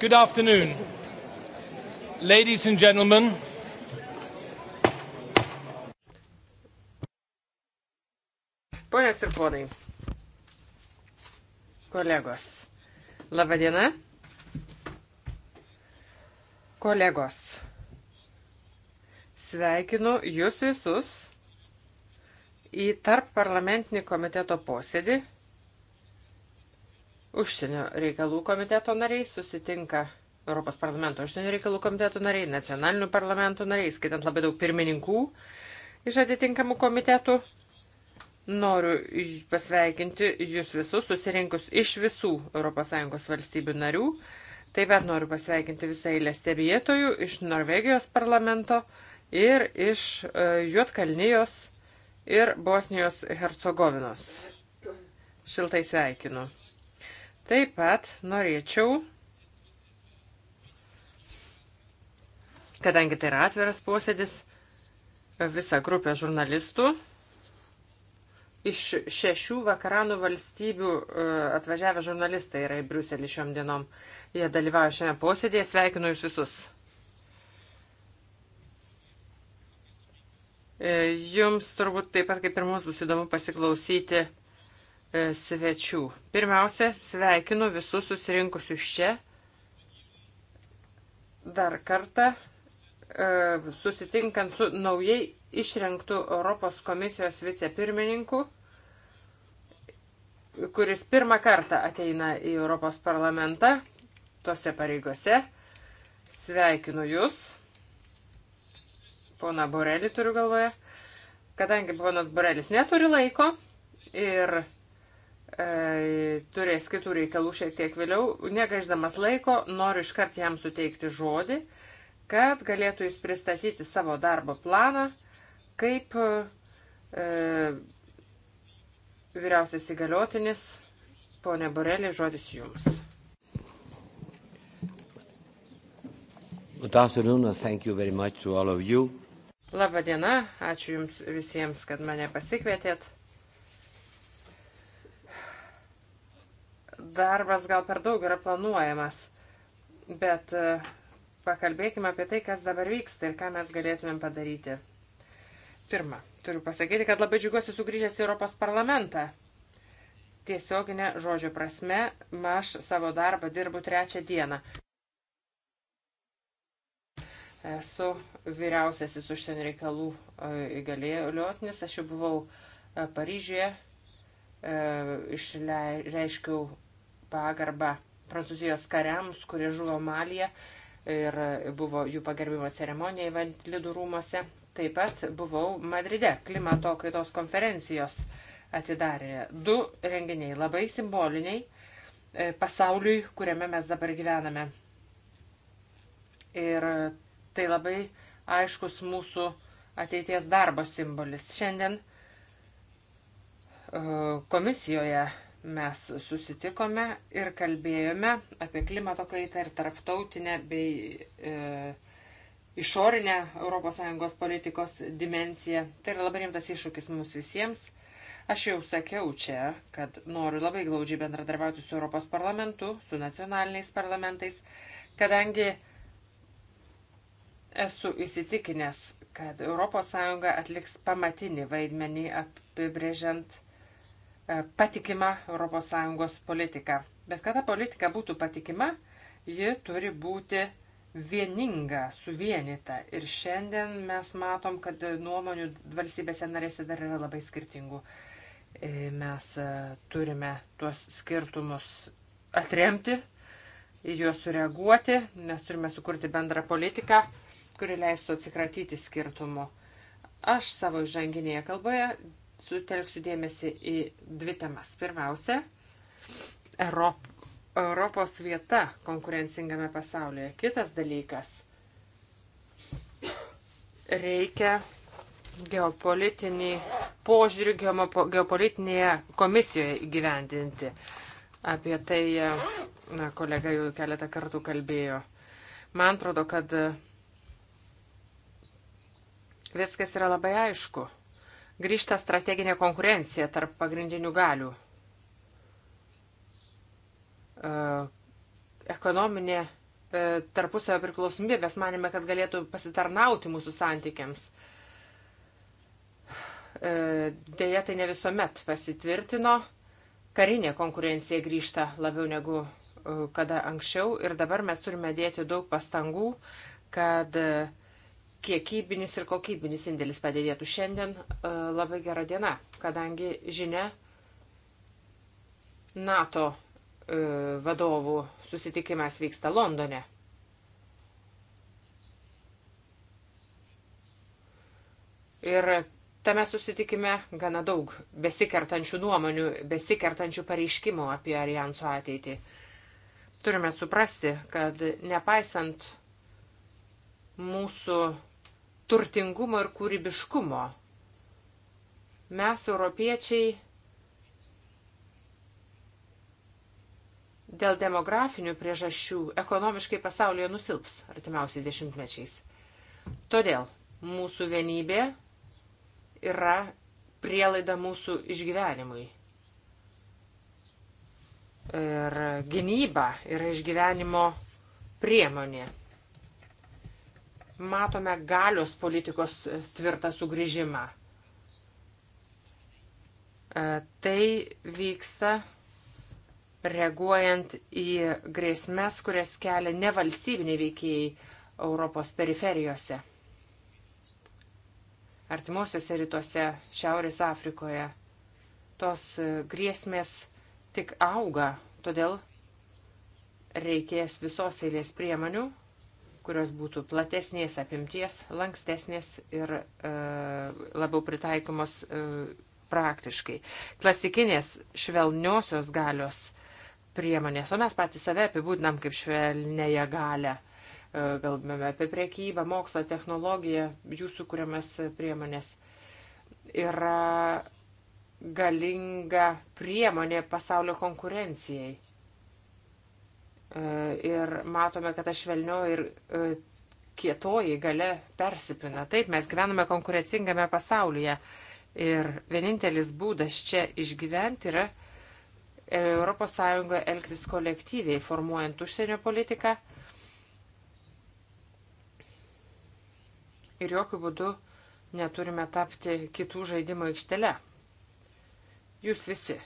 Good afternoon, ladies and gentlemen. Ponios ir ponai, kolegos, laba diena. Kolegos, sveikinu jūs visus į tarp parlamentinį komiteto posėdį Užsienio reikalų komiteto nariai susitinka Europos parlamento užsienio reikalų komiteto nariai, nacionalinių parlamentų nariai, skaitant labai daug pirmininkų iš atitinkamų komitetų. Noriu pasveikinti jūs visus susirinkus iš visų ES valstybių narių. Taip pat noriu pasveikinti visą eilę stebėtojų iš Norvegijos parlamento ir iš e, Juotkalnijos ir Bosnijos Hercegovinos. Šiltai sveikinu. Taip pat norėčiau, kadangi tai yra atviras posėdis, visą grupę žurnalistų iš šešių vakaranų valstybių e, atvažiavę žurnalistai yra į Briuselį šiom dienom. Jie dalyvauja šiame posėdėje. Sveikinu jūs visus. E, jums turbūt taip pat kaip ir mums bus įdomu pasiklausyti E, svečių. Pirmiausia, sveikinu visus susirinkusius čia. Dar kartą e, susitinkant su naujai išrinktų Europos komisijos vicepirmininku, kuris pirmą kartą ateina į Europos parlamentą tose pareigose. Sveikinu Jūs, pona Borelį turiu galvoje, kadangi ponas Borelis neturi laiko ir E, turės kitų reikalų šiek tiek vėliau. Negaždamas laiko, noriu iškart jam suteikti žodį, kad galėtų jis pristatyti savo darbo planą, kaip e, vyriausias įgaliotinis, ponė Borelė, žodis jums. Good afternoon and thank you very much to all of you. Labą dieną, ačiū Jums visiems, kad mane pasikvietėt. darbas gal per daug yra planuojamas, bet e, pakalbėkime apie tai, kas dabar vyksta ir ką mes galėtumėm padaryti. Pirma, turiu pasakyti, kad labai džiugiuosi sugrįžęs į Europos parlamentą. Tiesioginė žodžio prasme, aš savo darbą dirbu trečią dieną. Esu vyriausiasis užsienio reikalų e, įgaliotinis, aš jau buvau e, Paryžiuje, išreiškiau pagarbą prancūzijos kariams, kurie žuvo Malyje ir buvo jų pagerbimo ceremonija Vandlidų rūmose. Taip pat buvau Madride klimato kaitos konferencijos atidarė. Du renginiai labai simboliniai e, pasauliui, kuriame mes dabar gyvename. Ir tai labai aiškus mūsų ateities darbo simbolis. Šiandien e, komisijoje mes susitikome ir kalbėjome apie klimato kaitą ir tarptautinę bei e, išorinę ES politikos dimenciją. Tai yra labai rimtas iššūkis mums visiems. Aš jau sakiau čia, kad noriu labai glaudžiai bendradarbiauti su Europos parlamentu, su nacionaliniais parlamentais, kadangi esu įsitikinęs, kad ES atliks pamatinį vaidmenį apibrėžiant E, patikimą ES politiką. Bet kad ta politika būtų patikima, ji turi būti vieninga, suvienyta. Ir šiandien mes matom, kad nuomonių valstybėse narėse dar yra labai skirtingų. E, mes e, turime tuos skirtumus atremti, į juos sureaguoti, mes turime sukurti bendrą politiką, kuri leistų atsikratyti skirtumų. Aš savo žanginėje kalboje sutelksiu dėmesį į dvi temas. Pirmiausia, Europ, Europos vieta konkurencingame pasaulyje. Kitas dalykas, reikia geopolitinį požiūrį geopolitinėje komisijoje įgyvendinti. Apie tai na, kolega jau keletą kartų kalbėjo. Man atrodo, kad viskas yra labai aišku grįžta strateginė konkurencija tarp pagrindinių galių. E, ekonominė e, tarpusavio priklausomybė, mes manėme, kad galėtų pasitarnauti mūsų santykiams. E, Deja, tai ne visuomet pasitvirtino. Karinė konkurencija grįžta labiau negu kada anksčiau ir dabar mes turime dėti daug pastangų, kad uh, kiekybinis ir kokybinis indėlis padėdėtų. Šiandien e, labai gera diena, kadangi žinia NATO e, vadovų susitikimas vyksta Londone. Ir tame susitikime gana daug besikertančių nuomonių, besikertančių pareiškimų apie alijanso ateitį. Turime suprasti, kad nepaisant mūsų turtingumo ir kūrybiškumo. Mes, europiečiai, dėl demografinių priežasčių ekonomiškai pasaulyje nusilps artimiausiais dešimtmečiais. Todėl mūsų vienybė yra prielaida mūsų išgyvenimui. Ir gynyba yra išgyvenimo priemonė matome galios politikos tvirtą sugrįžimą. E, tai vyksta reaguojant į grėsmės, kurias kelia nevalstybiniai veikėjai Europos periferijose. Artimuosiuose rytuose, Šiaurės Afrikoje. Tos grėsmės tik auga, todėl reikės visos eilės priemonių, kurios būtų platesnės apimties, lankstesnės ir e, labiau pritaikomos e, praktiškai. Klasikinės švelniosios galios priemonės, o mes patys save apibūdinam kaip švelnėje galę. E, Galbėme apie priekybą, mokslą, technologiją, jūsų kuriamas priemonės. Yra galinga priemonė pasaulio konkurencijai E, ir matome, kad ta švelnioji ir e, kietoji gale persipina. Taip, mes gyvename konkurencingame pasaulyje ir vienintelis būdas čia išgyventi yra ES elgtis kolektyviai, formuojant užsienio politiką ir jokių būdų neturime tapti kitų žaidimo aikštele. Jūs visi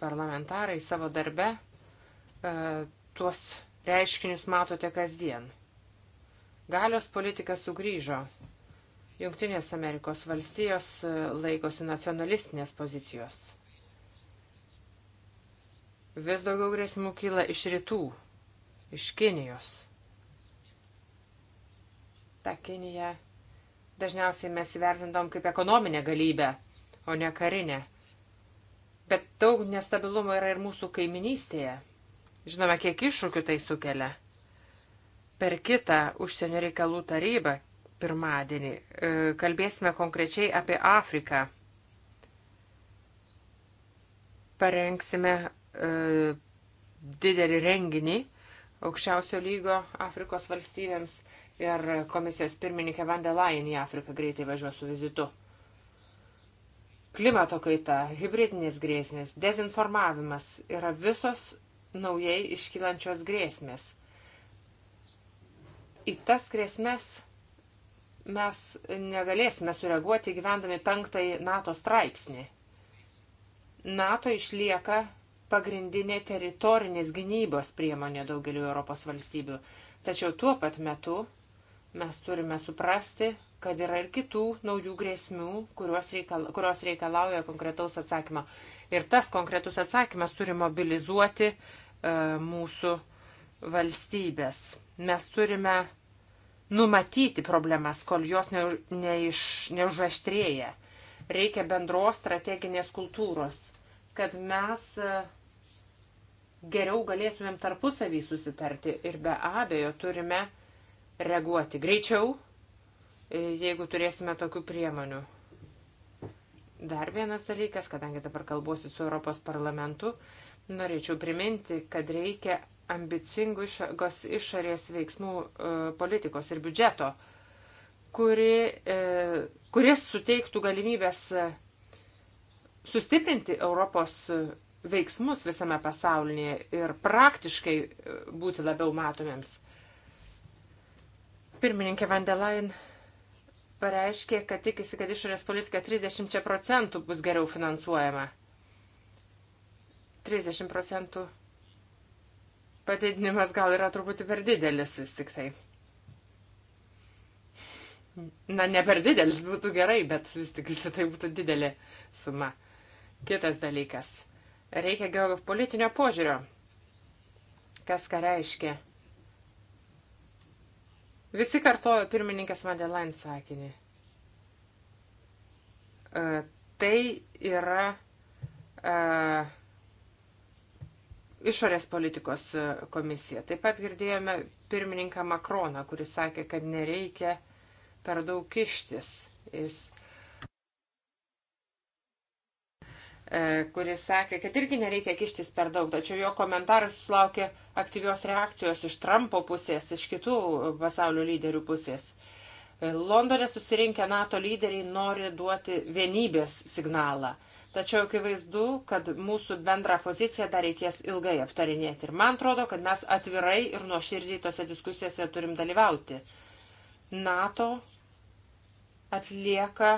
parlamentarai savo darbe e, tuos reiškinius matote kasdien. Galios politika sugrįžo. Junktinės Amerikos valstijos e, laikosi nacionalistinės pozicijos. Vis daugiau grėsimų kyla iš rytų, iš Kinijos. Ta Kinija dažniausiai mes įvertindom kaip ekonominę galybę, o ne karinę. Bet daug nestabilumo yra ir mūsų kaiminystėje. Žinome, kiek iššūkių tai sukelia. Per kitą užsienio reikalų tarybą pirmadienį e, kalbėsime konkrečiai apie Afriką. Parengsime e, didelį renginį aukščiausio lygo Afrikos valstybėms ir komisijos pirmininkė Vandelain į Afriką greitai važiuos su vizitu. Klimato kaita, hybridinės grėsmės, dezinformavimas yra visos naujai iškylančios grėsmės. Į tas grėsmės mes negalėsime sureaguoti gyvendami penktąjį NATO straipsnį. NATO išlieka pagrindinė teritorinės gynybos priemonė daugeliu Europos valstybių. Tačiau tuo pat metu mes turime suprasti, kad yra ir kitų naujų grėsmių, kurios, reikala, kurios reikalauja konkretaus atsakymą. Ir tas konkretus atsakymas turi mobilizuoti uh, E, mūsų valstybės. Mes turime numatyti problemas, kol jos neiš, neužaštrėja. Reikia bendros strateginės kultūros, kad mes e, geriau galėtumėm tarpusavį susitarti ir be abejo turime reaguoti greičiau, e, jeigu turėsime tokių priemonių. Dar vienas dalykas, kadangi dabar kalbuosiu su Europos parlamentu, Norėčiau priminti, kad reikia ambicingų išorės, išorės veiksmų e, politikos ir biudžeto, kuri, e, kuris suteiktų galimybės e, sustiprinti Europos veiksmus visame pasaulyje ir praktiškai būti labiau matomiems. Pirmininkė Vandelain pareiškė, kad tikisi, kad išorės politika 30 procentų bus geriau finansuojama. 30 procentų padidinimas gal yra truputį per didelis vis tik tai. Na, ne per didelis būtų gerai, bet vis tik visą tai būtų didelė suma. Kitas dalykas. Reikia geopolitinio požiūrio. Kas ką reiškia? Visi kartojo pirmininkės Madeleine sakinį. E, tai yra e, išorės politikos e, komisija. Taip pat girdėjome pirmininką Makroną, kuris sakė, kad nereikia per daug kištis. Jis e, kuris sakė, kad irgi nereikia kištis per daug, tačiau jo komentaras sulaukė aktyvios reakcijos iš Trumpo pusės, iš kitų pasaulio lyderių pusės. E, Londone susirinkę NATO lyderiai nori duoti vienybės signalą. Tačiau akivaizdu, kad mūsų bendrą poziciją dar reikės ilgai aptarinėti. Ir man atrodo, kad mes atvirai ir nuoširdžiai tose diskusijose turim dalyvauti. NATO atlieka,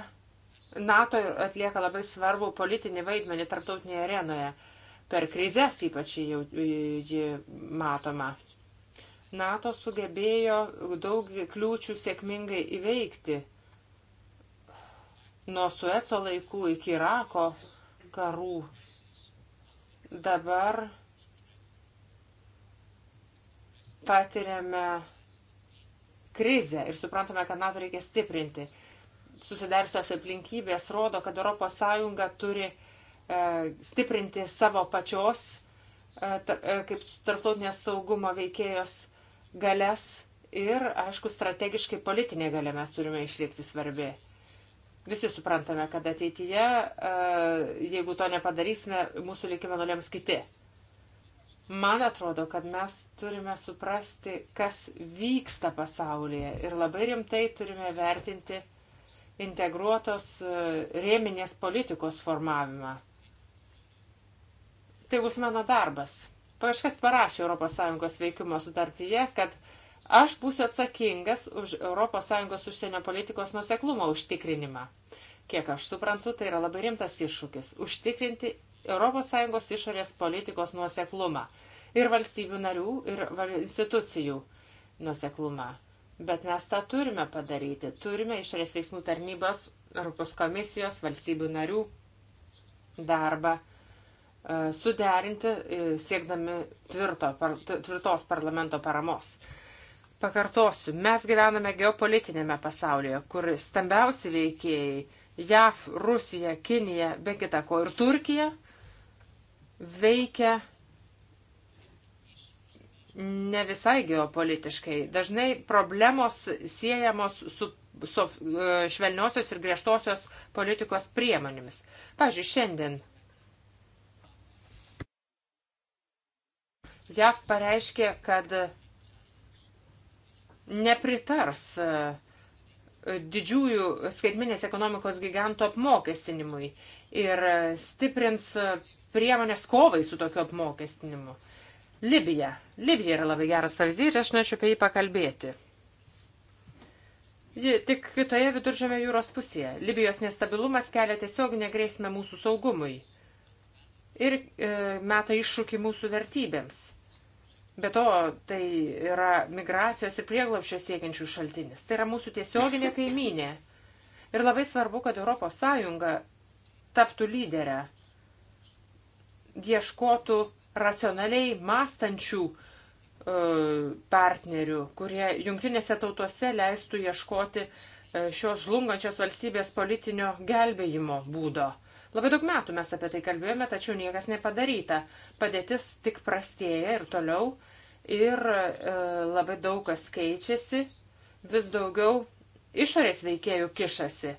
NATO atlieka labai svarbų politinį vaidmenį tarptautinėje arenoje. Per krizės ypač jau ji matoma. NATO sugebėjo daug kliūčių sėkmingai įveikti nuo Sueco laikų iki Irako karų. Dabar patiriame krizę ir suprantame, kad NATO reikia stiprinti. Susidariusios aplinkybės rodo, kad ES turi e, stiprinti savo pačios e, ta, e, kaip tarptautinės saugumo veikėjos galės ir, aišku, strategiškai politinė galia mes turime išlikti svarbi. Visi suprantame, kad ateityje, e, jeigu to nepadarysime, mūsų likimą nulėms kiti. Man atrodo, kad mes turime suprasti, kas vyksta pasaulyje ir labai rimtai turime vertinti integruotos e, rėminės politikos formavimą. Tai bus mano darbas. Kažkas parašė ES veikimo sutartyje, kad aš būsiu atsakingas už ES užsienio politikos nuseklumo užtikrinimą. Kiek aš suprantu, tai yra labai rimtas iššūkis - užtikrinti ES išorės politikos nuoseklumą ir valstybių narių, ir institucijų nuoseklumą. Bet mes tą turime padaryti. Turime išorės veiksmų tarnybos, Europos komisijos, valstybių narių darbą e, suderinti, e, siekdami tvirto, tvirtos parlamento paramos. Pakartosiu, mes gyvename geopolitinėme pasaulyje, kur stambiausi veikėjai JAF, Rusija, Kinija, be kita ko ir Turkija veikia ne visai geopolitiškai. Dažnai problemos siejamos su su e, švelniosios ir griežtosios politikos priemonėmis. Pavyzdžiui, šiandien JAV pareiškė, kad nepritars uh, didžiųjų skaitminės ekonomikos gigantų apmokestinimui ir stiprins priemonės kovai su tokiu apmokestinimu. Libija. Libija yra labai geras pavyzdys ir aš norėčiau apie jį pakalbėti. Ji tik kitoje viduržėme jūros pusėje. Libijos nestabilumas kelia tiesiog negrėsmę mūsų saugumui ir e, meta iššūkį mūsų vertybėms. Be to, tai yra migracijos ir prieglaušio siekiančių šaltinis. Tai yra mūsų tiesioginė kaiminė. Ir labai svarbu, kad ES taptų lyderę, ieškotų racionaliai mąstančių e, partnerių, kurie jungtinėse tautose leistų ieškoti e, šios žlungančios valstybės politinio gelbėjimo būdo. Labai daug metų mes apie tai kalbėjome, tačiau niekas nepadaryta. Padėtis tik prastėja ir toliau. Ir e, labai daug kas keičiasi, vis daugiau išorės veikėjų kišasi.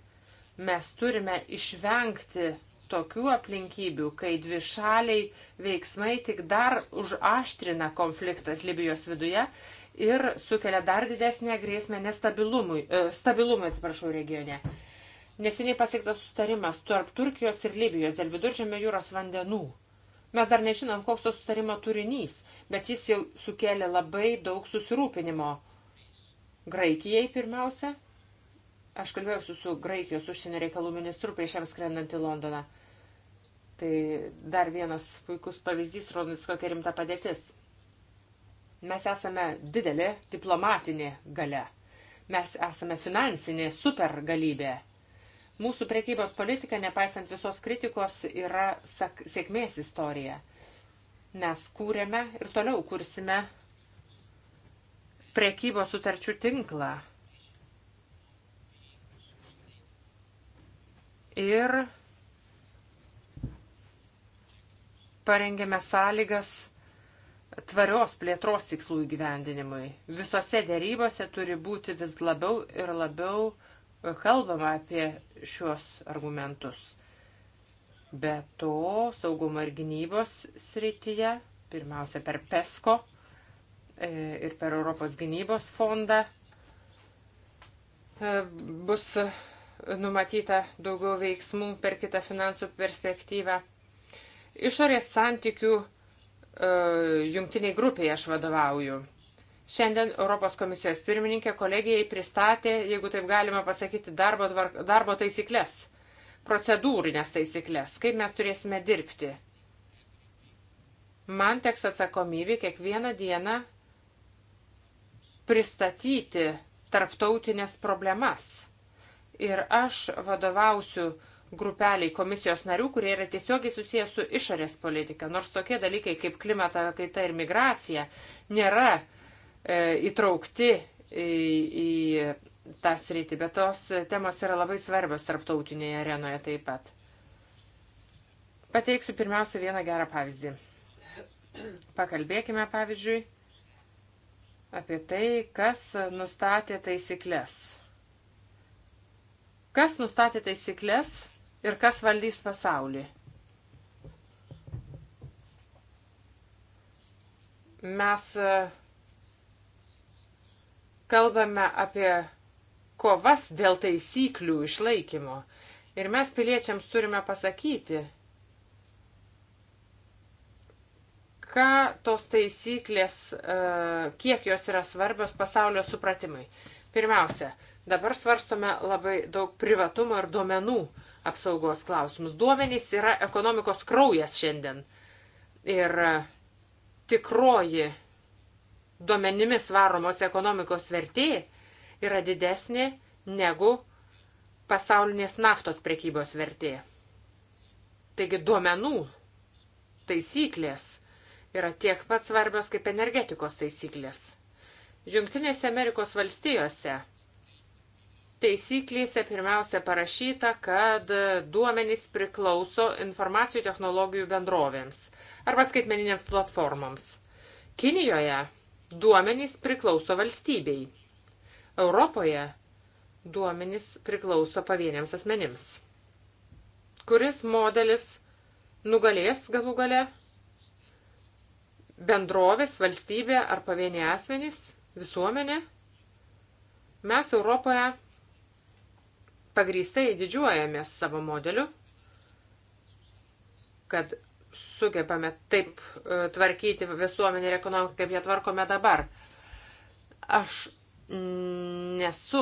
Mes turime išvengti tokių aplinkybių, kai dvi šaliai veiksmai tik dar užaštrina konfliktas Libijos viduje ir sukelia dar didesnę grėsmę nestabilumui, e, stabilumui, atsiprašau, regione. Neseniai pasiektas sustarimas tarp Turkijos ir Libijos dėl viduržėmio jūros vandenų. Mes dar nežinom, koks to sustarimo turinys, bet jis jau sukėlė labai daug susirūpinimo. Graikijai pirmiausia. Aš kalbėjausi su Graikijos užsienio reikalų ministru prieš jam skrendant į Londoną. Tai dar vienas puikus pavyzdys, rodantis kokia rimta padėtis. Mes esame didelė diplomatinė gale. Mes esame finansinė supergalybė Mūsų prekybos politika, nepaisant visos kritikos, yra sėkmės istorija. Mes kūrėme ir toliau kursime prekybos sutarčių tinklą. Ir parengėme sąlygas tvarios plėtros tikslų įgyvendinimui. Visose dėrybose turi būti vis labiau ir labiau uh, kalbama apie šiuos argumentus. Be to, saugumo ir gynybos srityje, pirmiausia per PESCO e, ir per Europos gynybos fondą, e, bus numatyta daugiau veiksmų per kitą finansų perspektyvą. Išorės santykių e, jungtiniai grupiai aš vadovauju. Šiandien Europos komisijos pirmininkė kolegijai pristatė, jeigu taip galima pasakyti, darbo, tvark, darbo taisyklės, procedūrinės taisyklės, kaip mes turėsime dirbti. Man teks atsakomybė kiekvieną dieną pristatyti tarptautinės problemas. Ir aš vadovausiu grupeliai komisijos narių, kurie yra tiesiogiai susijęs su išorės politika. Nors tokie dalykai kaip klimata kaita ir migracija nėra uh, E, įtraukti į, į tą sritį, bet tos temos yra labai svarbios tarptautinėje arenoje taip pat. Pateiksiu pirmiausia vieną gerą pavyzdį. Pakalbėkime pavyzdžiui apie tai, kas nustatė taisyklės. Kas nustatė taisyklės ir kas valdys pasaulį? Mes kalbame apie kovas dėl taisyklių išlaikymo. Ir mes piliečiams turime pasakyti, ką tos taisyklės, e, kiek jos yra svarbios pasaulio supratimai. Pirmiausia, dabar svarstome labai daug privatumo ir duomenų apsaugos klausimus. Duomenys yra ekonomikos kraujas šiandien. Ir e, tikroji duomenimis varomos ekonomikos vertė yra didesnė negu pasaulinės naftos prekybos vertė. Taigi duomenų taisyklės yra tiek pat svarbios kaip energetikos taisyklės. Junktinėse Amerikos valstijose taisyklėse pirmiausia parašyta, kad duomenys priklauso informacijų technologijų bendrovėms arba skaitmeniniams platformoms. Kinijoje duomenys priklauso valstybei. Europoje duomenys priklauso pavieniams asmenims. Kuris modelis nugalės galų gale? Bendrovės, valstybė ar pavieniai asmenys, visuomenė? Mes Europoje pagrįstai didžiuojamės savo modeliu, kad sugebame taip e, tvarkyti visuomenį ir ekonomiką, kaip ją tvarkome dabar. Aš nesu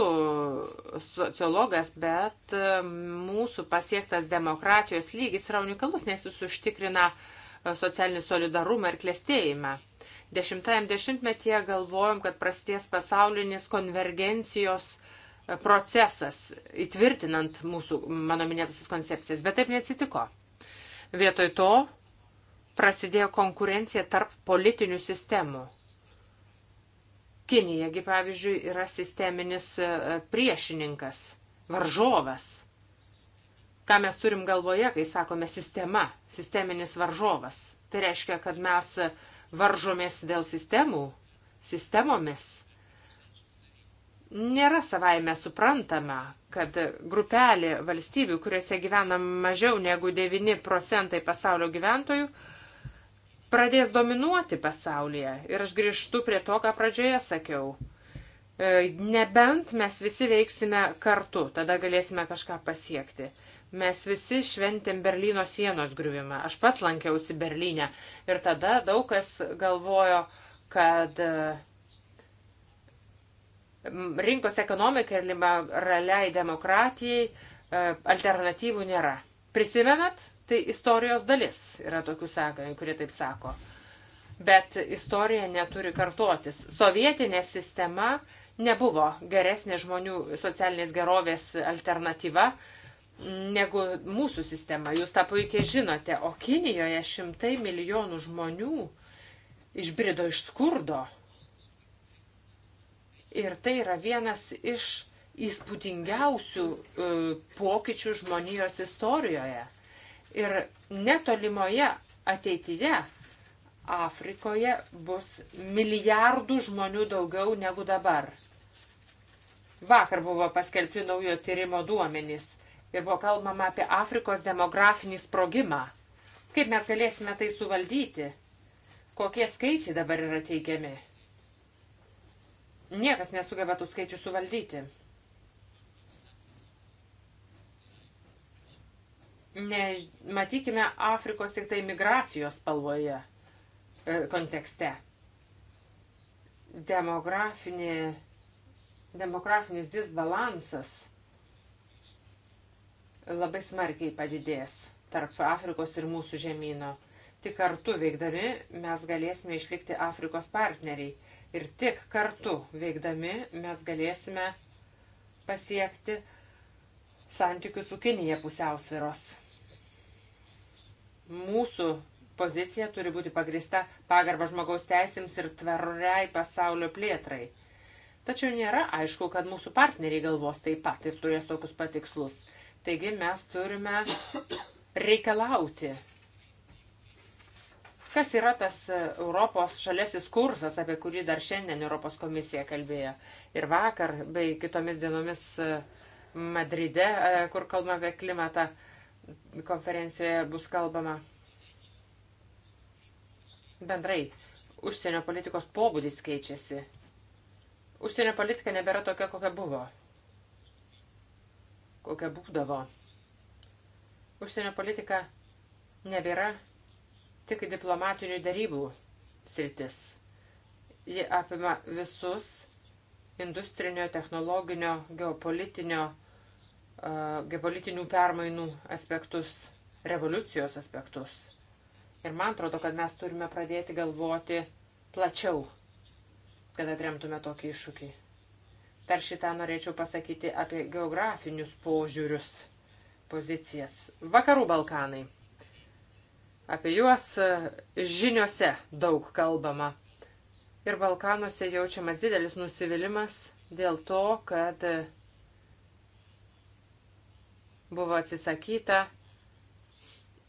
sociologas, bet e, mūsų pasiektas demokratijos lygis yra unikalus, nes jis užtikrina e, socialinį solidarumą ir klėstėjimą. Dešimtajam dešimtmetyje galvojom, kad prasidės pasaulinis konvergencijos procesas, įtvirtinant mūsų, mano minėtasis koncepcijas, bet taip neatsitiko. Vietoj to prasidėjo konkurencija tarp politinių sistemų. Kinijagi, pavyzdžiui, yra sisteminis e, priešininkas, varžovas. Ką mes turim galvoje, kai sakome sistema, sisteminis varžovas? Tai reiškia, kad mes varžomės dėl sistemų, sistemomis. Nėra savaime suprantama, kad grupelė valstybių, kuriuose gyvena mažiau negu 9 procentai pasaulio gyventojų, pradės dominuoti pasaulyje. Ir aš grįžtu prie to, ką pradžioje sakiau. E, nebent mes visi veiksime kartu, tada galėsime kažką pasiekti. Mes visi šventėm Berlyno sienos griuvimą. Aš pats lankiausi Berlyne ir tada daug kas galvojo, kad e, rinkos ekonomikai ir liberaliai demokratijai e, alternatyvų nėra. Prisimenat, tai istorijos dalis. Yra tokių sakai, kurie taip sako. Bet istorija neturi kartotis. Sovietinė sistema nebuvo geresnė žmonių socialinės gerovės alternatyva negu mūsų sistema. Jūs tą puikiai žinote. O Kinijoje šimtai milijonų žmonių išbrido iš skurdo. Ir tai yra vienas iš įspūdingiausių e, pokyčių žmonijos istorijoje. Ir netolimoje ateityje Afrikoje bus milijardų žmonių daugiau negu dabar. Vakar buvo paskelbti naujo tyrimo duomenys ir buvo kalbama apie Afrikos demografinį sprogimą. Kaip mes galėsime tai suvaldyti? Kokie skaičiai dabar yra teikiami? Niekas nesugeba tų skaičių suvaldyti. nematykime Afrikos tik tai migracijos spalvoje e, kontekste. Demografinė, demografinis disbalansas labai smarkiai padidės tarp Afrikos ir mūsų žemynų. Tik kartu veikdami mes galėsime išlikti Afrikos partneriai ir tik kartu veikdami mes galėsime pasiekti santykių su Kinija pusiausviros mūsų pozicija turi būti pagrista pagarba žmogaus teisėms ir tvariai pasaulio plėtrai. Tačiau nėra aišku, kad mūsų partneriai galvos taip pat ir turės tokius patikslus. Taigi mes turime reikalauti. Kas yra tas Europos šalėsis kursas, apie kurį dar šiandien Europos komisija kalbėjo ir vakar bei kitomis dienomis Madride, e, kur kalbame apie klimatą, konferencijoje bus kalbama. Bendrai, užsienio politikos pobūdis keičiasi. Užsienio politika nebėra tokia, kokia buvo. Kokia būdavo. Užsienio politika nebėra tik diplomatinių darybų sritis. Ji apima visus industrinio, technologinio, geopolitinio, geopolitinių permainų aspektus, revoliucijos aspektus. Ir man atrodo, kad mes turime pradėti galvoti plačiau, kad atremtume tokį iššūkį. Dar šitą norėčiau pasakyti apie geografinius požiūrius, pozicijas. Vakarų Balkanai. Apie juos žiniuose daug kalbama. Ir Balkanuose jaučiamas didelis nusivylimas dėl to, kad buvo atsisakyta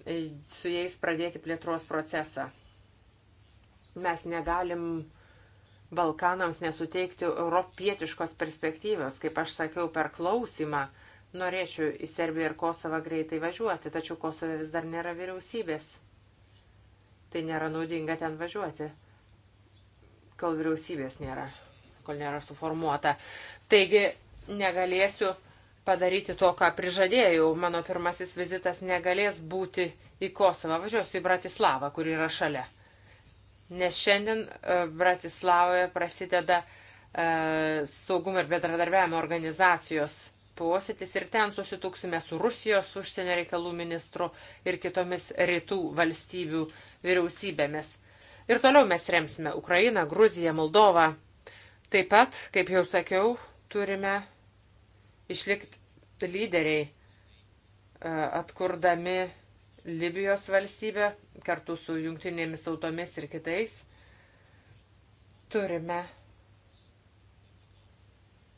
e, su jais pradėti plėtros procesą. Mes negalim Balkanams nesuteikti europietiškos perspektyvos, kaip aš sakiau per klausimą. Norėčiau į Serbiją ir Kosovą greitai važiuoti, tačiau Kosove vis dar nėra vyriausybės. Tai nėra naudinga ten važiuoti, kol vyriausybės nėra, kol nėra suformuota. Taigi negalėsiu padaryti to, ką prižadėjau. Mano pirmasis vizitas negalės būti į Kosovą. Važiuosiu į Bratislavą, kur yra šalia. Nes šiandien e, Bratislavoje prasideda e, saugumo ir bedradarbiavimo organizacijos posėdis ir ten susituksime su Rusijos užsienio reikalų ministru ir kitomis rytų valstybių vyriausybėmis. Ir toliau mes remsime Ukrainą, Gruziją, Moldovą. Taip pat, kaip jau sakiau, turime išlikti lyderiai e, atkurdami Libijos valstybę kartu su jungtinėmis tautomis ir kitais turime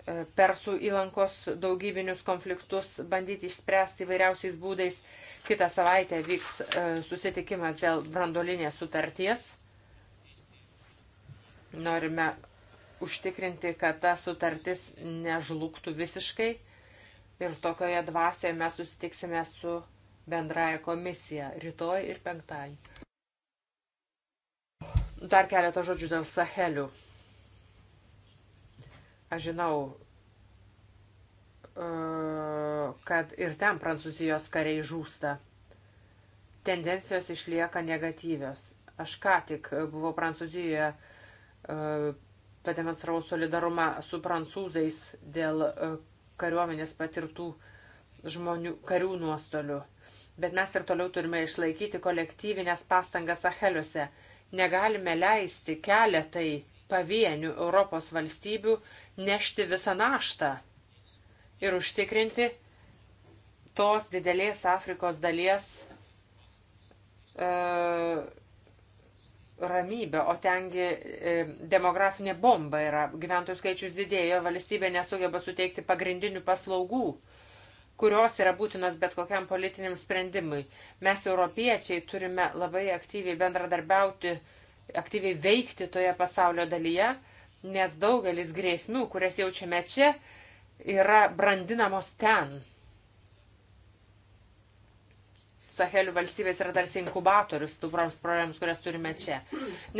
e, Persų įlankos daugybinius konfliktus bandyti išspręsti įvairiausiais būdais. Kita savaitė vyks e, susitikimas dėl brandolinės sutarties. Norime užtikrinti, kad ta sutartis nežlugtų visiškai Ir tokioje dvasioje mes susitiksime su bendraja komisija rytoj ir penktadienį. Dar keletą žodžių dėl Sahelių. Aš žinau, e, kad ir ten prancūzijos kariai žūsta. Tendencijos išlieka negatyvios. Aš ką tik buvau Prancūzijoje, e, pademonstravau solidarumą su prancūzais dėl e, kariuomenės patirtų žmonių, karių nuostolių. Bet mes ir toliau turime išlaikyti kolektyvinės pastangas Saheliuose. Negalime leisti keletai pavienių Europos valstybių nešti visą naštą ir užtikrinti tos didelės Afrikos dalies uh, ramybę, o tengi e, demografinė bomba yra. Gyventojų skaičius didėjo, valstybė nesugeba suteikti pagrindinių paslaugų, kurios yra būtinos bet kokiam politiniam sprendimui. Mes, europiečiai, turime labai aktyviai bendradarbiauti, aktyviai veikti toje pasaulio dalyje, nes daugelis grėsmių, kurias jaučiame čia, yra brandinamos ten. Sahelių valstybės yra tarsi inkubatorius tų problemams, kurias turime čia.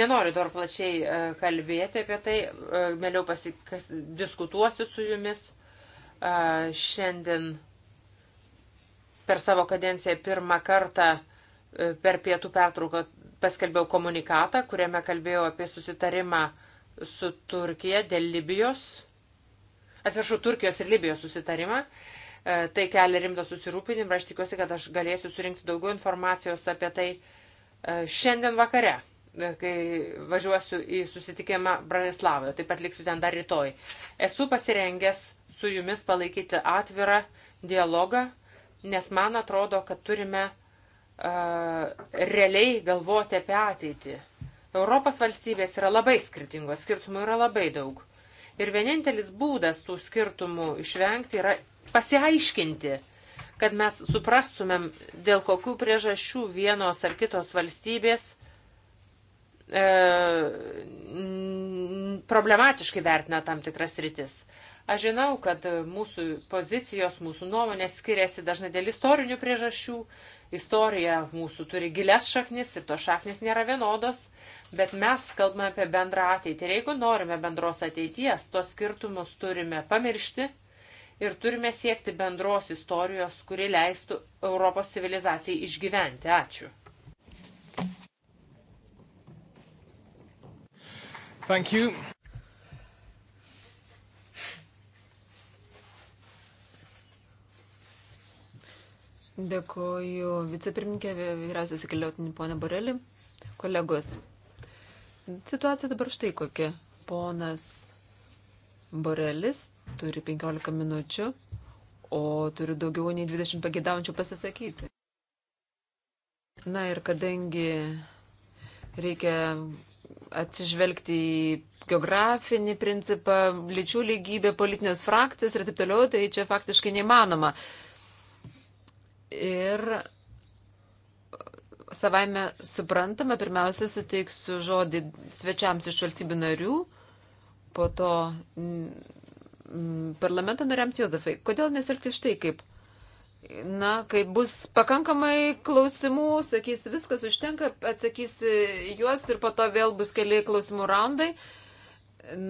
Nenoriu dar plačiai e, kalbėti apie tai, e, mėliau pasikas, diskutuosiu su jumis. E, šiandien per savo kadenciją pirmą kartą per pietų pertrauką paskelbiau komunikatą, kuriame kalbėjau apie susitarimą su Turkija dėl Libijos. Atsiprašau, Turkijos ir Libijos susitarimą. Uh, E, tai kelia rimtą susirūpinimą ir aš tikiuosi, kad aš galėsiu surinkti daugiau informacijos apie tai e, šiandien vakare, e, kai važiuosiu į susitikimą Branislavoje. Taip pat liksiu ten dar rytoj. Esu pasirengęs su jumis palaikyti atvirą dialogą, nes man atrodo, kad turime uh, realiai galvoti apie ateitį. Europos valstybės yra labai skirtingos, skirtumų yra labai daug. Ir vienintelis būdas tų skirtumų išvengti yra pasiaiškinti, kad mes suprastumėm, dėl kokių priežasčių vienos ar kitos valstybės e, problematiškai vertina tam tikras rytis. Aš žinau, kad mūsų pozicijos, mūsų nuomonės skiriasi dažnai dėl istorinių priežasčių. Istorija mūsų turi gilias šaknis ir tos šaknis nėra vienodos, bet mes kalbame apie bendrą ateitį. Ir jeigu norime bendros ateities, tos skirtumus turime pamiršti ir turime siekti bendros istorijos, kuri leistų Europos civilizacijai išgyventi. Ačiū. Thank you. Dėkuoju vicepirmininkė vyriausias įgaliotinį ponę Borelį. Kolegos, situacija dabar štai kokia. Ponas Borelis turi 15 minučių, o turiu daugiau nei 20 pagėdaujančių pasisakyti. Na ir kadangi reikia atsižvelgti į geografinį principą, lyčių lygybę, politinės frakcijas ir taip toliau, tai čia faktiškai neįmanoma. Ir savaime suprantama, pirmiausia, suteiksiu žodį svečiams iš valstybių narių, po to Mm, parlamento nariams Jozefai, kodėl nesirgti štai kaip? Na, kai bus pakankamai klausimų, sakys, viskas užtenka, atsakys juos ir po to vėl bus keli klausimų raundai.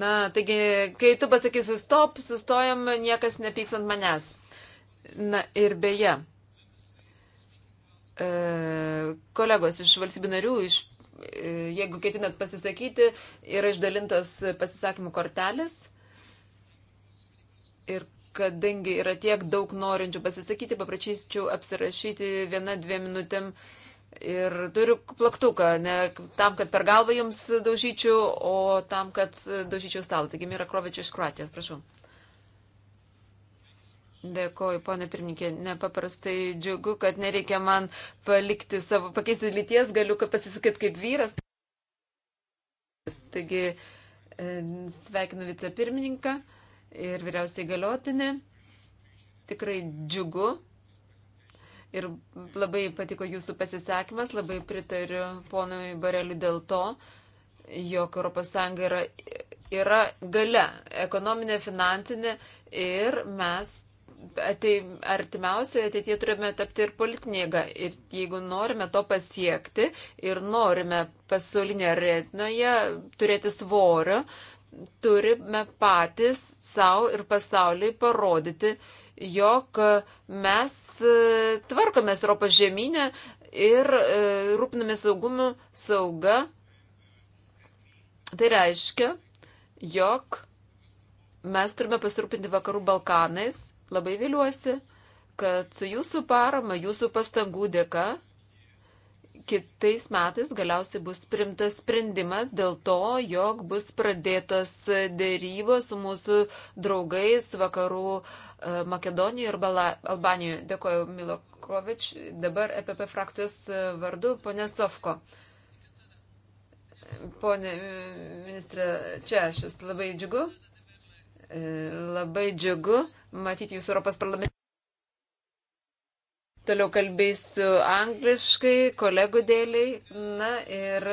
Na, taigi, kai tu pasakysi stop, sustojam, niekas nepyks ant manęs. Na ir beje, e, kolegos iš valstybių narių, iš, e, jeigu ketinat pasisakyti, yra išdalintos pasisakymų kortelės. Ir kadangi yra tiek daug norinčių pasisakyti, paprašyčiau apsirašyti vieną, dviem minutėm. Ir turiu plaktuką, ne tam, kad per galvą jums daužyčiau, o tam, kad daužyčiau stalą. Taigi, Mira Krovič iš Kroatijos, prašau. Dėkoju, ponė pirmininkė, nepaprastai džiugu, kad nereikia man palikti savo, pakeisti lyties, galiu pasisakyti kaip vyras. Taigi, e, sveikinu vicepirmininką. pirmininką ir vyriausiai galiotinė. Tikrai džiugu. Ir labai patiko jūsų pasisakymas, labai pritariu ponui Bareliu dėl to, jog ES yra, yra gale, ekonominė, finansinė ir mes atei, artimiausioje ateityje turime tapti ir politinė jėga. Ir jeigu norime to pasiekti ir norime pasaulinėje retinoje turėti svorio, turime patys savo ir pasauliai parodyti, jog mes e, tvarkomės Europos žemynę ir e, rūpiname saugumu sauga. Tai reiškia, jog mes turime pasirūpinti Vakarų Balkanais. Labai viliuosi, kad su jūsų parama, jūsų pastangų dėka kitais metais galiausiai bus primtas sprendimas dėl to, jog bus pradėtos dėrybos su mūsų draugais vakarų e, Makedonijoje ir Albanijoje. Dėkoju, Milokovič. Dabar EPP frakcijos e, vardu, ponė Sofko. Pone ministrė, čia aš esu labai džiugu. E, labai džiugu matyti jūsų Europos parlamente toliau kalbėsiu angliškai, kolegų dėliai. Na ir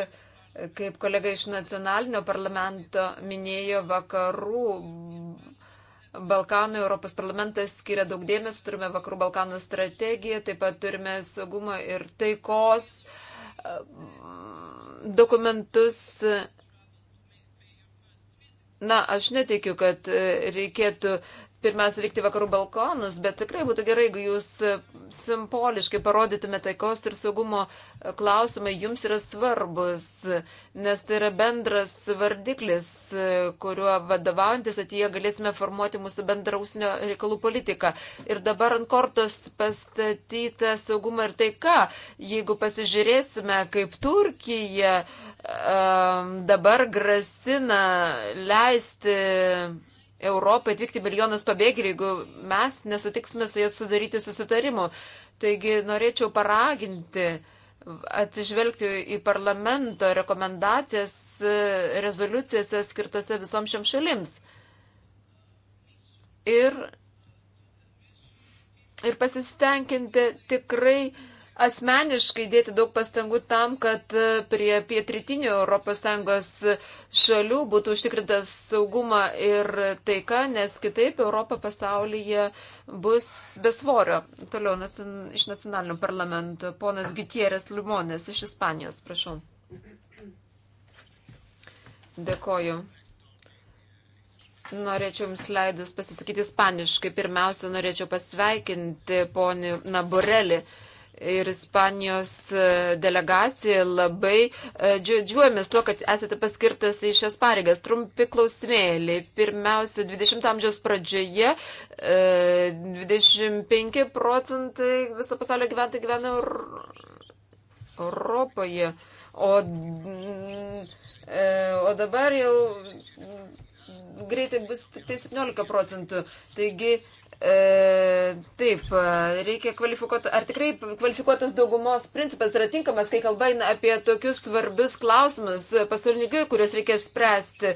kaip kolega iš nacionalinio parlamento minėjo vakarų. Balkanų Europos parlamentas skiria daug dėmesio, turime Vakarų Balkanų strategiją, taip pat turime saugumo ir taikos um, dokumentus Na, aš netikiu, kad reikėtų pirmiausia vykti vakarų balkonus, bet tikrai būtų gerai, jeigu jūs e, simboliškai parodytumėte taikos ir saugumo e, klausimai jums yra svarbus, nes tai yra bendras vardiklis, e, kuriuo vadovaujantis ateityje galėsime formuoti mūsų bendrausinio reikalų politiką. Ir dabar ant kortos pastatyta saugumą ir taika. Jeigu pasižiūrėsime, kaip Turkija um, dabar grasina leisti Europai atvykti milijonus pabėgėlių, jeigu mes nesutiksime su jais sudaryti susitarimų. Taigi norėčiau paraginti atsižvelgti į parlamento rekomendacijas rezoliucijose skirtose visom šiam šalims. Ir, ir pasistenkinti tikrai asmeniškai dėti daug pastangų tam, kad e, prie pietrytinių ES šalių būtų užtikrintas sauguma ir taika, nes kitaip Europa pasaulyje bus besvorio. Toliau nacion, iš nacionalinių parlamentų ponas Gutierrez Limonės iš Ispanijos, prašau. Dėkoju. Norėčiau Jums leidus pasisakyti ispaniškai. Pirmiausia, norėčiau pasveikinti ponį Naburelį. Na, ir Ispanijos e, delegacija labai e, džiuojamės tuo, kad esate paskirtas į šias pareigas. Trumpi klausimėliai. Pirmiausia, 20 amžiaus pradžioje 25 e, procentai viso pasaulio gyventojų gyveno Europoje. O, o dabar jau greitai bus tik tai 17 procentų. Taigi E, taip, e, reikia kvalifikuoti, ar tikrai kvalifikuotas daugumos principas yra tinkamas, kai kalba eina apie tokius svarbius klausimus pasaulygiui, kuriuos reikia spręsti.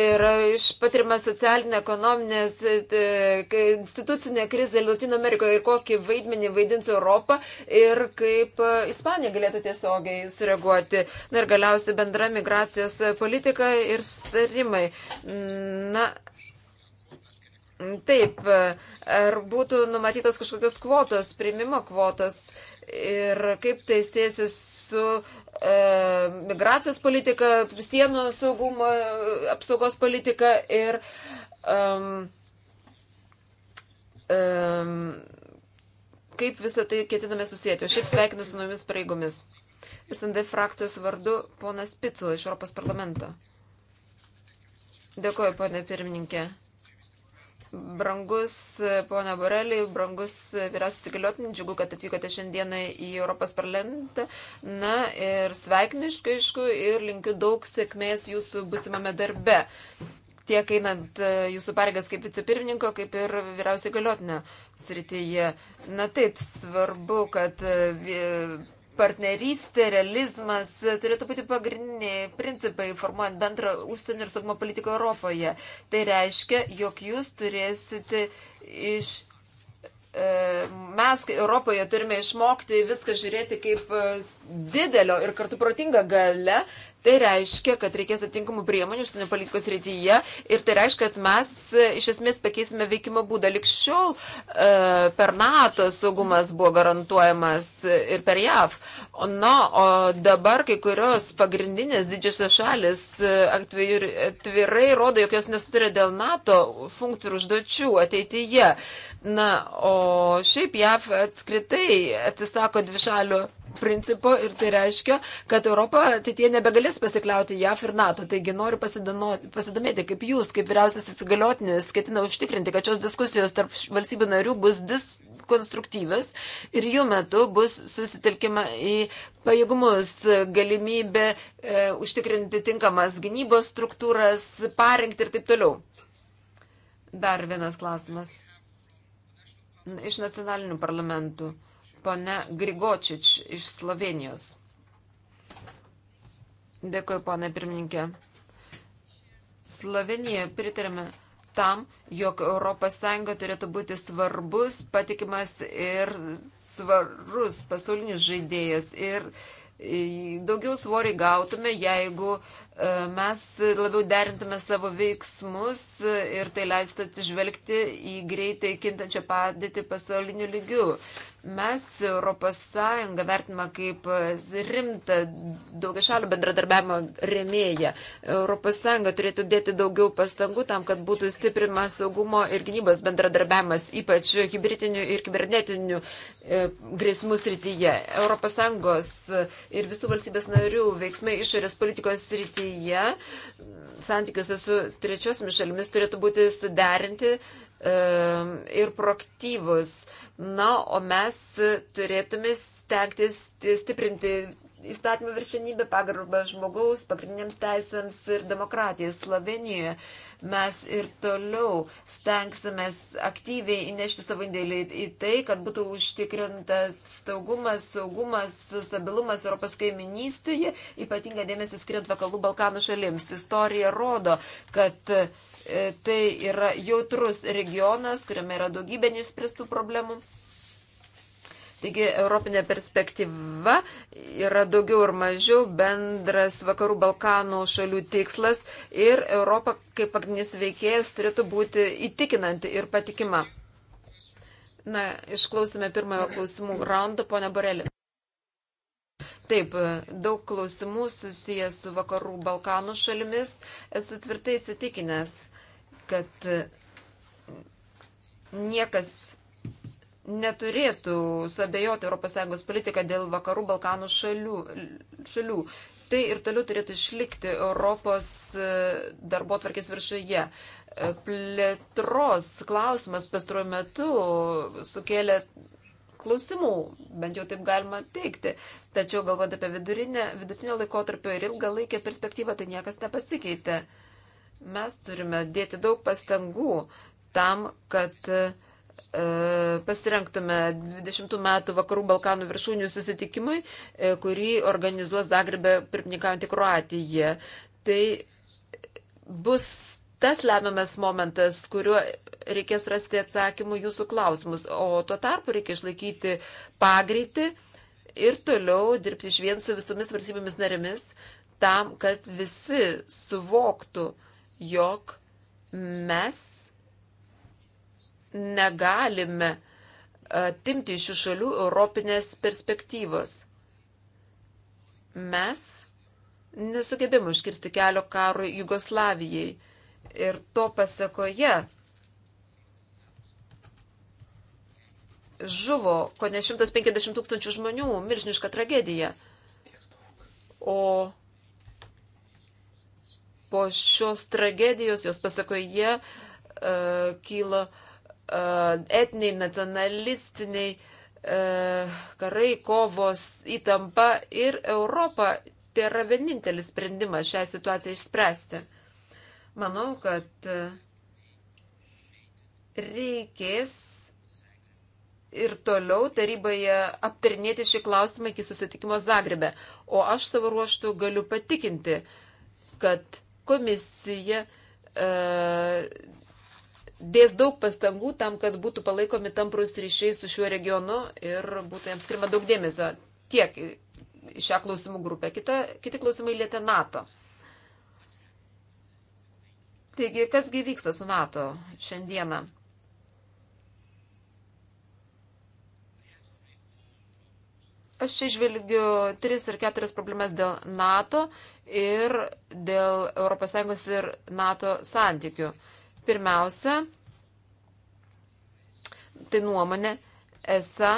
Ir iš patirima socialinė, ekonominės, e, e, institucinė krizė Latino Amerikoje ir kokį vaidmenį vaidins Europą ir kaip Ispanija galėtų tiesiogiai sureaguoti. Na ir galiausiai bendra migracijos politika ir sustarimai. Na, Taip, ar būtų numatytos kažkokios kvotos, primimo kvotos ir kaip tai sėsi su e, migracijos politika, sienų saugumo apsaugos politika ir um, um, kaip visą tai ketiname susijęti. O šiaip sveikinu su naujomis pareigomis. SND frakcijos vardu ponas Picula iš Europos parlamento. Dėkuoju, ponė pirmininkė. Brangus ponia Borelį, brangus vyriausias įgaliotinis, džiugu, kad atvykote šiandieną į Europos parlamentą. Na ir sveikinu iš aišku ir linkiu daug sėkmės jūsų busimame darbe. Tiek einant e, jūsų pareigas kaip vicepirmininko, kaip ir vyriausiai galiotinio srityje. Na taip, svarbu, kad e, partnerystė, realizmas turėtų būti pagrindiniai principai formuojant bendrą užsienio ir saugumo politiką Europoje. Tai reiškia, jog jūs turėsite iš. E, mes Europoje turime išmokti viską žiūrėti kaip e, didelio ir kartu protingą galę, Tai reiškia, kad reikės atinkamų priemonių užsienio politikos rytyje ir tai reiškia, kad mes e, iš esmės pakeisime veikimo būdą. Likščiol e, per NATO saugumas buvo garantuojamas e, ir per JAV. Na, o dabar kai kurios pagrindinės didžiosios šalis atvirai rodo, jog jos nesutarė dėl NATO funkcijų ir užduočių ateityje. Na, o šiaip JAV atskritai atsisako dvišalių principo ir tai reiškia, kad Europa ateitie nebegalės pasikliauti JAF ir NATO. Taigi noriu pasidomėti, kaip jūs, kaip vyriausias įsigaliotinis, ketina užtikrinti, kad šios diskusijos tarp valstybių narių bus konstruktyvios ir jų metu bus susitelkima į pajėgumus, galimybę e, užtikrinti tinkamas gynybos struktūras, parinkti ir taip toliau. Dar vienas klausimas. Iš nacionalinių parlamentų pone Grigočič iš Slovenijos. Dėkuoju, pone pirmininkė. Slovenijoje pritarėme tam, jog ES turėtų būti svarbus, patikimas ir svarus pasaulinis žaidėjas. Ir e, daugiau svorį gautume, jeigu E, mes labiau derintume savo veiksmus ir tai leistų atsižvelgti į greitai kintančią padėtį pasauliniu lygiu. Mes ES vertiname kaip rimtą daugia šalių bendradarbiavimo remėją. ES turėtų dėti daugiau pastangų tam, kad būtų stiprimas saugumo ir gynybos bendradarbiavimas, ypač hybridinių ir kibernetinių e, grėsmų srityje. ES ir visų valstybės narių veiksmai išorės politikos srityje ateityje santykiuose su trečiosiomis šalimis turėtų būti suderinti e, ir proaktyvus. Na, o mes turėtume stengtis stiprinti įstatymų viršenybę, pagarbą žmogaus, pagrindiniams teisėms ir demokratijai Slovenijoje. Mes ir toliau stengsimės aktyviai įnešti savo indėlį į tai, kad būtų užtikrintas saugumas, saugumas, stabilumas Europos kaiminystėje, ypatinga dėmesį skiriant Vakarų Balkanų šalims. Istorija rodo, kad e, tai yra jautrus regionas, kuriame yra daugybė neišspręstų problemų. Taigi europinė perspektyva yra daugiau ir mažiau bendras vakarų Balkanų šalių tikslas ir Europa kaip pagrindinis veikėjas turėtų būti įtikinanti ir patikima. Na, išklausime pirmojo klausimų raundo, ponia Borelė. Taip, daug klausimų susijęs su vakarų Balkanų šalimis. Esu tvirtai įsitikinęs, kad niekas neturėtų sabėjoti ES politiką dėl vakarų Balkanų šalių. šalių. Tai ir toliau turėtų išlikti Europos e, darbo tvarkės viršuje. E, plėtros klausimas pastaruoju metu sukėlė klausimų, bent jau taip galima teikti. Tačiau galvant apie vidurinę, vidutinio laikotarpio ir ilgą laikę perspektyvą, tai niekas nepasikeitė. Mes turime dėti daug pastangų tam, kad uh, E, pasirenktume 20 metų Vakarų Balkanų viršūnių susitikimui, e, kurį organizuos Zagrebė pirmininkaujantį Kroatiją. Tai bus tas lemiamas momentas, kuriuo reikės rasti atsakymų jūsų klausimus, o tuo tarpu reikia išlaikyti pagreitį ir toliau dirbti iš vien su visomis valstybėmis narėmis, tam, kad visi suvoktų, jog mes negalime e, atimti iš šių šalių europinės perspektyvos. Mes nesugebėjome užkirsti kelio karui Jugoslavijai ir to pasakoje žuvo ko ne 150 tūkstančių žmonių, milžiniška tragedija. O po šios tragedijos, jos pasakoje, uh, kyla uh, E, etniniai, nacionalistiniai e, karai, kovos, įtampa ir Europa tai yra vienintelis sprendimas šią situaciją išspręsti. Manau, kad e, reikės ir toliau taryboje aptarinėti šį klausimą iki susitikimo Zagrebe. O aš savo ruoštų galiu patikinti, kad komisija e, dės daug pastangų tam, kad būtų palaikomi tamprus ryšiai su šiuo regionu ir būtų jam skirma daug dėmesio. Tiek šią klausimų grupę. Kita, kiti klausimai lietė NATO. Taigi, kasgi vyksta su NATO šiandieną? Aš čia išvelgiu tris ir keturias problemas dėl NATO ir dėl ES ir NATO santykių. Uh, Pirmiausia, tai nuomonė esą,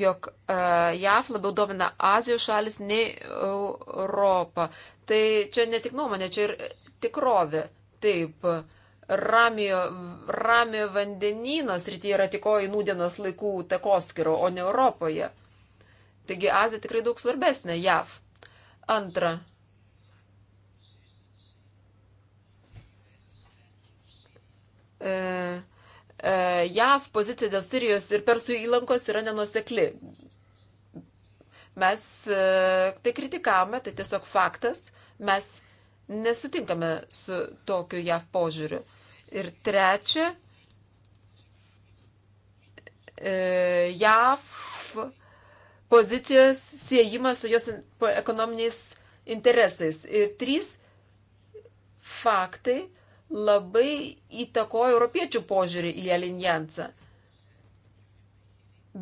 jog uh, JAF labiau domina Azijos šalis nei Europą. Tai čia ne tik nuomonė, čia ir tikrovė. Taip, ramio, ramio vandenino srityje yra tikoji nūdienos laikų takoskiro, o ne Europoje. Taigi Azija tikrai daug svarbesnė JAV. Antra, E, e, JAV pozicija dėl Sirijos ir Persų įlankos yra nenuosekli. Mes e, tai kritikavome, tai tiesiog faktas, mes nesutinkame su tokiu JAV požiūriu. Ir trečia, JAV pozicijos siejimas su jos ekonominiais interesais. Ir trys faktai, labai įtakojo europiečių požiūrį į alijansą.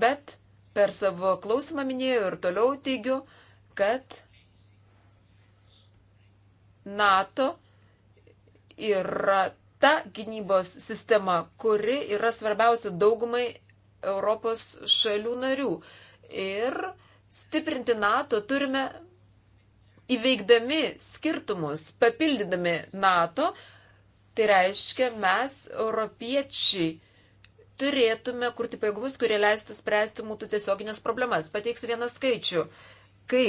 Bet per savo klausimą minėjau ir toliau teigiu, kad NATO yra ta gynybos sistema, kuri yra svarbiausia daugumai Europos šalių narių. Ir stiprinti NATO turime įveikdami skirtumus, papildydami NATO, Tai reiškia, mes, europiečiai, turėtume kurti pajėgumus, kurie leistų spręsti mūsų tiesioginės problemas. Pateiksiu vieną skaičių. Kai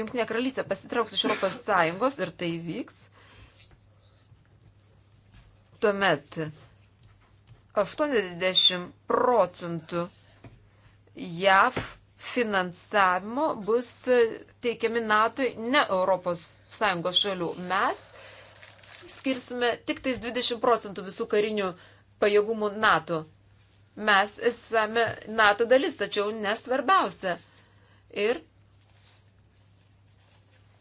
Junktinė karalystė pasitrauks iš Europos Sąjungos ir tai vyks, tuomet 80 procentų JAV finansavimo bus teikiami NATO ne Europos Sąjungos šalių. Mes skirsime tik tais 20 procentų visų karinių pajėgumų NATO. Mes esame NATO dalis, tačiau nesvarbiausia. Ir,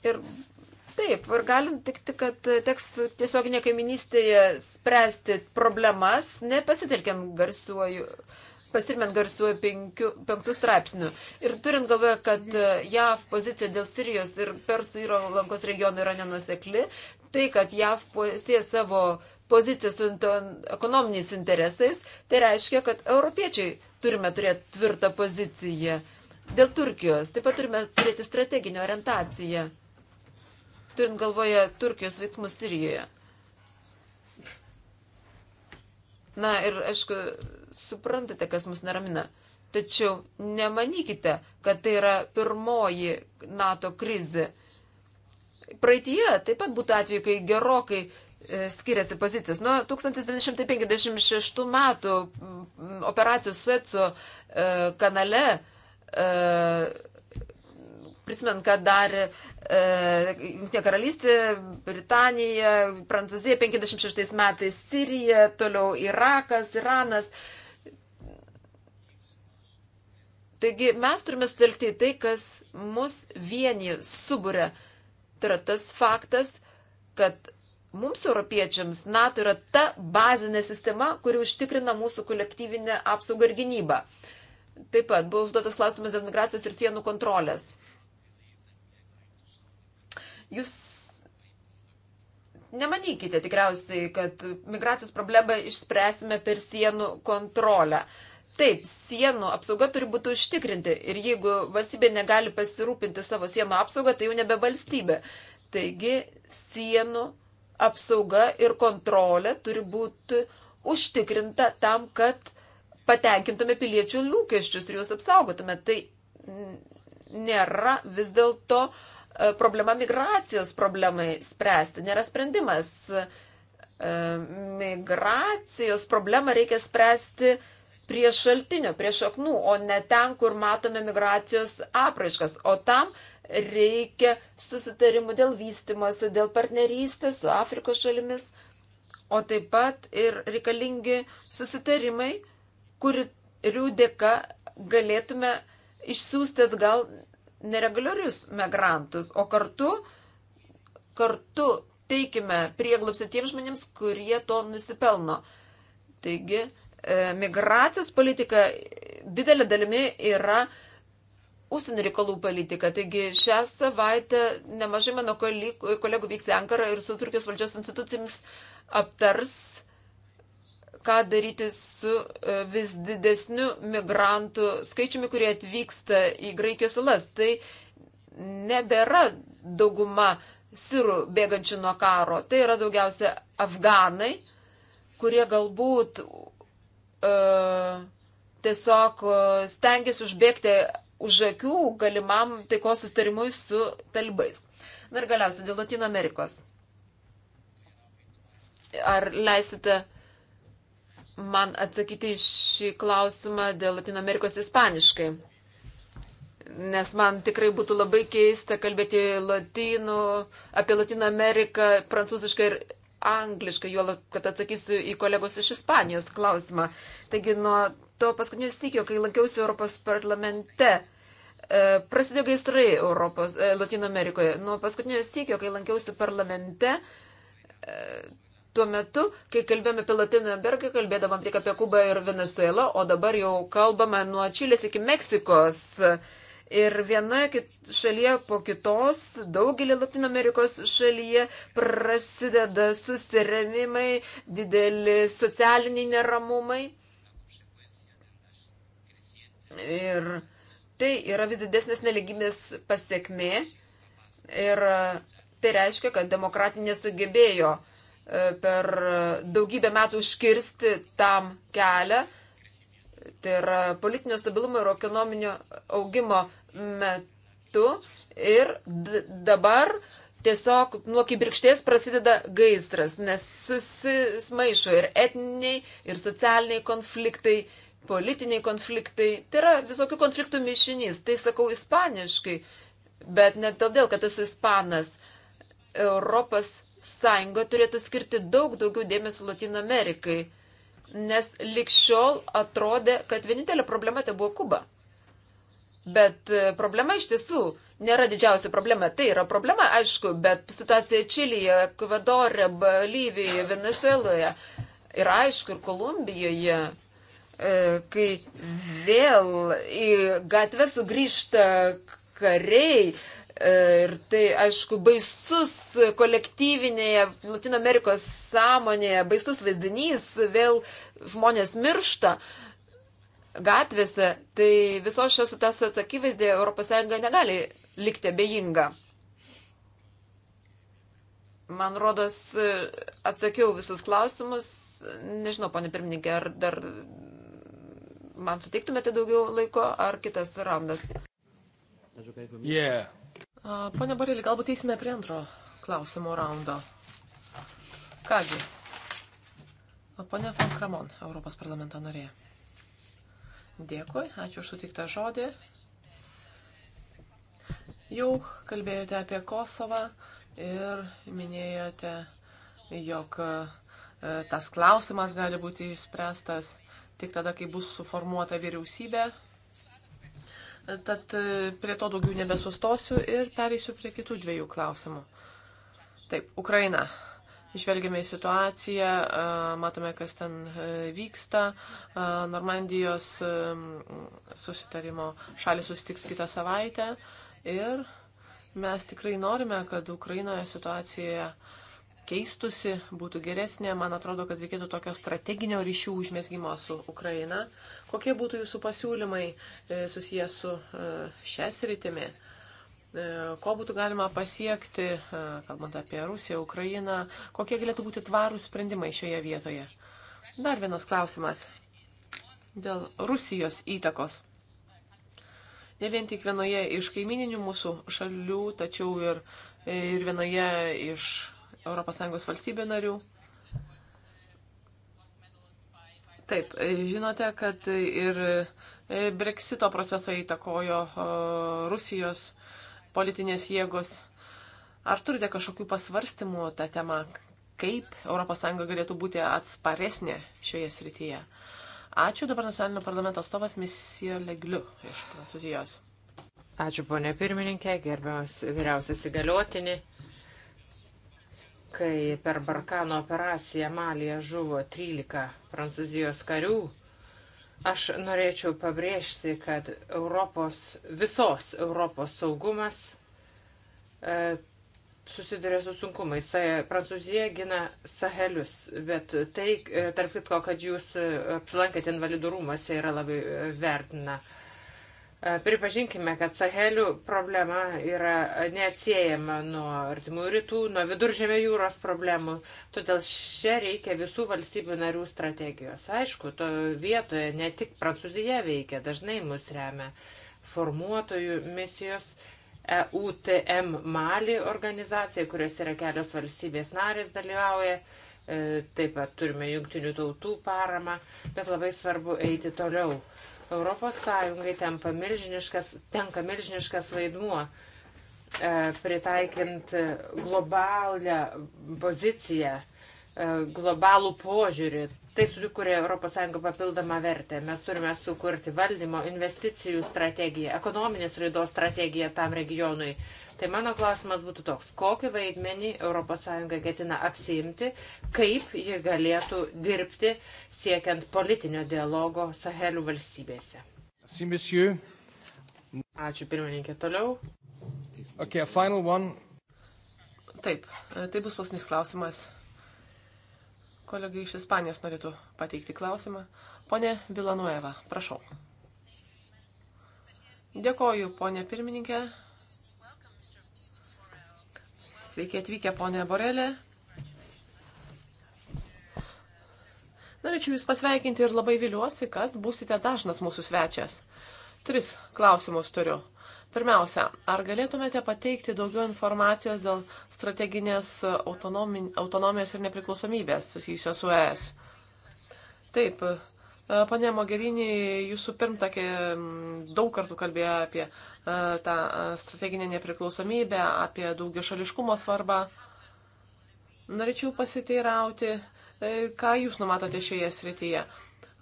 ir taip, ir galim tik, tik kad teks tiesiog nekaiminystėje spręsti problemas, nepasitelkiam garsuoju pasirmint garsuoju penkiu, penktų straipsnių. Ir turint galvoje, kad e, JAV pozicija dėl Sirijos ir Persų įlankos regionų yra nenusekli, Tai, kad JAV sieja savo poziciją su ekonominiais interesais, tai reiškia, kad europiečiai turime turėti tvirtą poziciją. Dėl Turkijos taip pat turime turėti strateginę orientaciją, turint galvoje Turkijos veiksmus Sirijoje. Na ir, aišku, suprantate, kas mus neramina. Tačiau nemanykite, kad tai yra pirmoji NATO krizė praeitie taip pat būtų atveju, kai gerokai e, skiriasi pozicijos. Nuo 1956 metų operacijos Sueco e, kanale, e, prisimint, kad darė Junktinė karalystė, Britanija, Prancūzija 56 metais, Sirija, toliau Irakas, Iranas. Taigi mes turime sutelkti į tai, kas mus vienyje suburia tai yra tas faktas, kad mums, europiečiams, NATO yra ta bazinė sistema, kuri užtikrina mūsų kolektyvinę apsaugą ir gynybą. Taip pat buvo užduotas klausimas dėl migracijos ir sienų kontrolės. Jūs nemanykite tikriausiai, kad migracijos problemą išspręsime per sienų kontrolę. Uh, Taip, sienų apsauga turi būti užtikrinti ir jeigu valstybė negali pasirūpinti savo sienų apsaugą, tai jau nebe valstybė. Taigi sienų apsauga ir kontrolė turi būti užtikrinta tam, kad patenkintume piliečių lūkesčius ir juos apsaugotume. Tai nėra vis dėlto e, problema migracijos problemai spręsti, nėra sprendimas. E, migracijos problemą reikia spręsti prie šaltinio, prie šaknų, o ne ten, kur matome migracijos apraiškas. O tam reikia susitarimų dėl vystimosi, dėl partnerystės su Afrikos šalimis, o taip pat ir reikalingi susitarimai, kurių dėka galėtume išsiųsti atgal nereguliarius migrantus, o kartu, kartu teikime prieglapsį tiems žmonėms, kurie to nusipelno. Taigi, E, migracijos politika didelė dalimi yra užsienio reikalų politika. Taigi šią savaitę nemažai mano kolegų vyks į Ankarą ir su Turkijos valdžios institucijomis aptars, ką daryti su e, vis didesniu migrantų skaičiumi, kurie atvyksta į Graikijos salas. Tai nebėra dauguma sirų bėgančių nuo karo. Tai yra daugiausia afganai, kurie galbūt E, tiesiog e, stengiasi užbėgti už akių galimam taikos sustarimui su talibais. Na ir galiausiai dėl Latino Amerikos. Ar leisite man atsakyti šį klausimą dėl Latino Amerikos ispaniškai? Nes man tikrai būtų labai keista kalbėti latinų, apie Latino Ameriką prancūziškai ir angliškai, juolab, kad atsakysiu į kolegos iš Ispanijos klausimą. Taigi nuo to paskutinio sykio, kai lankiausi Europos parlamente, e, prasidėjo gaisrai Europos, e, Latino Amerikoje. Nuo paskutinio sykio, kai lankiausi parlamente, e, tuo metu, kai kalbėjome apie Latino Ameriką, kalbėdavom tik apie Kubą ir Venezuelą, o dabar jau kalbame nuo Čilės iki Meksikos. Uh, Ir viena šalyje po kitos, daugelį Latino Amerikos šalyje prasideda susiremimai, dideli socialiniai neramumai. Ir tai yra vis didesnės neligimės pasiekmė. Ir e, tai reiškia, kad demokratinė sugebėjo e, per daugybę metų užkirsti tam kelią tai yra politinio stabilumo ir ekonominio augimo metu. Ir dabar tiesiog nuo kibirkšties prasideda gaisras, nes susimaišo ir etniniai, ir socialiniai konfliktai, politiniai konfliktai. Tai yra visokių konfliktų mišinys. Tai sakau ispaniškai, bet ne todėl, kad esu ispanas. Europos Sąjunga turėtų skirti daug daugiau dėmesio Latino Amerikai nes likščiol atrodė, kad vienintelė problema tai buvo Kuba. Bet e, problema iš tiesų nėra didžiausia problema. Tai yra problema, aišku, bet situacija Čilėje, Ekvadore, Bolivijoje, Venezueloje ir aišku, ir Kolumbijoje, e, kai vėl į gatvę sugrįžta kariai, Ir tai, aišku, baisus kolektyvinėje Latino Amerikos sąmonėje, baisus vaizdinys, vėl žmonės miršta gatvėse, tai visos šios situacijos akivaizdėje ES negali likti abejinga. Man rodos, atsakiau visus klausimus. Nežinau, ponė pirmininkė, ar dar man suteiktumėte daugiau laiko, ar kitas raundas. Yeah. Pone Borelį, galbūt eisime prie antro klausimo raundo. Kągi, pone Fon Kramon, Europos parlamento norė. Dėkui, ačiū už sutiktą žodį. Jau kalbėjote apie Kosovą ir minėjote, jog e, tas klausimas gali būti išspręstas tik tada, kai bus suformuota vyriausybė Tad e, prie to daugiau nebesustosiu ir pereisiu prie kitų dviejų klausimų. Taip, Ukraina. Išvelgiame į situaciją, e, matome, kas ten e, vyksta. Normandijos susitarimo šalis susitiks kitą savaitę. Ir mes tikrai norime, kad Ukrainoje situacija keistusi, būtų geresnė. Man atrodo, kad reikėtų tokio strateginio ryšių užmėsgymo su Ukraina. Kokie būtų jūsų pasiūlymai e, susijęs su e, šią sritimi? E, ko būtų galima pasiekti, kalbant apie Rusiją, Ukrainą? Kokie galėtų būti tvarūs sprendimai šioje vietoje? Dar vienas klausimas dėl Rusijos įtakos. Ne vien tik vienoje iš kaimininių mūsų šalių, tačiau ir, ir vienoje iš ES valstybių narių. Taip, žinote, kad ir e, Brexito procesą įtakojo e, Rusijos politinės jėgos. Ar turite kažkokių pasvarstymų tą temą, kaip ES galėtų būti atsparesnė šioje srityje? Ačiū dabar nacionalinio parlamento atstovas Misija Legliu iš Prancūzijos. Ačiū ponė pirmininkė, gerbiamas vyriausias įgaliotinį kai per Barkano operaciją Malija žuvo 13 prancūzijos karių, aš norėčiau pabrėžti, kad Europos, visos Europos saugumas e, susiduria su sunkumais. Prancūzija gina sahelius, bet tai, e, tarp kitko, kad jūs e, apsilankėte invalidų rūmose, yra labai e, vertina. E, E, pripažinkime, kad Sahelių problema yra neatsiejama nuo artimų rytų, nuo viduržėmio jūros problemų, todėl čia reikia visų valstybių narių strategijos. Aišku, to vietoje ne tik Prancūzija veikia, dažnai mus remia formuotojų misijos. EUTM Mali organizacija, kurios yra kelios valstybės narės dalyvauja, e, taip pat turime jungtinių tautų paramą, bet labai svarbu eiti toliau. Europos Sąjungai tenka milžiniškas, tenka milžiniškas vaidmuo e, pritaikint globalią poziciją, e, globalų požiūrį. Tai sukuria ES papildomą vertę. Mes turime sukurti valdymo, investicijų strategiją, ekonominės raidos strategiją tam regionui. Tai mano klausimas būtų toks, kokį vaidmenį ES ketina apsiimti, kaip ji galėtų dirbti siekiant politinio dialogo Sahelių valstybėse. Ačiū pirmininkė toliau. Okay, final one. Taip, e, tai bus paskutinis klausimas. Kolegai iš Ispanijos norėtų pateikti klausimą. Pone Vilanueva, prašau. Dėkoju, ponė pirmininkė. Sveiki atvykę, ponė Borelė. Norėčiau Jūs pasveikinti ir labai viliuosi, kad būsite dažnas mūsų svečias. Tris klausimus turiu. Pirmiausia, ar galėtumėte pateikti daugiau informacijos dėl strateginės autonomijos ir nepriklausomybės susijusios su ES? Taip, E, Pane Mogerinį, jūsų pirmtakė daug kartų kalbėjo apie e, tą strateginę nepriklausomybę, apie daugio šališkumo svarbą. Norėčiau pasiteirauti, e, ką jūs numatote šioje srityje.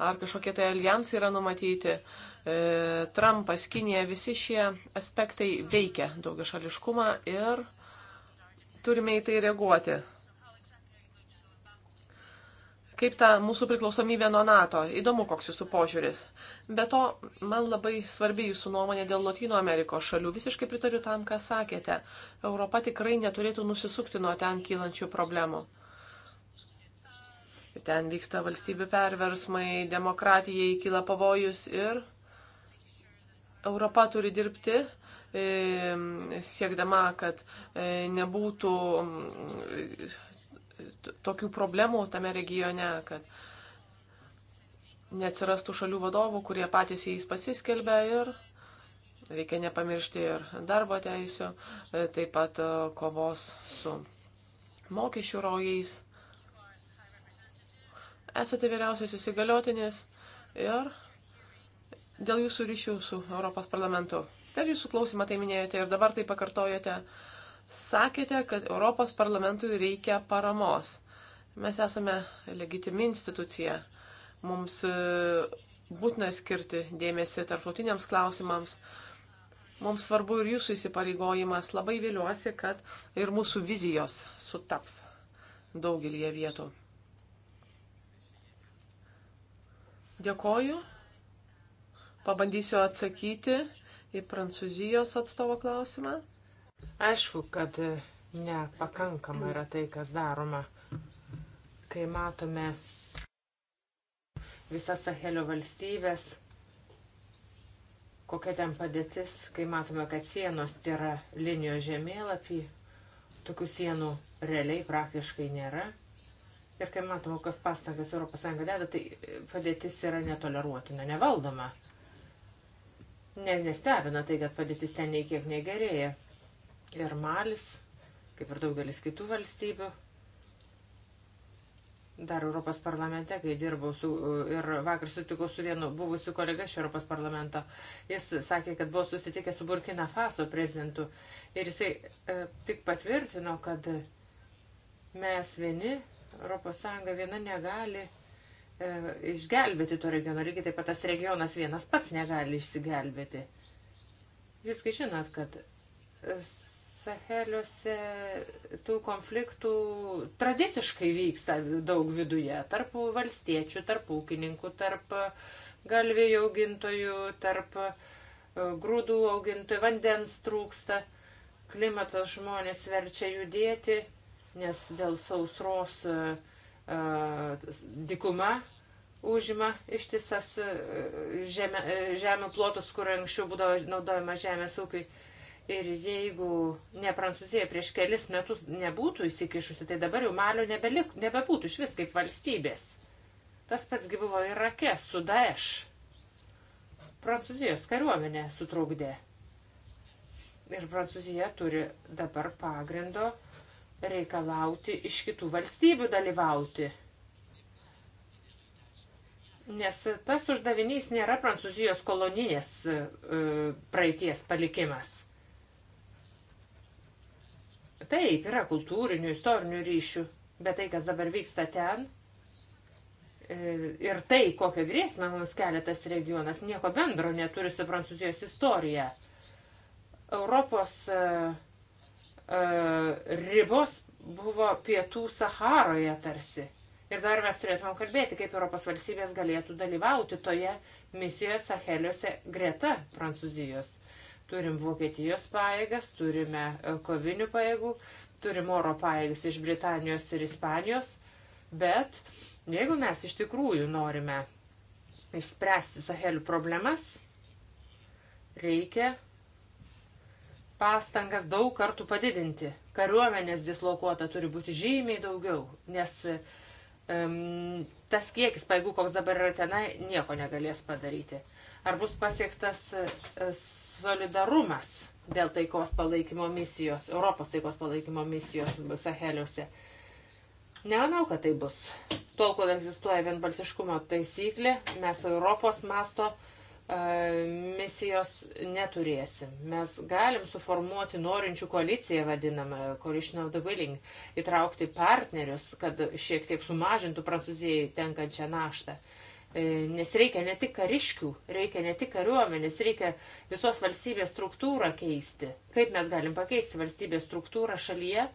Ar kažkokie tai alijansai yra numatyti, Trumpas, Kinija, visi šie aspektai veikia daugia šališkumą ir turime į tai reaguoti kaip ta mūsų priklausomybė nuo NATO. Įdomu, koks jūsų požiūris. Be to, man labai svarbi jūsų nuomonė dėl Latino Amerikos šalių. Visiškai pritariu tam, ką sakėte. Europa tikrai neturėtų nusisukti nuo ten kylančių problemų. Ten vyksta valstybių perversmai, demokratijai kyla pavojus ir Europa turi dirbti e, siekdama, kad e, nebūtų tokių problemų tame regione, kad neatsirastų šalių vadovų, kurie patys jais pasiskelbia ir reikia nepamiršti ir darbo teisų, e, taip pat e, kovos su mokesčių rojais. Esate vyriausias įsigaliotinis ir dėl jūsų ryšių su Europos parlamentu. Per jūsų klausimą tai minėjote ir dabar tai pakartojate. Sakėte, kad Europos parlamentui reikia paramos. Mes esame legitimi institucija. Mums e, būtina skirti dėmesį tarptautiniams klausimams. Mums svarbu ir jūsų įsipareigojimas. Labai viliuosi, kad ir mūsų vizijos sutaps daugelį vietų. Dėkoju. Pabandysiu atsakyti į Prancūzijos atstovo klausimą. Aišku, kad nepakankama yra tai, kas daroma. Kai matome visas Sahelio valstybės, kokia ten padėtis, kai matome, kad sienos tai yra linijos žemėlapį, tokių sienų realiai praktiškai nėra. Ir kai matome, kokias pastangas ES deda, tai padėtis yra netoleruotina, nevaldoma. Ne, nestebina tai, kad padėtis ten nei kiek negerėja ir Malis, kaip ir daugelis kitų valstybių. Dar Europos parlamente, kai dirbau su, ir vakar sutikau su vienu buvusiu kolega iš Europos parlamento, jis sakė, kad buvo susitikęs su Burkina Faso prezidentu ir jisai e, tik patvirtino, kad mes vieni, ES viena negali e, išgelbėti to regiono, lygiai taip pat tas regionas vienas pats negali išsigelbėti. Jūs kai žinot, kad Saheliuose tų konfliktų tradiciškai vyksta daug viduje, tarp valstiečių, tarp ūkininkų, tarp galvijų augintojų, tarp e, grūdų augintojų, vandens trūksta, klimatas žmonės verčia judėti, nes dėl sausros e, e, dikuma užima ištisas žemė, žemė plotus, kur anksčiau būdavo naudojama žemės ūkiai. Ir jeigu ne Prancūzija prieš kelis metus nebūtų įsikišusi, tai dabar jau Malio nebelik, nebebūtų iš vis kaip valstybės. Tas pats gyvo Irake su Daesh. Prancūzijos kariuomenė sutrukdė. Ir Prancūzija turi dabar pagrindo reikalauti iš kitų valstybių dalyvauti. Nes tas uždavinys nėra Prancūzijos kolonijos e, praeities palikimas Taip, yra kultūrinių, istorinių ryšių, bet tai, kas dabar vyksta ten e, ir tai, kokią grėsmę mums kelia tas regionas, nieko bendro neturi su Prancūzijos istorija. Europos uh, uh, ribos buvo pietų Saharoje tarsi. Ir dar mes turėtumėm kalbėti, kaip Europos valstybės galėtų dalyvauti toje misijoje Saheliuose greta Prancūzijos. Turim Vokietijos pajėgas, turime e, kovinių pajėgų, turim oro pajėgas iš Britanijos ir Ispanijos, bet jeigu mes iš tikrųjų norime išspręsti Sahelių problemas, reikia pastangas daug kartų padidinti. Kariuomenės dislokuota turi būti žymiai daugiau, nes um, tas kiekis paėgų, koks dabar yra tenai, nieko negalės padaryti. Ar bus pasiektas uh, solidarumas dėl taikos palaikymo misijos, Europos taikos palaikymo misijos Saheliuose. Nemanau, kad tai bus. Tol, kol egzistuoja vienbalsiškumo taisyklė, mes Europos masto e, misijos neturėsim. Mes galim suformuoti norinčių koaliciją, vadinamą Coalition of the Willing, įtraukti partnerius, kad šiek tiek sumažintų Prancūzijai tenkančią naštą. E, nes reikia ne tik kariškių, reikia ne tik kariuomenės, reikia visos valstybės struktūrą keisti. Kaip mes galim pakeisti valstybės struktūrą šalyje,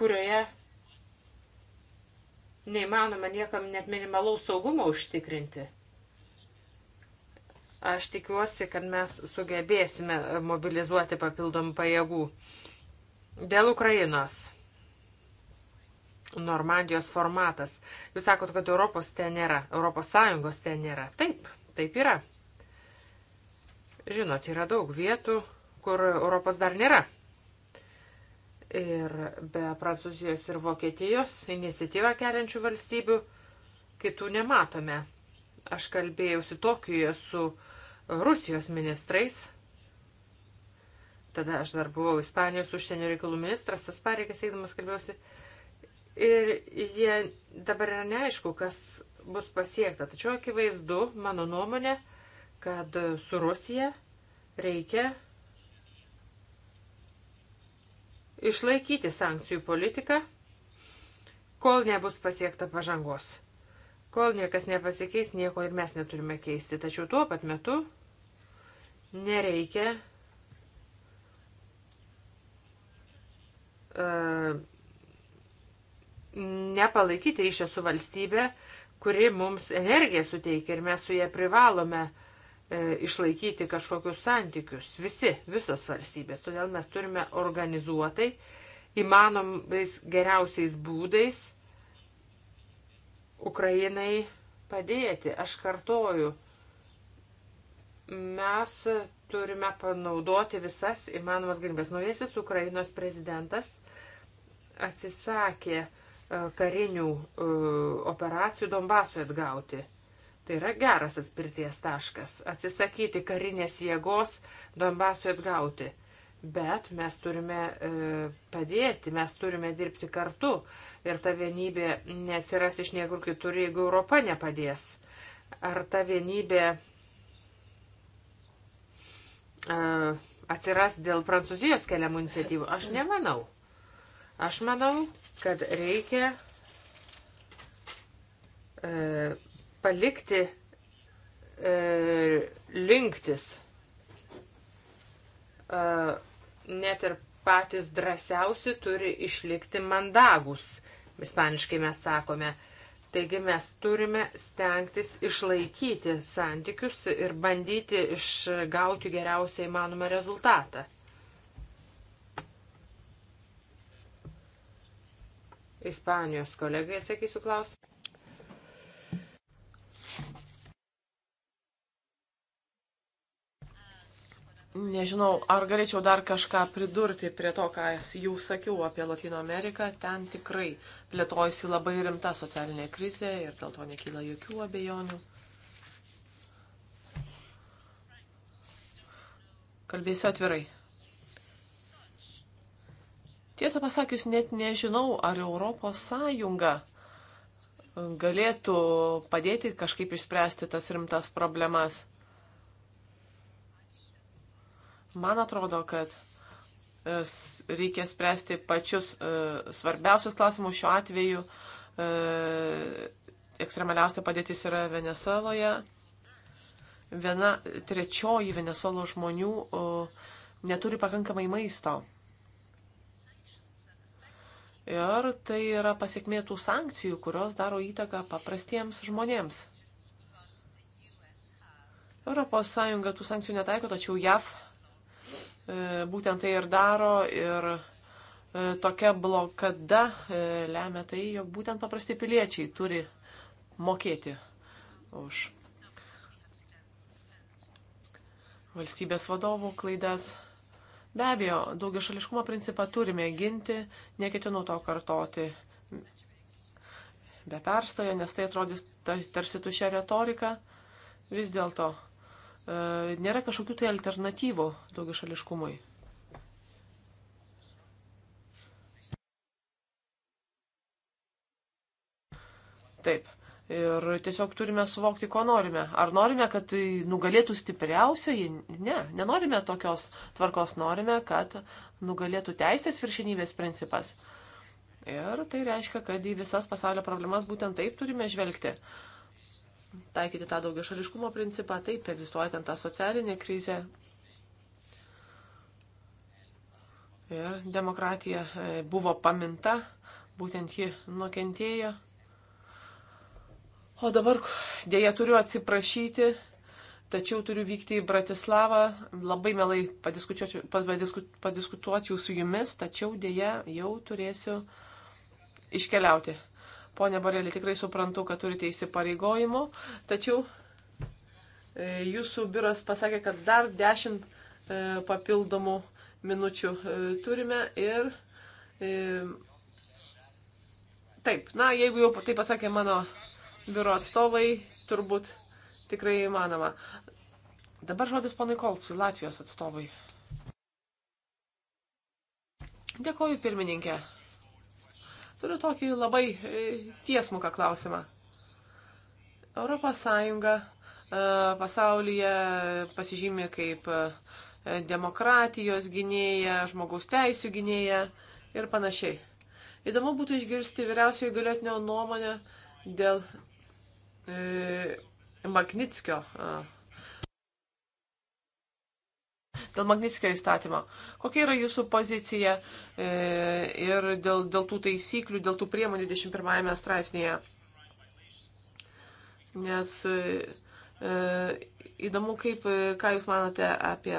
kurioje neįmanoma niekam net minimalaus saugumo užtikrinti. Aš tikiuosi, kad mes sugebėsime mobilizuoti papildomų pajėgų. Dėl Ukrainos. Normandijos formatas. Jūs sakot, kad Europos ten nėra, Europos Sąjungos ten nėra. Taip, taip yra. Žinot, yra daug vietų, kur Europos dar nėra. Ir be Prancūzijos ir Vokietijos iniciatyvą keliančių valstybių kitų nematome. Aš kalbėjausi Tokijoje su Rusijos ministrais. Tada aš dar buvau Ispanijos užsienio reikalų ministras, tas pareigas eidamas kalbėjausi ir jie dabar yra neaišku, kas bus pasiekta. Tačiau akivaizdu, mano nuomonė, kad su Rusija reikia išlaikyti sankcijų politiką, kol nebus pasiekta pažangos. Kol niekas nepasikeis, nieko ir mes neturime keisti. Tačiau tuo pat metu nereikia uh, nepalaikyti ryšio su valstybė, kuri mums energiją suteikia ir mes su ją privalome e, išlaikyti kažkokius santykius. Visi, visos valstybės. Todėl mes turime organizuotai, įmanomais geriausiais būdais Ukrainai padėti. Aš kartoju, mes turime panaudoti visas įmanomas galimybės. Naujasis Ukrainos prezidentas atsisakė uh, E, karinių e, operacijų Donbasui atgauti. Tai yra geras atspirties taškas - atsisakyti karinės jėgos Donbasui atgauti. Bet mes turime e, padėti, mes turime dirbti kartu ir ta vienybė neatsiras iš niekur kitur, jeigu Europa nepadės. Ar ta vienybė atsiras dėl Prancūzijos keliamų iniciatyvų? Aš nemanau. Aš manau, kad reikia e, palikti e, linktis. E, net ir patys drąsiausi turi išlikti mandagus, ispaniškai mes sakome. Taigi mes turime stengtis išlaikyti santykius ir bandyti išgauti geriausią įmanomą rezultatą. Ispanijos kolegai atsakysiu klausimą. Nežinau, ar galėčiau dar kažką pridurti prie to, ką jau sakiau apie Latino Ameriką. Ten tikrai plėtojasi labai rimta socialinė krizė ir dėl to nekyla jokių abejonių. Kalbėsiu atvirai. Tiesą pasakius, net nežinau, ar Europos Sąjunga galėtų padėti kažkaip išspręsti tas rimtas problemas. Man atrodo, kad e, reikia spręsti pačius e, svarbiausius klausimus šiuo atveju. E, ekstremaliausia padėtis yra Venezueloje. Viena trečioji Venezuelos žmonių neturi pakankamai maisto. Ir tai yra pasiekmė tų sankcijų, kurios daro įtaką paprastiems žmonėms. ES tų sankcijų netaiko, tačiau JAV e, būtent tai ir daro ir e, tokia blokada e, lemia tai, jog būtent paprasti piliečiai turi mokėti už valstybės vadovų klaidas. Be abejo, daugiašališkumo principą turime ginti, neketinu to kartoti be perstojo, nes tai atrodys tarsi tušia retorika. Vis dėlto e, nėra kažkokių tai alternatyvų daugiašališkumui. Taip. Ir tiesiog turime suvokti, ko norime. Ar norime, kad tai nugalėtų stipriausiai? Ne, nenorime tokios tvarkos, norime, kad nugalėtų teisės viršinybės principas. Ir tai reiškia, kad į visas pasaulio problemas būtent taip turime žvelgti. Taikyti tą daugia šališkumo principą, taip egzistuoja ten ta socialinė krizė. Ir demokratija e, buvo paminta, būtent ji nukentėjo. O dabar dėja turiu atsiprašyti, tačiau turiu vykti į Bratislavą. Labai melai padiskutuočiau, padisku, padiskutuočiau su jumis, tačiau dėja jau turėsiu iškeliauti. Pone Borelį, tikrai suprantu, kad turite įsipareigojimų, tačiau e, jūsų biuras pasakė, kad dar 10 e, papildomų minučių e, turime ir taip, na, jeigu jau tai pasakė mano biuro atstovai, turbūt tikrai įmanoma. Dabar žodis ponui Koltsui, Latvijos atstovui. Dėkoju, pirmininkė. Turiu tokį labai e, tiesmuką klausimą. Europos Sąjunga e, pasaulyje pasižymė kaip e, demokratijos gynėja, žmogaus teisų gynėja ir panašiai. Įdomu būtų išgirsti vyriausiojo galėtinio nuomonę dėl Magnitskio. Dėl Magnitskio įstatymo. Kokia yra jūsų pozicija e, ir dėl, dėl tų taisyklių, dėl tų priemonių 21 straipsnėje? Nes e, e, įdomu, kaip, ką jūs manote apie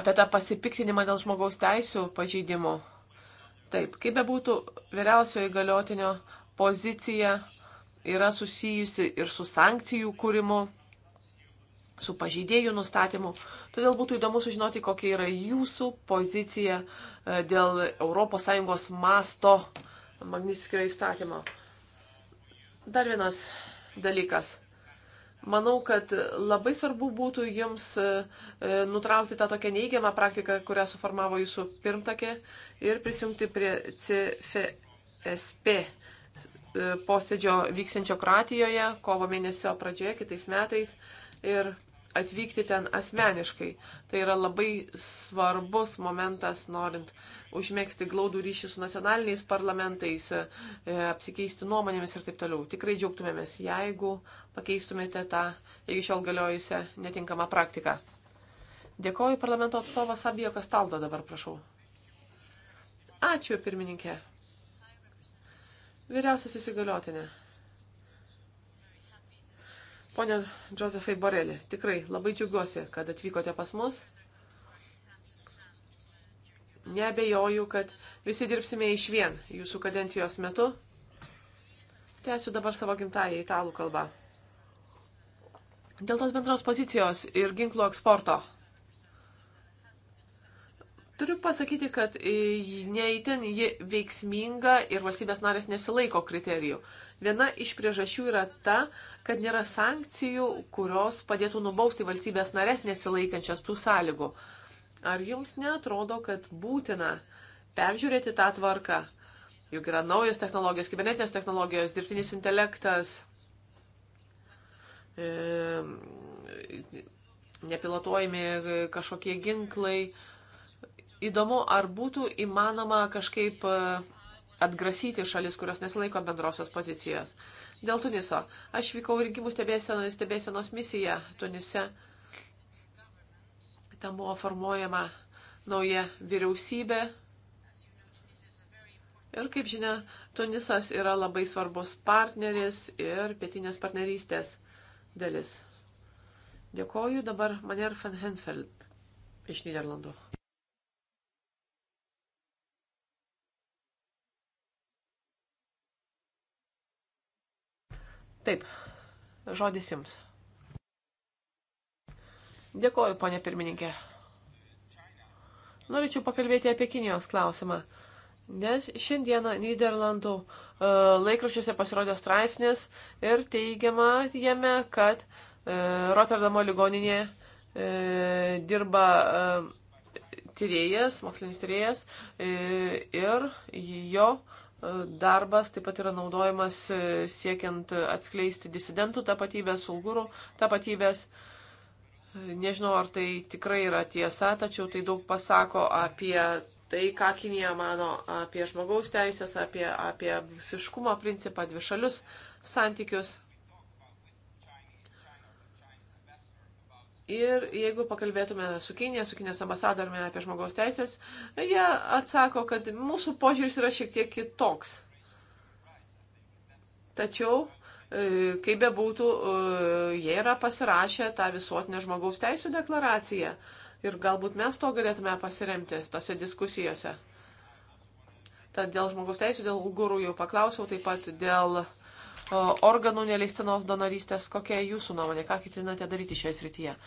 apie tą pasipiktinimą dėl žmogaus teisų pažeidimų. Taip, kaip bebūtų, vyriausiojo įgaliotinio pozicija yra susijusi ir su sankcijų kūrimu, su pažydėjų nustatymu. Todėl būtų įdomu sužinoti, kokia yra jūsų pozicija e, dėl ES masto Magnitskio įstatymo. Dar vienas dalykas. Manau, kad labai svarbu būtų jums e, e, nutraukti tą tokią neįgiamą praktiką, kurią suformavo jūsų pirmtakė ir prisijungti prie CFSP E, posėdžio vyksiančio Kroatijoje kovo mėnesio pradžioje kitais metais ir atvykti ten asmeniškai. Tai yra labai svarbus momentas, norint užmėgsti glaudų ryšį su nacionaliniais parlamentais, e, apsikeisti nuomonėmis ir taip toliau. Tikrai džiaugtumėmės, jeigu pakeistumėte tą iki šiol galiojusią netinkamą praktiką. Dėkoju parlamento atstovas Fabijo Kastaldo dabar, prašau. Ačiū, pirmininkė. Vyriausias įsigaliotinė. Pone Josefai Borelė, tikrai labai džiugiuosi, kad atvykote pas mus. Nebejoju, kad visi dirbsime iš vien jūsų kadencijos metu. Tęsiu dabar savo gimtają italų kalbą. Dėl tos bendros pozicijos ir ginklų eksporto. Turiu pasakyti, kad e, neįtin ji veiksminga ir valstybės narės nesilaiko kriterijų. Viena iš priežasčių yra ta, kad nėra sankcijų, kurios padėtų nubausti valstybės narės nesilaikančias tų sąlygų. Ar jums netrodo, kad būtina peržiūrėti tą tvarką? Juk yra naujos technologijos, kibernetinės technologijos, dirbtinis intelektas, e, nepilotuojami kažkokie ginklai. E, Įdomu, ar būtų įmanoma kažkaip e, atgrasyti šalis, kurios nesilaiko bendrosios pozicijos. Dėl Tuniso. Aš vykau rinkimų stebėsenos, stebėsenos misiją Tunise. Ten buvo formuojama nauja vyriausybė. Ir kaip žinia, Tunisas yra labai svarbus partneris ir pietinės partnerystės dalis. Dėkoju dabar Manier van Henfeld iš Niderlandų. Taip, žodis jums. Dėkoju, ponė pirmininkė. Norėčiau pakalbėti apie Kinijos klausimą, nes šiandieną Niderlandų e, laikraščiuose pasirodė straipsnis ir teigiama jame, kad e, Rotterdamo ligoninėje dirba e, tyrėjas, mokslinis tyrėjas ir jo darbas taip pat yra naudojamas e, siekiant atskleisti disidentų tapatybės, ulgurų tapatybės. Nežinau, ar tai tikrai yra tiesa, tačiau tai daug pasako apie tai, ką Kinija mano apie žmogaus teisės, apie, apie visiškumo principą, dvišalius santykius. Ir jeigu pakalbėtume su Kinė, su Kinės ambasadoriumi apie žmogaus teisės, jie atsako, kad mūsų požiūris yra šiek tiek kitoks. Tačiau, e, kaip be būtų, e, jie yra pasirašę tą visuotinę žmogaus teisų deklaraciją. Ir galbūt mes to galėtume pasiremti tose diskusijose. Tad dėl žmogaus teisų, dėl gurų jau paklausiau, taip pat dėl e, organų neleistinos donorystės. Kokia jūsų nuomonė, ką ketinate daryti šioje srityje?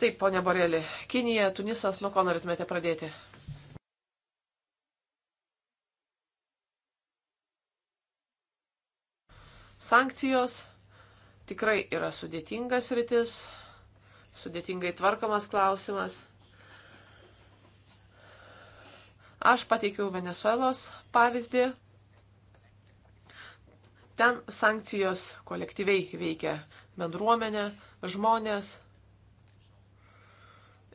Taip, ponia Borelė, Kinija, Tunisas, nuo ko norėtumėte pradėti? Sankcijos tikrai yra sudėtingas rytis, sudėtingai tvarkomas klausimas. Aš pateikiau Venezuelos pavyzdį. Ten sankcijos kolektyviai veikia bendruomenė, žmonės,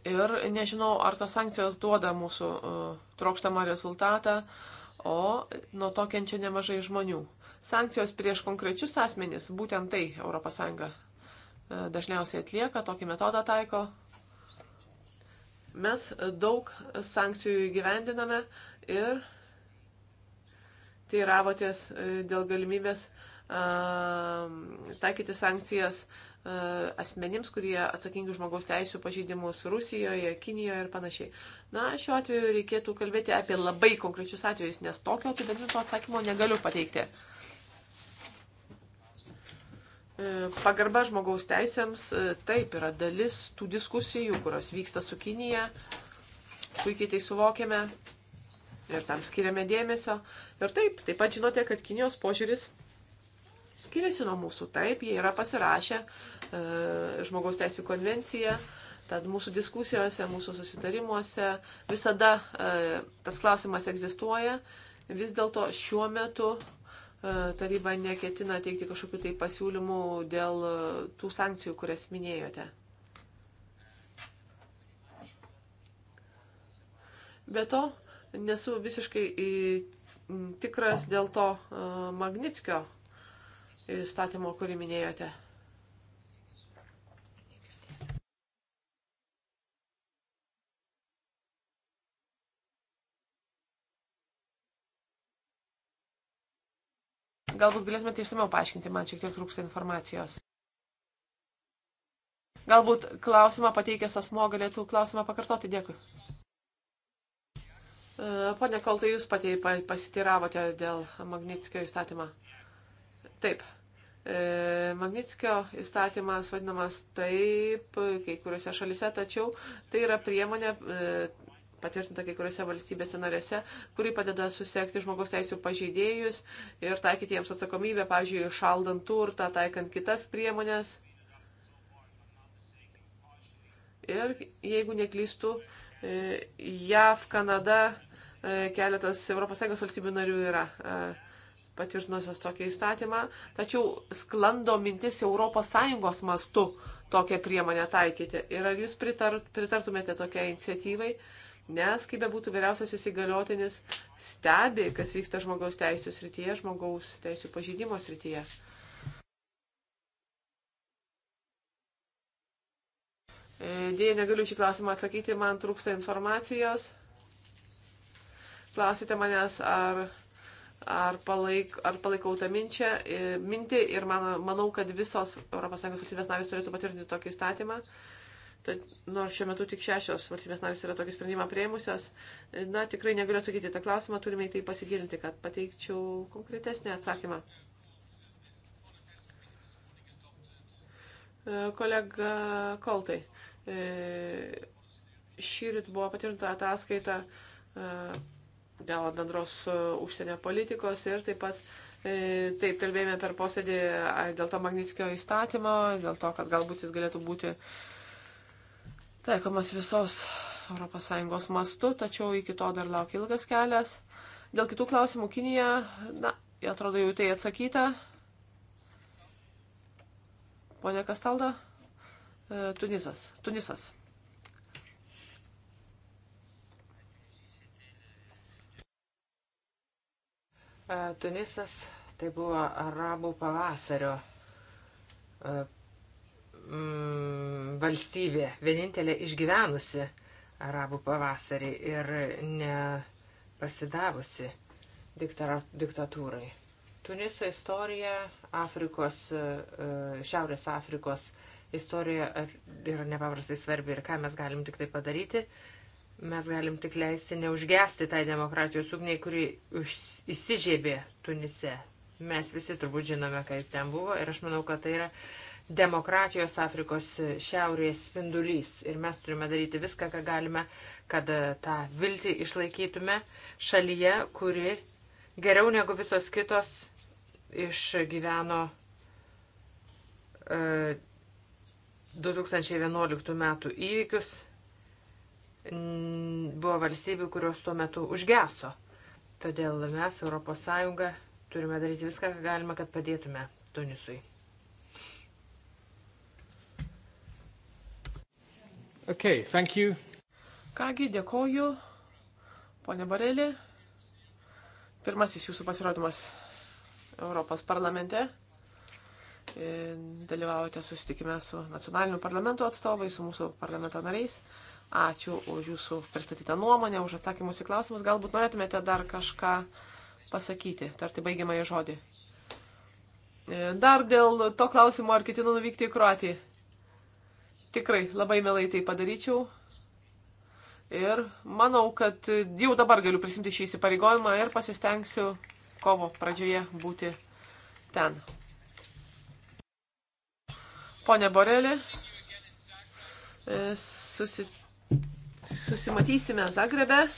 ir nežinau, ar tos sankcijos duoda mūsų e, trokštamą rezultatą, o nuo to kenčia nemažai žmonių. Sankcijos prieš konkrečius asmenis, būtent tai ES e, dažniausiai atlieka, tokį metodą taiko. Mes daug sankcijų įgyvendiname ir teiravotės e, dėl galimybės taikyti sankcijas asmenims, kurie atsakingi žmogaus teisų pažydimus Rusijoje, Kinijoje ir panašiai. Na, šiuo atveju reikėtų kalbėti apie labai konkrečius atvejus, nes tokio apibendrinto atsakymo negaliu pateikti. E, pagarba žmogaus teisėms e, taip yra dalis tų diskusijų, kurios vyksta su Kinija. Puikiai tai suvokiame ir tam skiriame dėmesio. Ir taip, taip pat žinote, kad Kinijos požiūris skiriasi nuo mūsų. Taip, jie yra pasirašę e, žmogaus teisų konvenciją. Tad mūsų diskusijose, mūsų susitarimuose visada e, tas klausimas egzistuoja. Vis dėlto šiuo metu e, taryba neketina teikti kažkokių tai pasiūlymų dėl e, tų sankcijų, kurias minėjote. Be to, nesu visiškai tikras dėl to e, Magnitskio įstatymo, kurį minėjote. Galbūt galėtumėte išsameu paaiškinti, man šiek tiek trūksta informacijos. Galbūt klausimą pateikęs asmo galėtų klausimą pakartoti. Dėkui. E, pone Koltai, jūs patei pasitiravote dėl Magnitskio įstatymą. Taip, E, Magnitskio įstatymas vadinamas taip kai kuriuose šalise, tačiau tai yra priemonė e, patvirtinta kai kuriuose valstybėse narėse, kuri padeda susekti žmogaus teisų pažeidėjus ir taikyti jiems atsakomybę, pavyzdžiui, šaldant turtą, taikant kitas priemonės. Ir jeigu neklystų, e, JAV, Kanada, keletas ES valstybių narių yra patvirtinusios tokį įstatymą, tačiau sklando mintis ES mastu tokią priemonę taikyti. Ir ar jūs pritar, pritartumėte tokiai iniciatyvai, nes kaip be būtų vyriausias įsigaliotinis stebi, kas vyksta žmogaus teisų srityje, žmogaus teisų pažydimo srityje. E, dėja, negaliu šį klausimą atsakyti, man trūksta informacijos. Klausite manęs, ar ar, palaik, ar palaikau tą minčią, e, mintį ir man, manau, kad visos ES valstybės narės turėtų patvirtinti tokį įstatymą. Tad, nors nu, šiuo metu tik šešios valstybės narės yra tokį sprendimą prieimusios, na, tikrai negaliu atsakyti tą klausimą, turime į tai pasigilinti, kad pateikčiau konkretesnį atsakymą. E, kolega Koltai, e, šį rytą buvo patvirtinta ataskaita dėl bendros e, užsienio politikos ir taip pat e, Taip, kalbėjome per posėdį dėl to Magnitskio įstatymo, dėl to, kad galbūt jis galėtų būti taikomas visos ES mastu, tačiau iki to dar laukia ilgas kelias. Dėl kitų klausimų Kinija, na, atrodo jau tai atsakyta. Pone Kastalda, e, Tunisas. Tunisas. Tunisas tai buvo arabų pavasario mm, valstybė, vienintelė išgyvenusi arabų pavasarį ir nepasidavusi diktara, diktatūrai. Tuniso istorija, Afrikos, Šiaurės Afrikos istorija yra nepaprastai svarbi ir ką mes galim tik tai padaryti, Mes galim tik leisti neužgesti tai demokratijos ugniai, kuri įsižiebė Tunise. Mes visi turbūt žinome, kaip ten buvo ir aš manau, kad tai yra demokratijos Afrikos šiaurės spindulys. Ir mes turime daryti viską, ką galime, kad e, tą viltį išlaikytume šalyje, kuri geriau negu visos kitos išgyveno e, 2011 metų įvykius Mm, buvo valstybių, kurios tuo metu užgeso. Todėl mes, ES, turime daryti viską, ką galime, kad padėtume Tunisui. Okay, thank you. Kągi, dėkoju, ponė Barelė. Pirmasis jūsų pasirodymas Europos parlamente. E, Dalyvavote susitikime su nacionaliniu parlamento atstovais, su mūsų parlamento nariais. Ačiū už jūsų pristatytą nuomonę, už atsakymus į klausimus. Galbūt norėtumėte dar kažką pasakyti, tarti baigiamąjį žodį. E, dar dėl to klausimo, ar ketinu nuvykti į Kroatiją. Tikrai labai mielai tai padaryčiau. Ir manau, kad jau dabar galiu prisimti šį įsipareigojimą ir pasistengsiu kovo pradžioje būti ten. Pone Borelė, e, susitikti Susimatysime Zagrebe.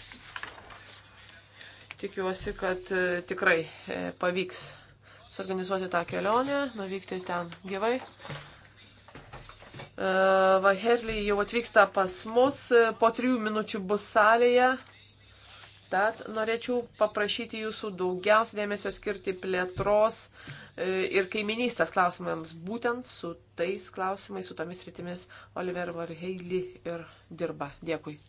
Tikiuosi, kad e, tikrai e, pavyks suorganizuoti tą kelionę, nuvykti ten gyvai. E, Vaherly jau atvyksta pas mus, po trijų minučių bus salėje. Tad norėčiau paprašyti jūsų daugiausia dėmesio skirti plėtros ir kaiminystės klausimams, būtent su tais klausimais, su tomis rytimis Oliver Varheili ir dirba. Dėkui.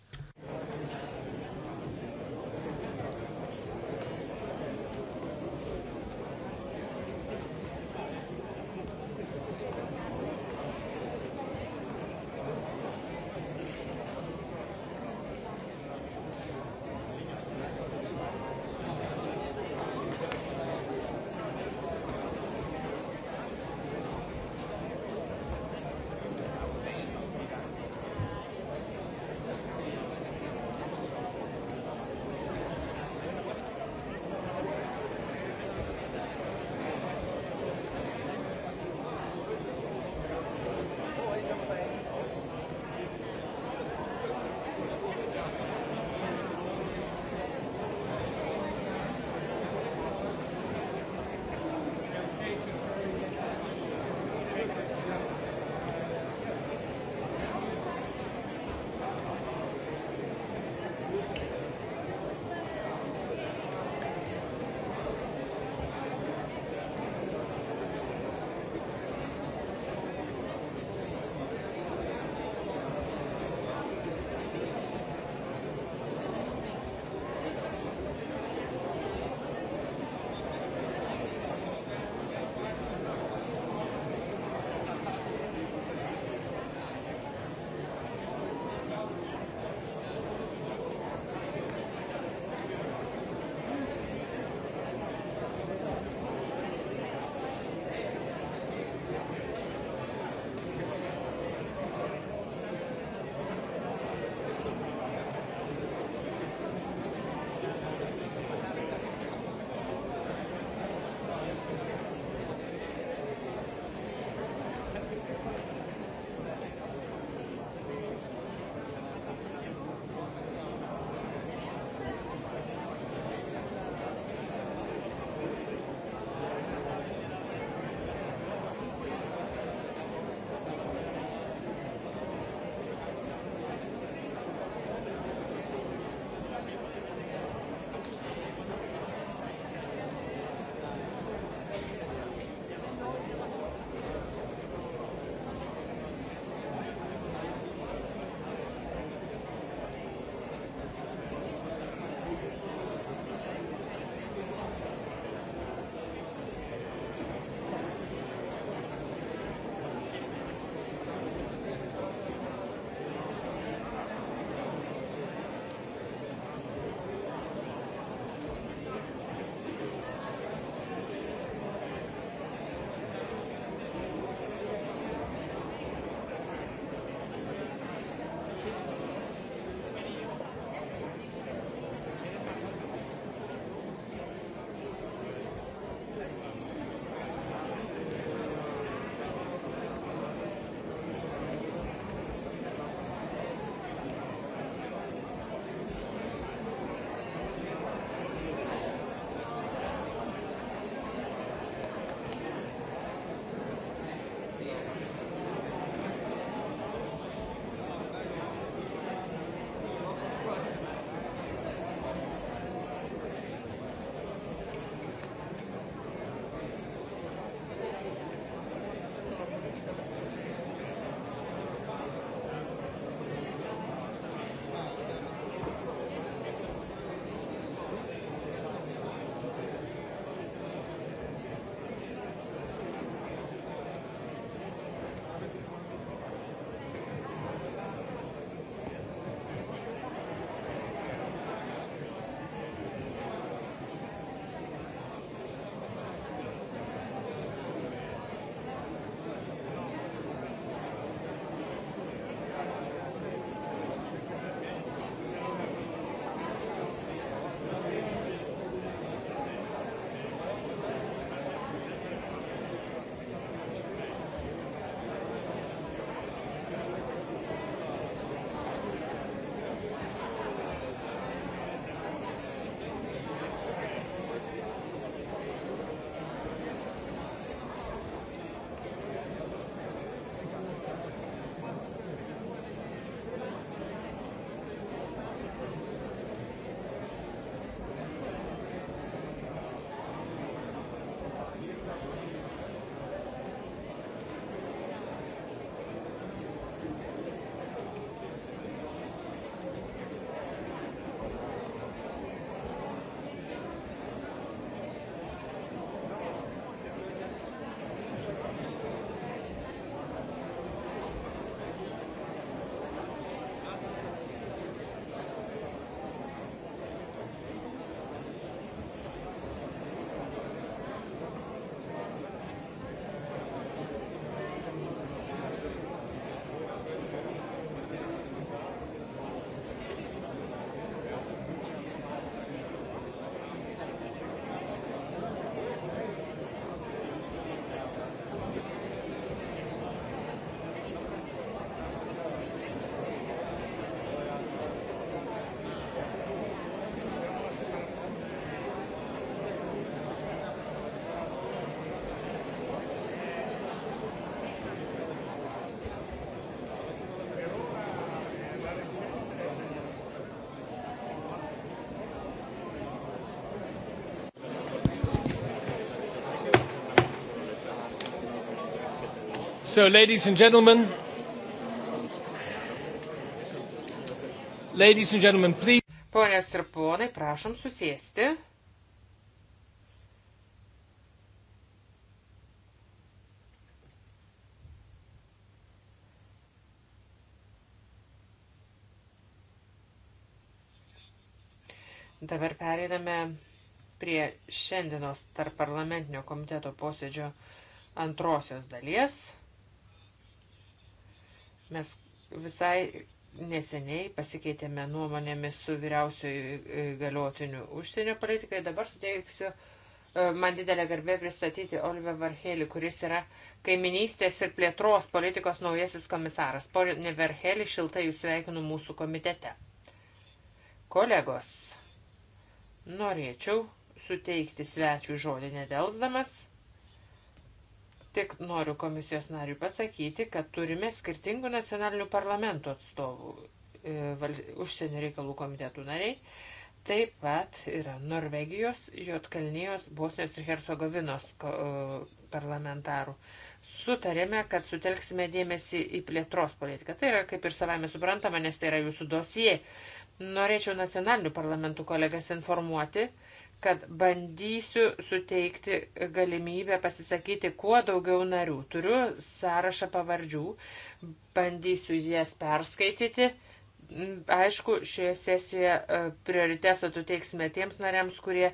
So, ladies and gentlemen, ladies and gentlemen, please. Ponios ir ponai, prašom susėsti. Dabar pereiname prie šiandienos tarp parlamentinio komiteto posėdžio antrosios dalies. Mes visai neseniai pasikeitėme nuomonėmis su vyriausiojų e, galiotiniu užsienio politikai. Dabar suteiksiu e, man didelę garbę pristatyti Olivę Varhelį, kuris yra kaiminystės ir plėtros politikos naujasis komisaras. Ponė Varhelį, šiltai jūs sveikinu mūsų komitete. Kolegos, norėčiau suteikti svečių žodį nedelsdamas Tik noriu komisijos nariui pasakyti, kad turime skirtingų nacionalinių parlamentų atstovų, e, užsienio reikalų komitetų nariai, taip pat yra Norvegijos, Jotkalnijos, Bosnijos ir Hercegovinos e, parlamentarų. Sutarėme, kad sutelksime dėmesį į plėtros politiką. Tai yra kaip ir savame suprantama, nes tai yra jūsų dosie. Norėčiau nacionalinių parlamentų kolegas informuoti, kad bandysiu suteikti galimybę pasisakyti kuo daugiau narių. Turiu sąrašą pavardžių, bandysiu jas perskaityti. Aišku, šioje sesijoje e, prioritetą suteiksime tiems nariams, kurie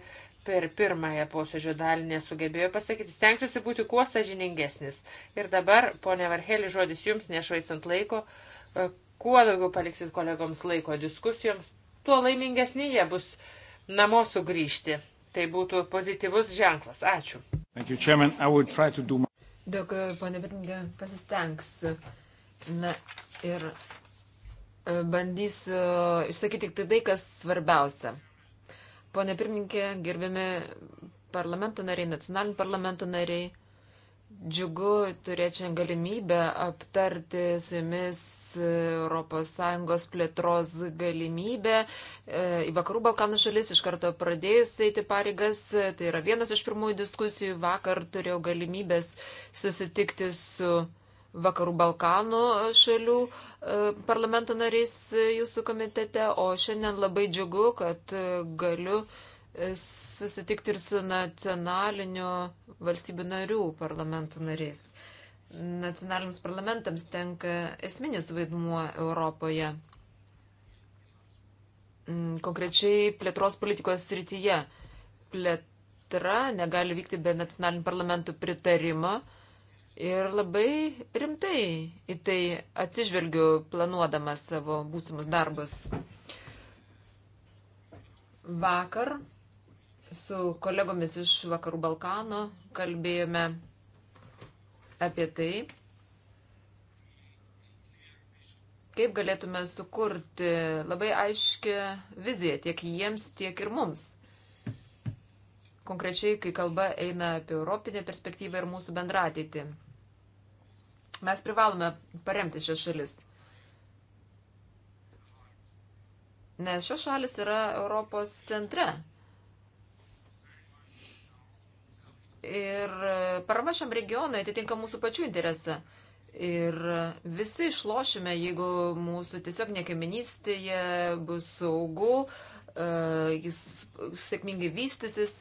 per pirmąją posėdžio dalį nesugebėjo pasakyti. Stengsiuosi būti kuo sažiningesnis. Ir dabar, ponia Varhelį, žodis jums, nešvaisant laiko, e, kuo daugiau paliksit kolegoms laiko diskusijoms, tuo laimingesnė jie bus namo sugrįžti. Tai būtų pozityvus ženklas. Ačiū. Do... Dėkui, ponė Birmingė, pasistengs. Na ir e, bandysiu e, išsakyti tik tai, tai, kas svarbiausia. Pone pirmininkė, gerbiami parlamento nariai, nacionalinių parlamento nariai džiugu turėčiau galimybę aptarti su jumis ES plėtros galimybę e, į Vakarų Balkanų šalis iš karto pradėjus eiti pareigas. Tai yra vienas iš pirmųjų diskusijų. Vakar turėjau galimybės susitikti su Vakarų Balkanų šalių e, parlamento nariais jūsų komitete, o šiandien labai džiugu, kad galiu susitikti ir su nacionaliniu valstybių narių parlamentų nariais. Nacionaliniams parlamentams tenka esminis vaidmuo Europoje, mm, konkrečiai plėtros politikos srityje. Plėtra negali vykti be nacionalinių parlamentų pritarimo ir labai rimtai į tai atsižvelgiu planuodamas savo būsimus darbus. Vakar Su kolegomis iš Vakarų Balkanų kalbėjome apie tai, kaip galėtume sukurti labai aiškę viziją tiek jiems, tiek ir mums. Konkrečiai, kai kalba eina apie europinę perspektyvą ir mūsų bendrateitį. Mes privalome paremti šias šalis. Nes šios šalis yra Europos centre. Ir e, parama šiam regionui atitinka mūsų pačių interesą. Ir e, visi išlošime, jeigu mūsų tiesiog nekaiminystėje bus saugu, e, jis sėkmingai vystysis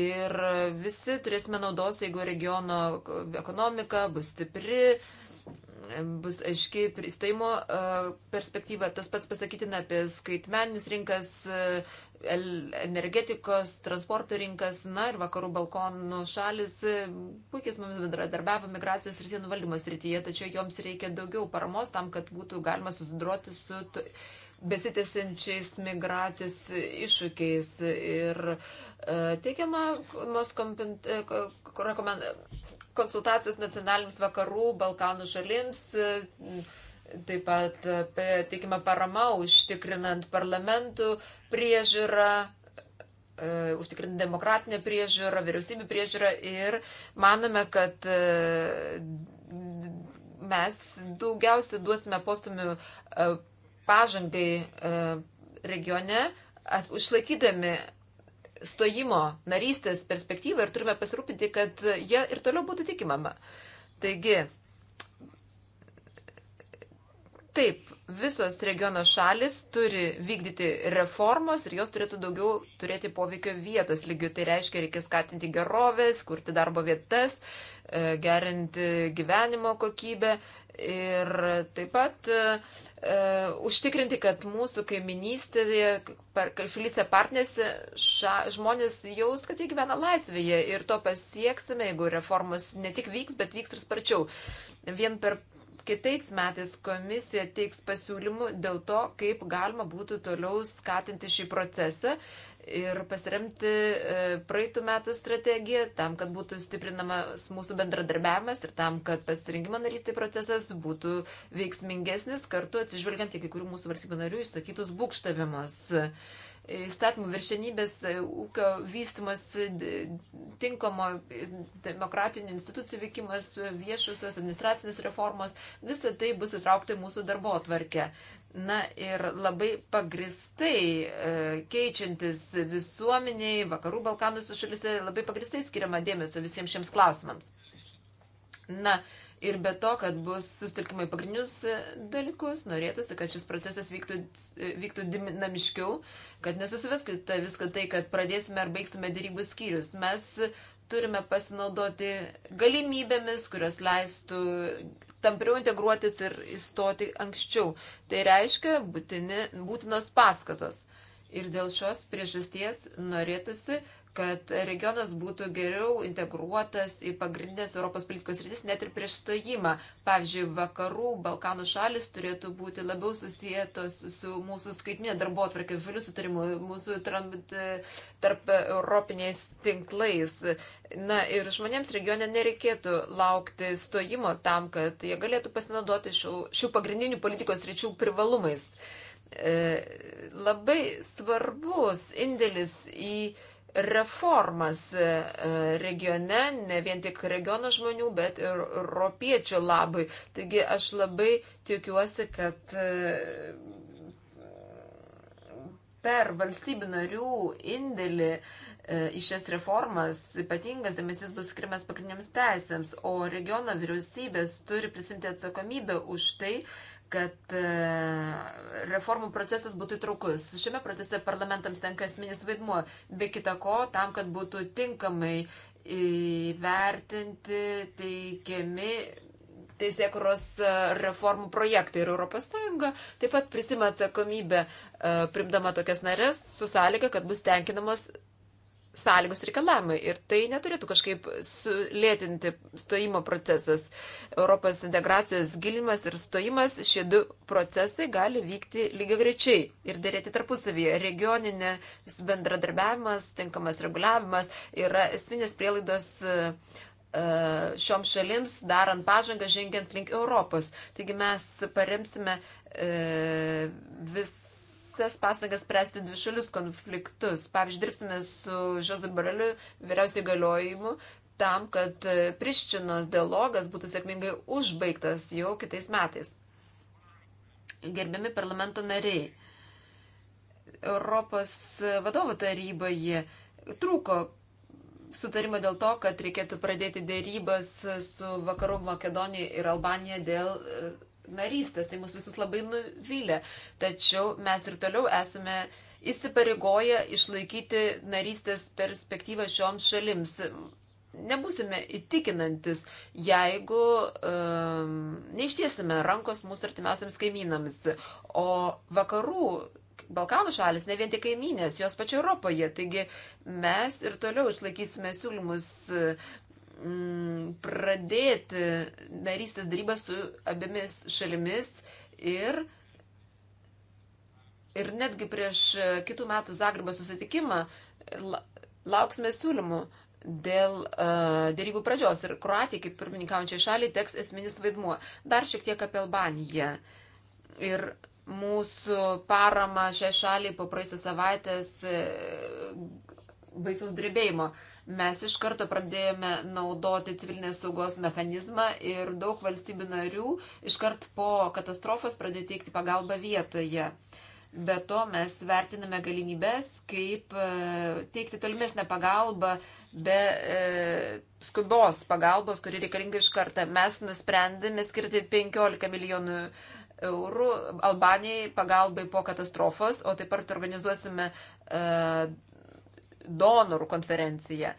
ir visi turėsime naudos, jeigu regiono ekonomika bus stipri, bus aiški pristaimo e, perspektyva. Tas pats pasakytina apie skaitmeninis rinkas, e, energetikos, transporto rinkas, na ir vakarų balkonų šalis e, puikiai su mumis bendradarbiavo migracijos ir sienų valdymo srityje, tačiau joms reikia daugiau paramos tam, kad būtų galima susidoroti su besitęsiančiais migracijos iššūkiais ir teikiama mus kompen... rekomend konsultacijos nacionaliniams vakarų Balkanų šalims, e, taip pat e, teikima parama užtikrinant parlamentų priežiūrą e, užtikrinti demokratinę priežiūrą, vyriausybių priežiūrą ir manome, kad mes daugiausiai duosime postumių pažangai regione, išlaikydami stojimo narystės perspektyvą ir turime pasirūpinti, kad jie ir toliau būtų tikimama. Taigi, taip, visos regiono šalis turi vykdyti reformos ir jos turėtų daugiau turėti poveikio vietos lygių. Tai reiškia, reikia skatinti gerovės, kurti darbo vietas, e, gerinti gyvenimo kokybę Ir taip pat e, e, užtikrinti, kad mūsų kaiminystėje, šalyse partnėse ša, žmonės jaus, kad jie gyvena laisvėje ir to pasieksime, jeigu reformos ne tik vyks, bet vyks ir sparčiau. Vien per kitais metais komisija teiks pasiūlymų dėl to, kaip galima būtų toliau skatinti šį procesą ir pasiremti e, praeitų metų strategiją tam, kad būtų stiprinamas mūsų bendradarbiavimas ir tam, kad pasirinkimo narystė procesas būtų veiksmingesnis, kartu atsižvelgiant į kai kurių mūsų valstybių narių išsakytus būkštavimus. Įstatymų viršenybės e, ūkio vystimas, e, tinkamo demokratinių institucijų veikimas, viešusios administracinės reformos, visa tai bus įtraukta į mūsų darbo atvarkę. Na ir labai pagristai e, keičiantis visuomeniai, vakarų Balkanus šalise labai pagristai skiriama dėmesio visiems šiems klausimams. Na ir be to, kad bus sustelkimai pagrindinius e, dalykus, norėtųsi, kad šis procesas vyktų, e, vyktų dinamiškiau, kad nesusiveskite viską tai, kad pradėsime ar baigsime dėrybų skyrius. Mes turime pasinaudoti galimybėmis, kurios leistų tampriau integruotis ir įstoti anksčiau. Tai reiškia būtini, būtinos paskatos. Ir dėl šios priežasties norėtųsi, kad regionas būtų geriau integruotas į pagrindinės Europos politikos rytis net ir prieš stojimą. Pavyzdžiui, vakarų Balkanų šalis turėtų būti labiau susijėtos su mūsų skaitminė darbo atvarkė žalių sutarimų, mūsų tarp, e, tarp europiniais tinklais. Na ir žmonėms regione nereikėtų laukti stojimo tam, kad jie galėtų pasinaudoti šių, šių pagrindinių politikos ryčių privalumais. E, labai svarbus indėlis į reformas e, e, regione, ne vien tik regiono žmonių, bet ir europiečių labui. Taigi aš labai tikiuosi, kad e, per valstybių narių indėlį į šias reformas ypatingas dėmesys bus skirimas pagrindiniams teisėms, o regiono vyriausybės turi prisimti atsakomybę už tai, kad e, reformų procesas būtų įtraukus. Šiame procese parlamentams tenka esminis vaidmuo, be kita ko, tam, kad būtų tinkamai įvertinti teikiami teisėkuros e, reformų projektai ir ES taip pat prisima atsakomybę e, primdama tokias narės su sąlyga, kad bus tenkinamos sąlygos reikalavimai ir tai neturėtų kažkaip sulėtinti stojimo procesas. Europos integracijos gilimas ir stojimas šie du procesai gali vykti lygiai grečiai ir dėrėti tarpusavyje. Regioninis bendradarbiavimas, tinkamas reguliavimas yra esminės prielaidos e, šioms šalims, darant pažangą, žengiant link Europos. Taigi mes paremsime e, vis visas pastangas spręsti dvišalius konfliktus. Pavyzdžiui, dirbsime su Žozu Boreliu vyriausiai galiojimu tam, kad e, Priščinos dialogas būtų sėkmingai užbaigtas jau kitais metais. Gerbiami parlamento nariai, Europos vadovo taryboje trūko sutarimo dėl to, kad reikėtų pradėti dėrybas su Vakarų Makedonija ir Albanija dėl e, narystės, tai mus visus labai nuvylė. Tačiau mes ir toliau esame įsipareigoję išlaikyti narystės perspektyvą šioms šalims. Nebūsime įtikinantis, jeigu um, neištiesime rankos mūsų artimiausiams kaimynams. O vakarų Balkanų šalis, ne vien tik kaiminės, jos pačio Europoje. Taigi mes ir toliau išlaikysime siūlymus mm, pradėti narystės darybą su abiemis šalimis ir, ir netgi prieš kitų metų Zagrebo susitikimą la, lauksime siūlymų dėl uh, e, dėrybų pradžios ir Kroatijai kaip pirmininkaujančiai šaliai teks esminis vaidmuo. Dar šiek tiek apie Albaniją ir mūsų paramą šiai šaliai po praėjusios savaitės e, baisaus drebėjimo. Uh, mes iš karto pradėjome naudoti civilinės saugos mechanizmą ir daug valstybių narių iškart po katastrofos pradėjo teikti pagalbą vietoje. Be to mes vertiname galimybės, kaip e, teikti tolimesnę pagalbą be e, skubios pagalbos, kuri reikalinga iš karto. Mes nusprendėme skirti 15 milijonų eurų Albanijai pagalbai po katastrofos, o taip pat organizuosime e, donorų konferenciją.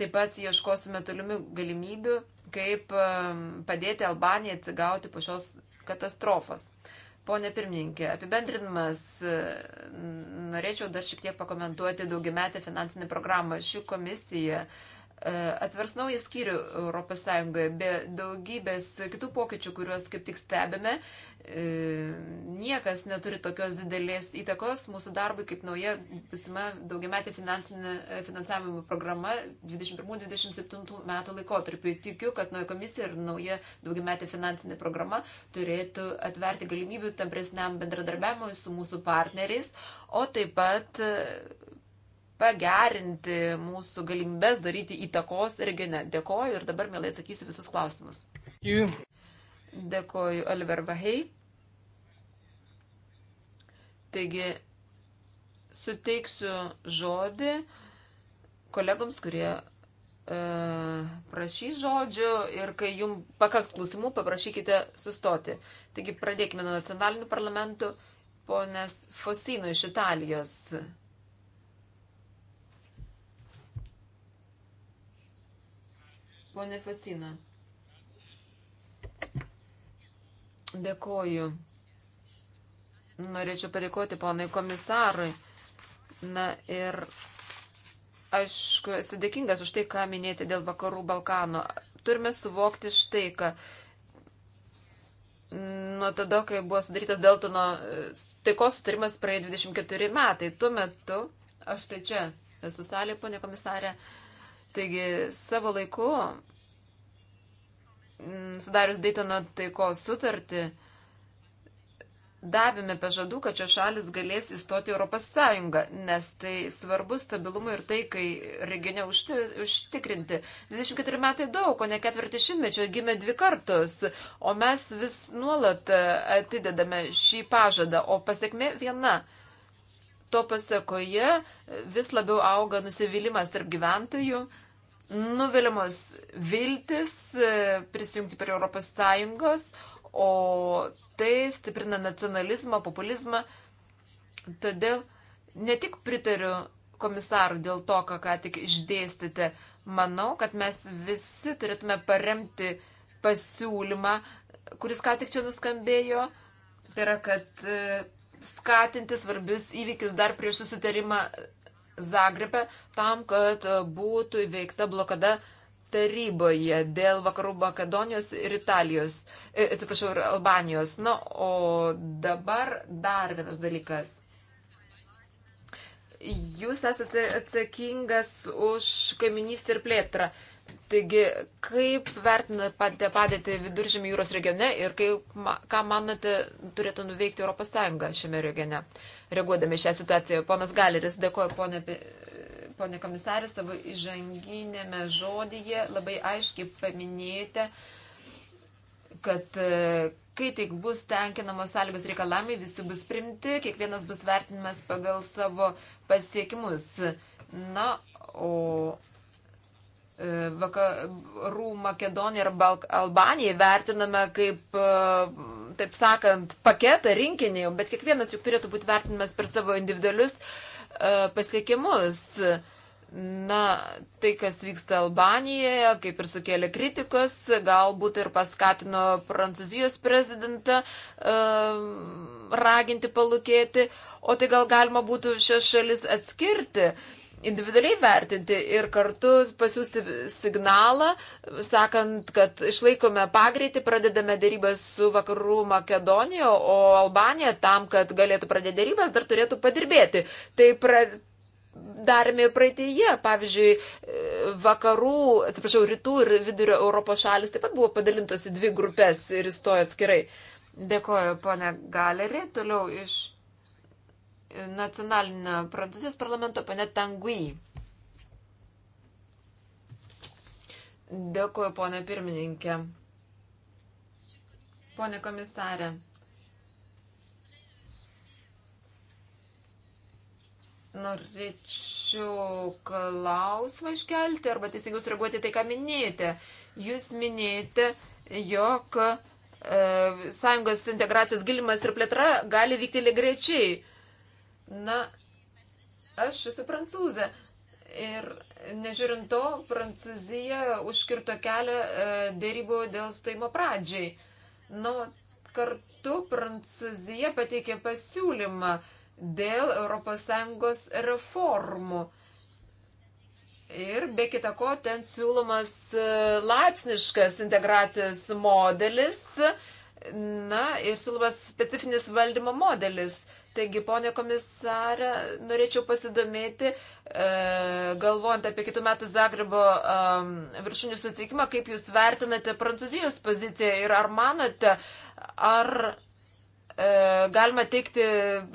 Taip pat ieškosime tolimių galimybių, kaip um, padėti Albanijai atsigauti po šios katastrofos. Pone pirmininkė, apibendrinamas, norėčiau dar šiek tiek pakomentuoti daugiametę finansinę programą. Ši komisija uh, E, atvers naują skyrių ES, be daugybės kitų pokyčių, kuriuos kaip tik stebime, e, niekas neturi tokios didelės įtakos mūsų darbui kaip nauja visima daugiametė e, finansavimo programa 21-27 metų laikotarpiu. Tikiu, kad nauja komisija ir nauja daugiametė finansinė programa turėtų atverti galimybių tampresniam bendradarbiavimui su mūsų partneriais, o taip pat pagerinti mūsų galimybės daryti įtakos regione. Dėkoju ir dabar mielai atsakysiu visus klausimus. You. Dėkoju, Oliver Vahey. Taigi, suteiksiu žodį kolegoms, kurie e, prašys žodžių ir kai jums pakaks klausimų, paprašykite sustoti. Taigi, pradėkime nuo nacionalinių parlamentų. Ponas Fosino iš Italijos. Pone Fasina. Dėkoju. Norėčiau padėkoti ponai komisarui. Na ir aišku, esu dėkingas už tai, ką minėti dėl vakarų Balkano. Turime suvokti štai, kad nuo tada, kai buvo sudarytas Deltono e, taikos sutarimas praėjo 24 metai. Tuo metu, aš tai čia esu salė, ponė komisarė, taigi savo laiku sudarius Daytono taikos sutartį, davėme pažadų, kad čia šalis galės įstoti Europos Sąjungą, nes tai svarbu stabilumui ir tai, kai regione užti, užtikrinti. 24 metai daug, o ne ketvirtį šimtmečio gimė dvi kartus, o mes vis nuolat atidedame šį pažadą, o pasiekmė viena. To pasakoje vis labiau auga nusivylimas tarp gyventojų nuviliamos viltis e, prisijungti prie Europos Sąjungos, o tai stiprina nacionalizmą, populizmą. Todėl ne tik pritariu komisarų dėl to, ką ką tik išdėstėte, manau, kad mes visi turėtume paremti pasiūlymą, kuris ką tik čia nuskambėjo, tai yra, kad e, skatinti svarbius įvykius dar prieš susitarimą Zagrebe tam, kad būtų įveikta blokada taryboje dėl vakarų Makedonijos ir Italijos, e, atsiprašau, ir Albanijos. Na, o dabar dar vienas dalykas. Jūs esate atsakingas už kaiminystę ir plėtrą. Taigi, kaip vertinate padėtį viduržymį jūros regione ir kaip, ką manote turėtų nuveikti ES šiame regione? Uh, reaguodami šią situaciją. Ponas Galeris, dėkoju ponė, ponė komisarė, savo įžanginėme žodyje labai aiškiai paminėjote, kad e, kai tik bus tenkinamos sąlygos reikalavimai, visi bus primti, kiekvienas bus vertinimas pagal savo pasiekimus. Na, o e, vakarų Makedoniją ir Balk Albaniją vertiname kaip e, taip sakant, paketą, rinkinį, bet kiekvienas juk turėtų būti vertinamas per savo individualius e, pasiekimus. Na, tai, kas vyksta Albanijoje, kaip ir sukėlė kritikos, galbūt ir paskatino Prancūzijos prezidentą um, raginti palūkėti, o tai gal galima būtų šias šalis atskirti. Uh, individualiai vertinti ir kartu pasiūsti signalą, sakant, kad išlaikome pagreitį, pradedame dėrybas su vakarų Makedonija, o Albanija tam, kad galėtų pradėti dėrybas, dar turėtų padirbėti. Tai pra, darėme ir praeitėje. Pavyzdžiui, vakarų, atsiprašau, rytų ir vidurio Europos šalis taip pat buvo padalintos į dvi grupės ir įstojo atskirai. Dėkoju, ponė Galerį. Toliau iš nacionalinio prancūzijos parlamento pane Tangui. Dėkuoju, ponė pirmininkė. Pone komisarė. Norėčiau klausimą iškelti arba teisingiau sureaguoti tai, ką minėjote. Jūs minėjote, jog e, sąjungos integracijos gilimas ir plėtra gali vykti lygiai grečiai. Na, aš esu prancūzė. Ir nežiūrint to, Prancūzija užkirto kelią e, dėrybų dėl stojimo pradžiai. Nu, kartu Prancūzija pateikė pasiūlymą dėl ES reformų. Ir be kita ko, ten siūlomas e, laipsniškas integracijos modelis, na ir siūlomas specifinis valdymo modelis. Taigi, ponė komisarė, norėčiau pasidomėti, e, galvojant apie kitų metų Zagrebo viršūnių susitikimą, kaip jūs vertinate Prancūzijos poziciją ir ar manote, ar e, galima teikti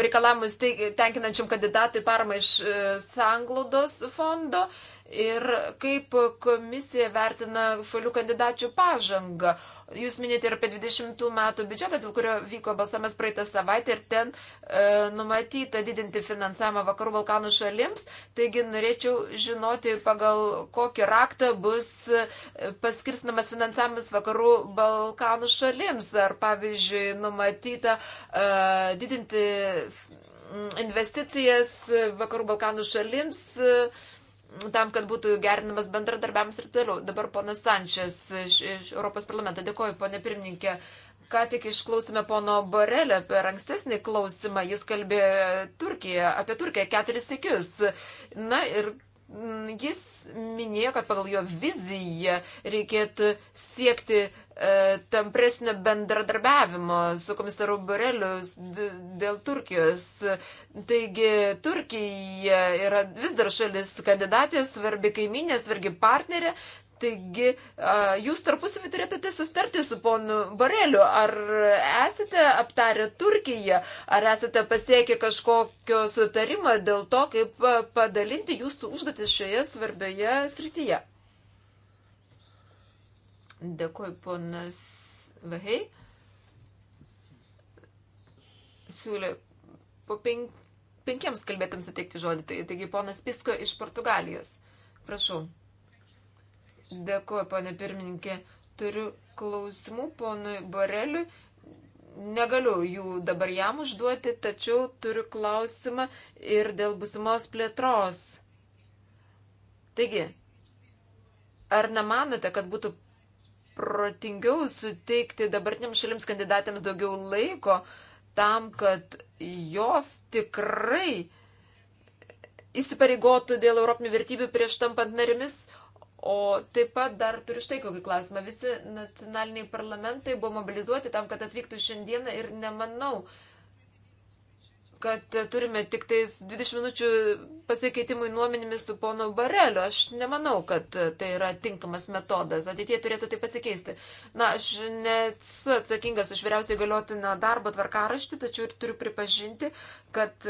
reikalavimus tenkinančiam kandidatui paramą iš e, sanglaudos fondo. Uh, ir kaip komisija vertina šalių kandidačių pažangą. Jūs minėjote ir apie 20 metų biudžetą, dėl kurio vyko balsamas praeitą savaitę ir ten e, numatyta didinti finansavimą Vakarų Balkanų šalims. Taigi norėčiau žinoti, pagal kokį raktą bus e, paskirstinamas finansavimas Vakarų Balkanų šalims. Ar pavyzdžiui numatyta e, didinti investicijas Vakarų Balkanų šalims. E, tam, kad būtų gerinamas bendradarbiavimas ir toliau. Dabar ponas Sančias iš, iš Europos parlamento. Dėkoju, ponė pirmininkė. Ką tik išklausime pono Borelio per ankstesnį klausimą. Jis kalbėjo Turkiją, apie Turkiją keturis sėkius. Na ir Jis minėjo, kad pagal jo viziją reikėtų siekti e, tampresnio bendradarbiavimo su komisaru Borelius dėl Turkijos. Taigi Turkija yra vis dar šalis kandidatė, svarbi kaiminė, svarbi partnerė, Taigi, jūs tarpusavį turėtumėte sustarti su ponu Bareliu. Ar esate aptarę Turkiją, ar esate pasiekę kažkokio sutarimo dėl to, kaip padalinti jūsų užduotis šioje svarbioje srityje? Dėkuoju, ponas Vahei. Siūlė po penk penkiems kalbėtams suteikti žodį. Tai, taigi, ponas Pisko iš Portugalijos. Prašau. Dėkuoju, ponė pirmininkė. Turiu klausimų ponui Boreliui. Negaliu jų dabar jam užduoti, tačiau turiu klausimą ir dėl busimos plėtros. Taigi, ar nemanote, kad būtų protingiau suteikti dabartiniams šalims kandidatėms daugiau laiko tam, kad jos tikrai įsipareigotų dėl europinių vertybių prieš tampant narimis, O taip pat dar turiu štai kokį klausimą. Visi nacionaliniai parlamentai buvo mobilizuoti tam, kad atvyktų šiandieną ir nemanau, kad turime tik tais 20 minučių pasikeitimui nuomenimis su ponu Bareliu. Aš nemanau, kad tai yra tinkamas metodas. Ateitie turėtų tai pasikeisti. Na, aš nesu atsakingas už vyriausiai galiotiną darbo tvarkaraštį, tačiau ir turiu pripažinti, kad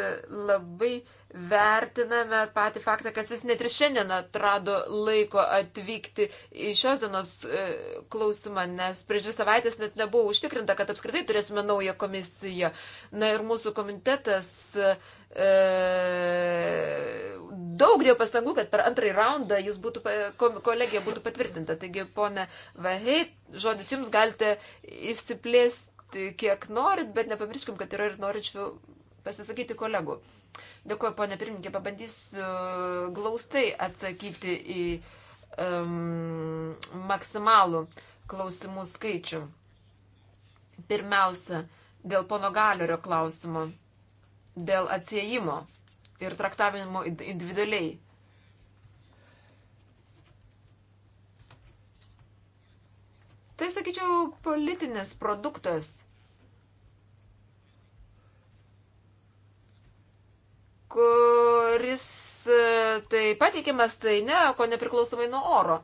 labai uh, vertiname patį faktą, kad jis net ir šiandien atrado laiko atvykti į šios dienos e, klausimą, nes prieš dvi savaitės net nebuvo užtikrinta, kad apskritai turėsime naują komisiją. Na ir mūsų komitetas e, daug dėjo pastangų, kad per antrąjį raundą jis būtų, kolegija būtų patvirtinta. Taigi, ponė Vahei, žodis jums galite išsiplėsti kiek norit, bet nepamirškim, kad yra ir norinčių pasisakyti kolegų. Dėkuoju, ponė pirmininkė, pabandysiu e, glaustai atsakyti į um, maksimalų klausimų skaičių. Pirmiausia, dėl pono Galerio klausimo, dėl atsiejimo ir traktavimo individualiai. Tai, sakyčiau, politinis produktas – tai pateikiamas tai ne, ko nepriklausomai nuo oro.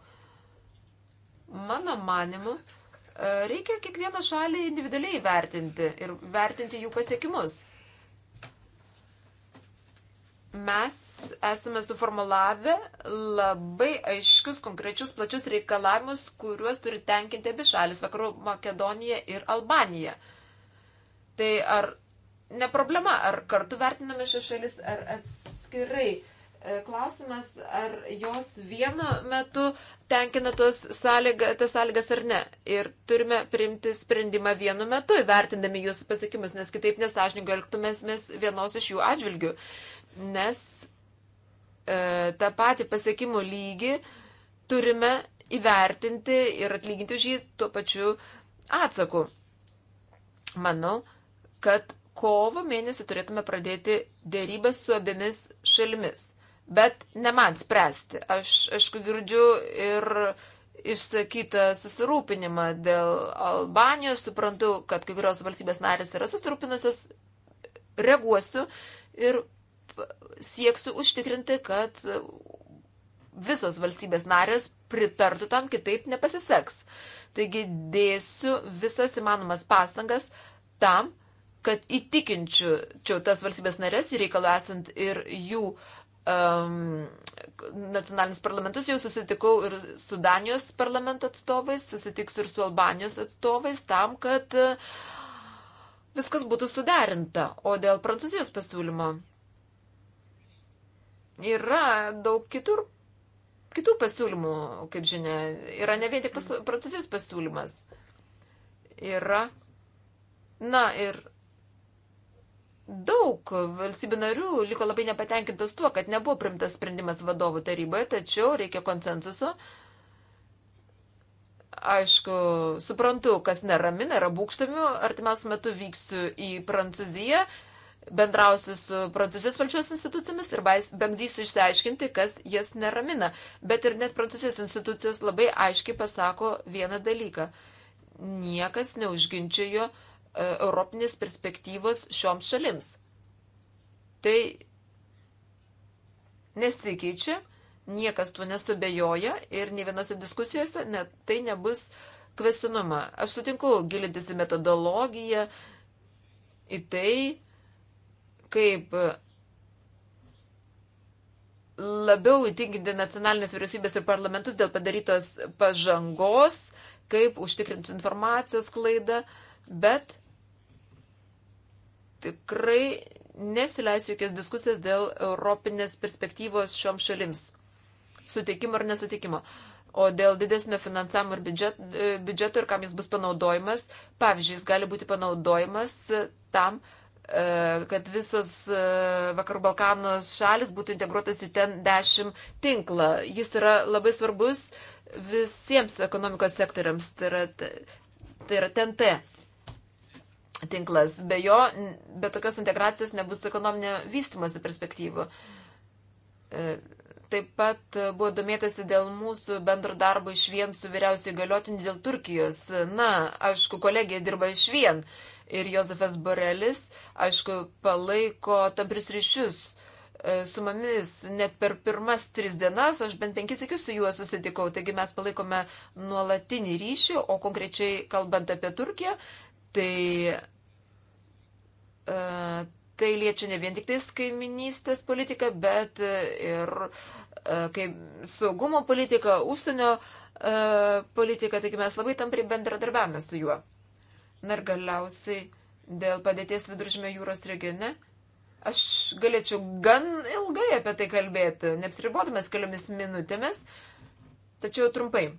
Mano manimu, e, reikia kiekvieną šalį individualiai vertinti ir vertinti jų pasiekimus. Mes esame suformulavę labai aiškius, konkrečius, plačius reikalavimus, kuriuos turi tenkinti abi šalis - Vakarų Makedonija ir Albanija. Tai ar ne problema, ar kartu vertiname šias šalis, ar atskirai. E, klausimas, ar jos vienu metu tenkina tuos sąlyga, tas sąlygas ar ne. Ir turime priimti sprendimą vienu metu, vertindami jūsų pasiekimus, nes kitaip nesažininkai elgtumės mes vienos iš jų atžvilgių. Nes e, tą patį pasiekimų lygį turime įvertinti ir atlyginti už jį tuo pačiu atsaku. Manau, kad kovo mėnesį turėtume pradėti dėrybas su abiemis šalimis. Bet ne man spręsti. Aš, aišku, girdžiu ir išsakytą susirūpinimą dėl Albanijos. Suprantu, kad kai kurios valstybės narės yra susirūpinusios. Reaguosiu ir sieksiu užtikrinti, kad visos valstybės narės pritartų tam, kitaip nepasiseks. Taigi dėsiu visas įmanomas pastangas tam, kad įtikinčiau tas valstybės narės ir reikalų esant ir jų uh, um, nacionalinius parlamentus, jau susitikau ir su Danijos parlamento atstovais, susitiksiu ir su Albanijos atstovais tam, kad e, viskas būtų suderinta. O dėl Prancūzijos pasiūlymo yra daug kitur, kitų pasiūlymų, kaip žinia, yra ne vien tik Prancūzijos pasiūlymas. Yra. Na ir Daug valstybių narių liko labai nepatenkintas tuo, kad nebuvo primtas sprendimas vadovų taryboje, tačiau reikia konsensuso. Aišku, suprantu, kas neramina, yra būkštamių. Artimiausiu metu vyksiu į Prancūziją, bendrausiu su Prancūzijos valdžios institucijomis ir bandysiu išsiaiškinti, kas jas neramina. Bet ir net Prancūzijos institucijos labai aiškiai pasako vieną dalyką. Niekas neužginčiojo jo E, europinės perspektyvos šioms šalims. Tai nesikeičia, niekas tuo nesubejoja ir ne vienose diskusijose net tai nebus kvesinama. Aš sutinku gilintis į metodologiją, į tai, kaip labiau įtikinti nacionalinės vyriausybės ir parlamentus dėl padarytos pažangos, kaip užtikrinti informacijos klaidą, bet tikrai nesileisiu jokias diskusijas dėl europinės perspektyvos šioms šalims. Sutikimo ar nesutikimo. O dėl didesnio finansavimo ir biudžet, e, biudžeto ir kam jis bus panaudojamas, pavyzdžiui, jis gali būti panaudojamas tam, e, kad visos e, Vakarų Balkanos šalis būtų integruotas į ten 10 tinklą. Jis yra labai svarbus visiems ekonomikos sektoriams, tai yra, tai yra TNT tinklas. Be jo, be tokios integracijos nebus ekonominio vystimosi perspektyvų. E, taip pat e, buvo domėtasi dėl mūsų bendro darbo iš vien su vyriausiai galiotiniu dėl Turkijos. Na, aišku, kolegija dirba iš vien. Ir Josefas Borelis, aišku, palaiko tamprius ryšius e, su mumis net per pirmas tris dienas, aš bent penkis iki su juo susitikau, taigi mes palaikome nuolatinį ryšį, o konkrečiai kalbant apie Turkiją, tai e, tai liečia ne vien tik tais kaiminystės politiką, bet ir e, kaip saugumo politika, užsienio e, politika, taigi mes labai tampri bendradarbiavame su juo. Na ir galiausiai dėl padėties viduržmė jūros regione. Aš galėčiau gan ilgai apie tai kalbėti, neapsiribotumės keliomis minutėmis, tačiau trumpai.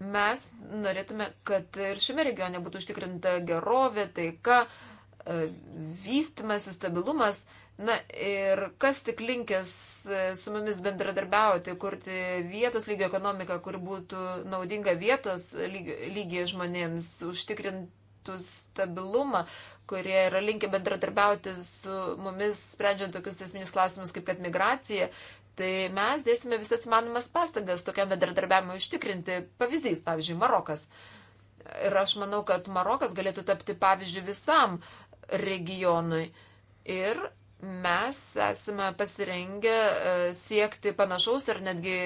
Mes norėtume, kad ir šiame regione būtų užtikrinta gerovė, taika, e, vystimas, stabilumas. Na ir kas tik linkęs e, su mumis bendradarbiauti, kurti vietos lygio ekonomiką, kur būtų naudinga vietos lygiai žmonėms, užtikrintų stabilumą, kurie yra linkę bendradarbiauti su mumis, sprendžiant tokius esminius klausimus kaip kad migracija, tai mes dėsime visas įmanomas pastangas tokiam bendradarbiavimui užtikrinti. Pavyzdys, pavyzdžiui, Marokas. Ir aš manau, kad Marokas galėtų tapti pavyzdžių visam regionui. Ir mes esame pasirengę e, siekti panašaus ir netgi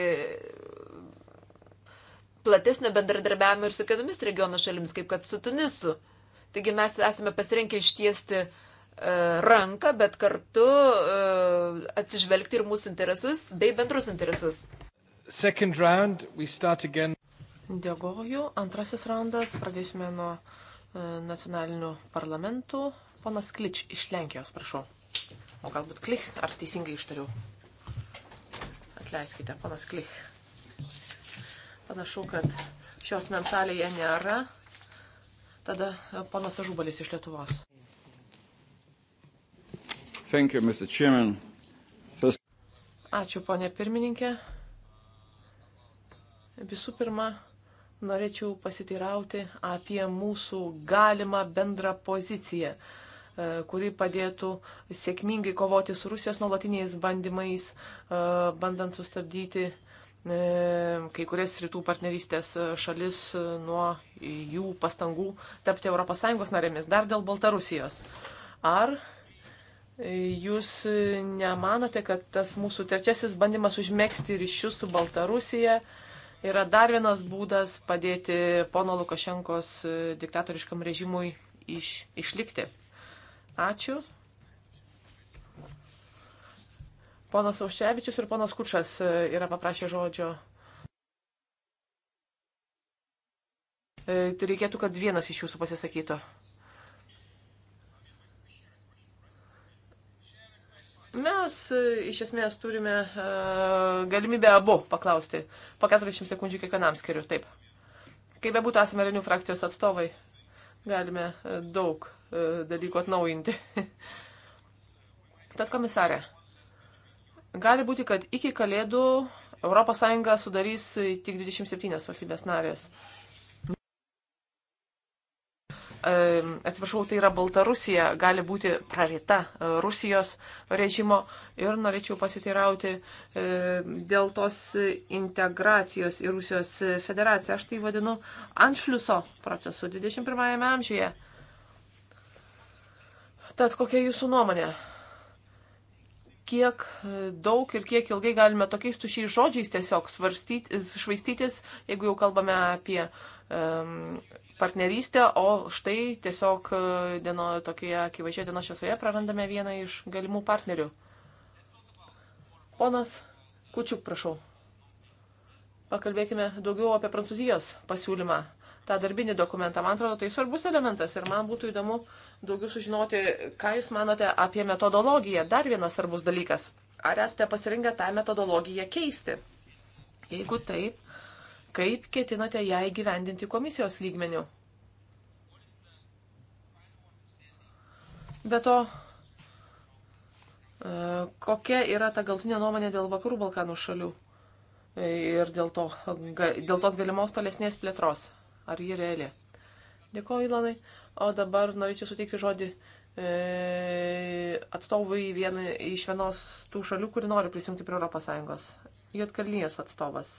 platesnio bendradarbiavimo ir su kitomis regiono šalimis, kaip kad su Tunisu. Taigi mes esame pasirinkę ištiesti uh, E, ranką, bet kartu e, atsižvelgti ir mūsų interesus bei bendrus interesus. Round, Dėkoju. Antrasis raundas. Pradėsime nuo e, nacionalinių parlamentų. Ponas Klič iš Lenkijos, prašau. O galbūt Klich, ar teisingai ištariu? Atleiskite, ponas Klich. Panašu, kad šios mensalėje nėra. Tada ponas Ažubalis iš Lietuvos. Thank you, Mr. Chairman. First... Ačiū, ponė pirmininkė. Visų pirma, norėčiau pasiteirauti apie mūsų galimą bendrą poziciją, e, kuri padėtų sėkmingai kovoti su Rusijos nuolatiniais bandymais, e, bandant sustabdyti e, kai kurias rytų partnerystės šalis nuo jų pastangų tapti ES narėmis, dar dėl Baltarusijos. Ar Jūs nemanote, kad tas mūsų trečiasis bandymas užmėgsti ryšius su Baltarusija yra dar vienas būdas padėti pono Lukašenkos e, diktatoriškam režimui iš, išlikti? Ačiū. Ponas Auščevičius ir ponas Kučas e, yra paprašę žodžio. E, tai reikėtų, kad vienas iš jūsų pasisakytų. Mes e, iš esmės turime uh, galimybę abu paklausti. Po 40 sekundžių kiekvienam skiriu. Taip. Kaip bebūtų, esame Renių frakcijos atstovai. Galime uh, daug uh, dalykų atnaujinti. Tad komisarė, gali būti, kad iki kalėdų ES sudarys tik 27 valstybės narės. Uh, atsiprašau, tai yra Baltarusija, gali būti prarita e, Rusijos režimo ir norėčiau pasiteirauti e, dėl tos integracijos į Rusijos federaciją. Aš tai vadinu Anšliuso procesu 21-ame amžiuje. Tad kokia jūsų nuomonė? kiek e, daug ir kiek ilgai galime tokiais tušiais žodžiais tiesiog svarstyti, švaistytis, jeigu jau kalbame apie um, partnerystę, o štai tiesiog e, dieno, tokioje akivaizdžioje dienos šviesoje prarandame vieną iš galimų partnerių. Ponas Kučiuk, prašau. Pakalbėkime daugiau apie Prancūzijos pasiūlymą tą darbinį dokumentą. Man atrodo, tai svarbus elementas ir man būtų įdomu daugiau sužinoti, ką Jūs manote apie metodologiją. Dar vienas svarbus dalykas. Ar esate pasirinkę tą metodologiją keisti? Jeigu taip, kaip ketinate ją įgyvendinti komisijos lygmeniu? Be to, e, kokia yra ta galtinė nuomonė dėl vakarų Balkanų šalių e, ir dėl, to, dėl tos galimos tolesnės plėtros? ar ji reali. Dėkuoju, Ilanai. O dabar norėčiau suteikti žodį e, atstovui vien, iš vienos tų šalių, kuri nori prisijungti prie ES. Jotkalnyjas atstovas.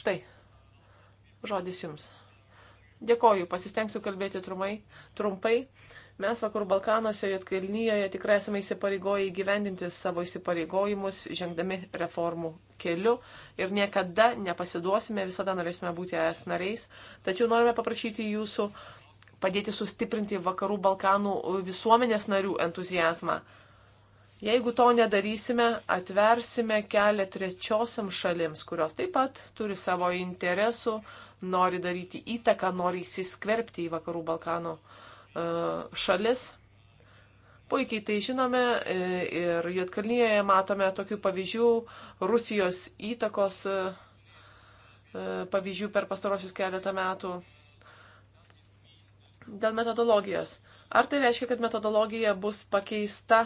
Štai. Žodis jums. Dėkoju, pasistengsiu kalbėti trumai, trumpai. trumpai. Mes Vakarų Balkanuose, Jotkalnyje tikrai esame įsipareigoję įgyvendinti savo įsipareigojimus, žengdami reformų keliu ir niekada nepasiduosime, visada norėsime būti es nariais. Tačiau norime paprašyti jūsų padėti sustiprinti Vakarų Balkanų visuomenės narių entuzijazmą. Jeigu to nedarysime, atversime kelią trečiosiam šalims, kurios taip pat turi savo interesų, nori daryti įtaką, nori įsiskverbti į Vakarų Balkanų uh, E, šalis. Puikiai tai žinome e, ir Jotkalnyje matome tokių pavyzdžių Rusijos įtakos e, pavyzdžių per pastarosius keletą metų. Dėl metodologijos. Ar tai reiškia, kad metodologija bus pakeista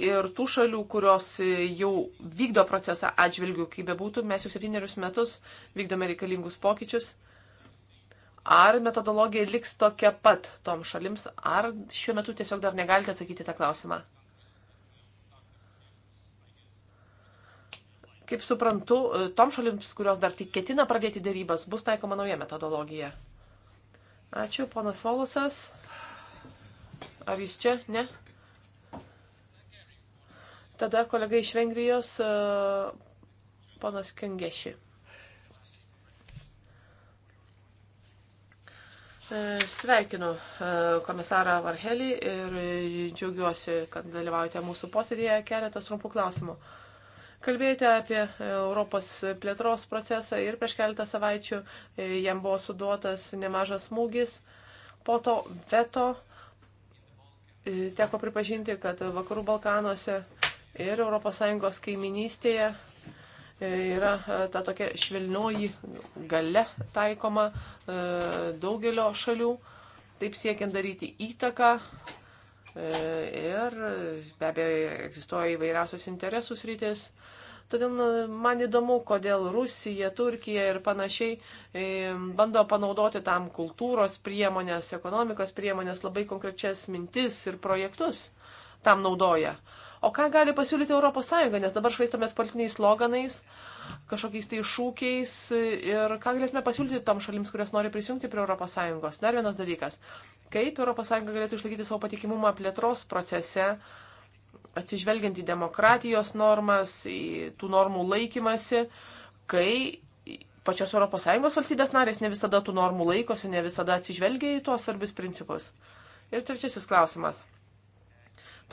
ir tų šalių, kurios jau vykdo procesą atžvilgių, kaip bebūtų, mes jau septynerius metus vykdome reikalingus pokyčius. Ar metodologija liks tokia pat tom šalims, ar šiuo metu tiesiog dar negalite atsakyti tą klausimą? Kaip suprantu, tom šalims, kurios dar tik ketina pradėti dėrybas, bus taikoma nauja metodologija. Ačiū, ponas Volosas. Ar jis čia? Ne? Tada kolega iš Vengrijos, ponas Kengeši. E, sveikinu e, komisarą Varhelį ir džiaugiuosi, kad dalyvaujate mūsų posėdėje. Keletas trumpų klausimų. Kalbėjote apie Europos plėtros procesą ir prieš keletą savaičių e, jam buvo suduotas nemažas smūgis. Po to veto teko pripažinti, kad Vakarų Balkanuose ir ES kaiminystėje E, yra e, ta tokia švelnioji gale taikoma e, daugelio šalių, taip siekiant daryti įtaką. Ir be abejo egzistuoja įvairiausios interesų rytis. Todėl man įdomu, kodėl Rusija, Turkija ir panašiai bando panaudoti tam kultūros priemonės, ekonomikos priemonės, labai konkrečias mintis ir projektus tam naudoja. O ką gali pasiūlyti ES, nes dabar švaistomės politiniais sloganais, kažkokiais tai šūkiais ir ką galėtume pasiūlyti tom šalims, kurios nori prisijungti prie ES. Dar vienas dalykas. Kaip ES galėtų išlaikyti savo patikimumą plėtros procese, atsižvelgiant į demokratijos normas, į tų normų laikymasi, kai pačios ES valstybės narės ne visada tų normų laikosi, ne visada atsižvelgia į tuos svarbius principus. Ir trečiasis klausimas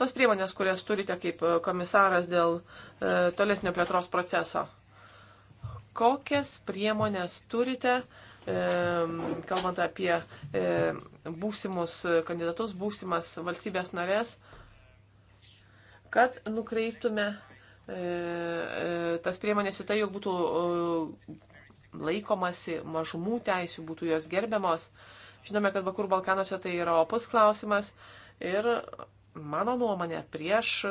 tos priemonės, kurias turite kaip e, komisaras dėl e, tolesnio plėtros proceso. Kokias priemonės turite, e, kalbant apie būsimus kandidatus, būsimas valstybės narės, kad nukreiptume tas priemonės į tai, jog būtų laikomasi mažumų teisių, būtų jos gerbiamos. Žinome, kad Vakarų Balkanuose tai yra opus klausimas ir mano nuomonė, prieš e,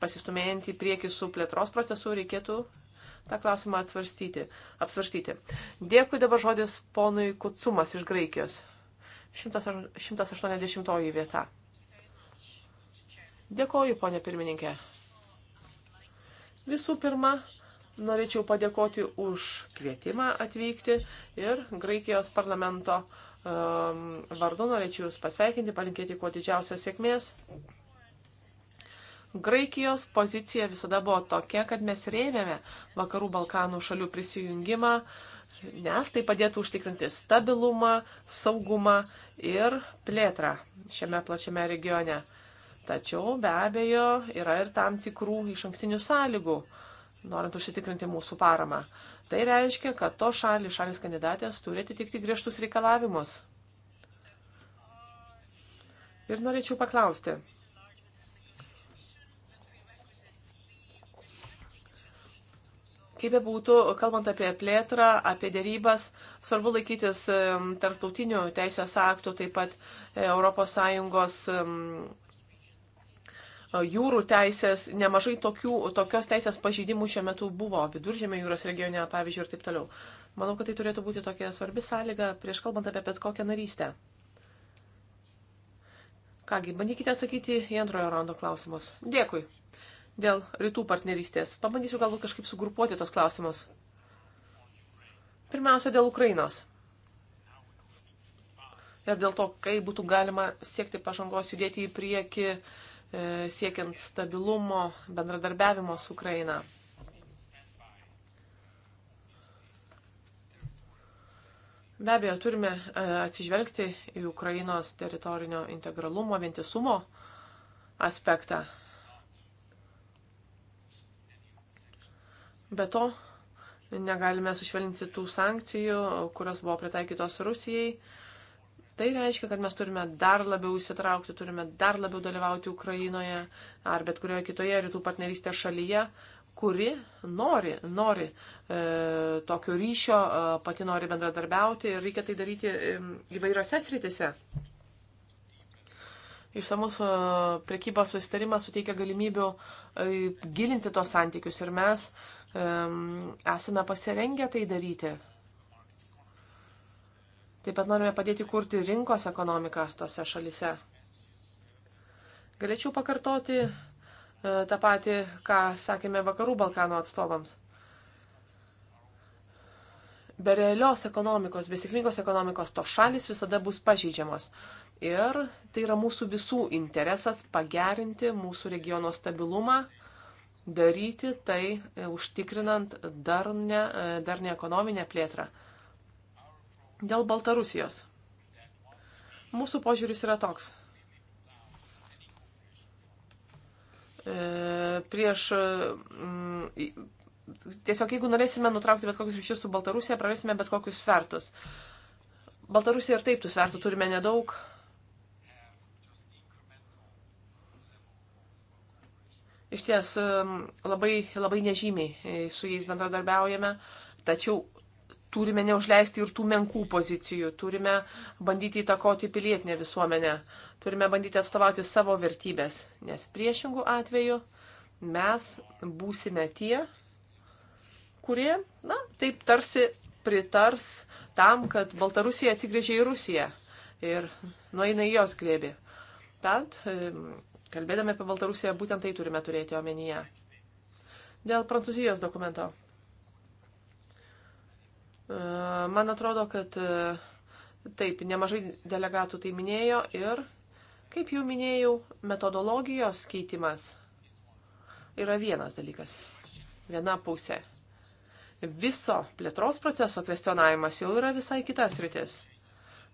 pasistumėjant į priekį su plėtros procesu reikėtų tą klausimą atsvarstyti, apsvarstyti. Dėkui dabar žodis ponui Kutsumas iš Graikijos. 180 vieta. Dėkoju, ponė pirmininkė. Visų pirma, norėčiau padėkoti už kvietimą atvykti ir Graikijos parlamento uh, Ehm, vardu norėčiau Jūs pasveikinti, palinkėti kuo didžiausios sėkmės. Graikijos pozicija visada buvo tokia, kad mes rėmėme vakarų Balkanų šalių prisijungimą, nes tai padėtų užtikrinti stabilumą, saugumą ir plėtrą šiame plačiame regione. Tačiau be abejo yra ir tam tikrų iš ankstinių sąlygų, norint užsitikrinti mūsų paramą. Tai reiškia, kad to šalis, šalis kandidatės turi atitikti griežtus reikalavimus. Ir norėčiau paklausti. Kaip bebūtų, kalbant apie plėtrą, apie dėrybas, svarbu laikytis tarptautinių teisės aktų, taip pat ES jūrų teisės, nemažai tokių, tokios teisės pažeidimų šiuo metu buvo viduržėmė jūros regione, pavyzdžiui, ir taip toliau. Manau, kad tai turėtų būti tokia svarbi sąlyga prieš kalbant apie bet kokią narystę. Kągi, bandykite atsakyti į antrojo raundo klausimus. Dėkui. Dėl rytų partnerystės. Pabandysiu galbūt kažkaip sugrupuoti tos klausimus. Pirmiausia, dėl Ukrainos. Ir dėl to, kaip būtų galima siekti pažangos judėti į priekį uh, E, siekiant stabilumo, bendradarbiavimo su Ukraina. Be abejo, turime e, atsižvelgti į Ukrainos teritorinio integralumo, vientisumo aspektą. Be to, negalime sušvelninti tų sankcijų, kurios buvo pritaikytos Rusijai. Tai reiškia, kad mes turime dar labiau įsitraukti, turime dar labiau dalyvauti Ukrainoje ar bet kurioje kitoje rytų partnerystės šalyje, kuri nori, nori e, tokio ryšio, e, pati nori bendradarbiauti ir reikia tai daryti e, įvairiose sritise. Išsamus e, prekybos susitarimas suteikia galimybių e, gilinti tos santykius ir mes e, esame pasirengę tai daryti. Taip pat norime padėti kurti rinkos ekonomiką tose šalise. Galėčiau pakartoti e, tą patį, ką sakėme vakarų Balkanų atstovams. Be realios ekonomikos, be sėkmingos ekonomikos, to šalis visada bus pažeidžiamos. Ir tai yra mūsų visų interesas pagerinti mūsų regiono stabilumą, daryti tai e, užtikrinant darnę, e, darnę ekonominę plėtrą. Dėl Baltarusijos. Mūsų požiūris yra toks. E, prieš. Mm, tiesiog jeigu norėsime nutraukti bet kokius ryšius su Baltarusija, prarasime bet kokius svertus. Baltarusija ir taip tų svertų turime nedaug. Iš ties e, labai, labai nežymiai e, su jais bendradarbiaujame, tačiau turime neužleisti ir tų menkų pozicijų, turime bandyti įtakoti pilietinę visuomenę, turime bandyti atstovauti savo vertybės, nes priešingų atveju mes būsime tie, kurie, na, taip tarsi pritars tam, kad Baltarusija atsigrėžė į Rusiją ir nueina į jos glėbį. Tad, kalbėdami apie Baltarusiją, būtent tai turime turėti omenyje. Dėl Prancūzijos dokumento. E, man atrodo, kad e, taip, nemažai delegatų tai minėjo ir, kaip jau minėjau, metodologijos keitimas yra vienas dalykas, viena pusė. Viso plėtros proceso kvestionavimas jau yra visai kitas rytis.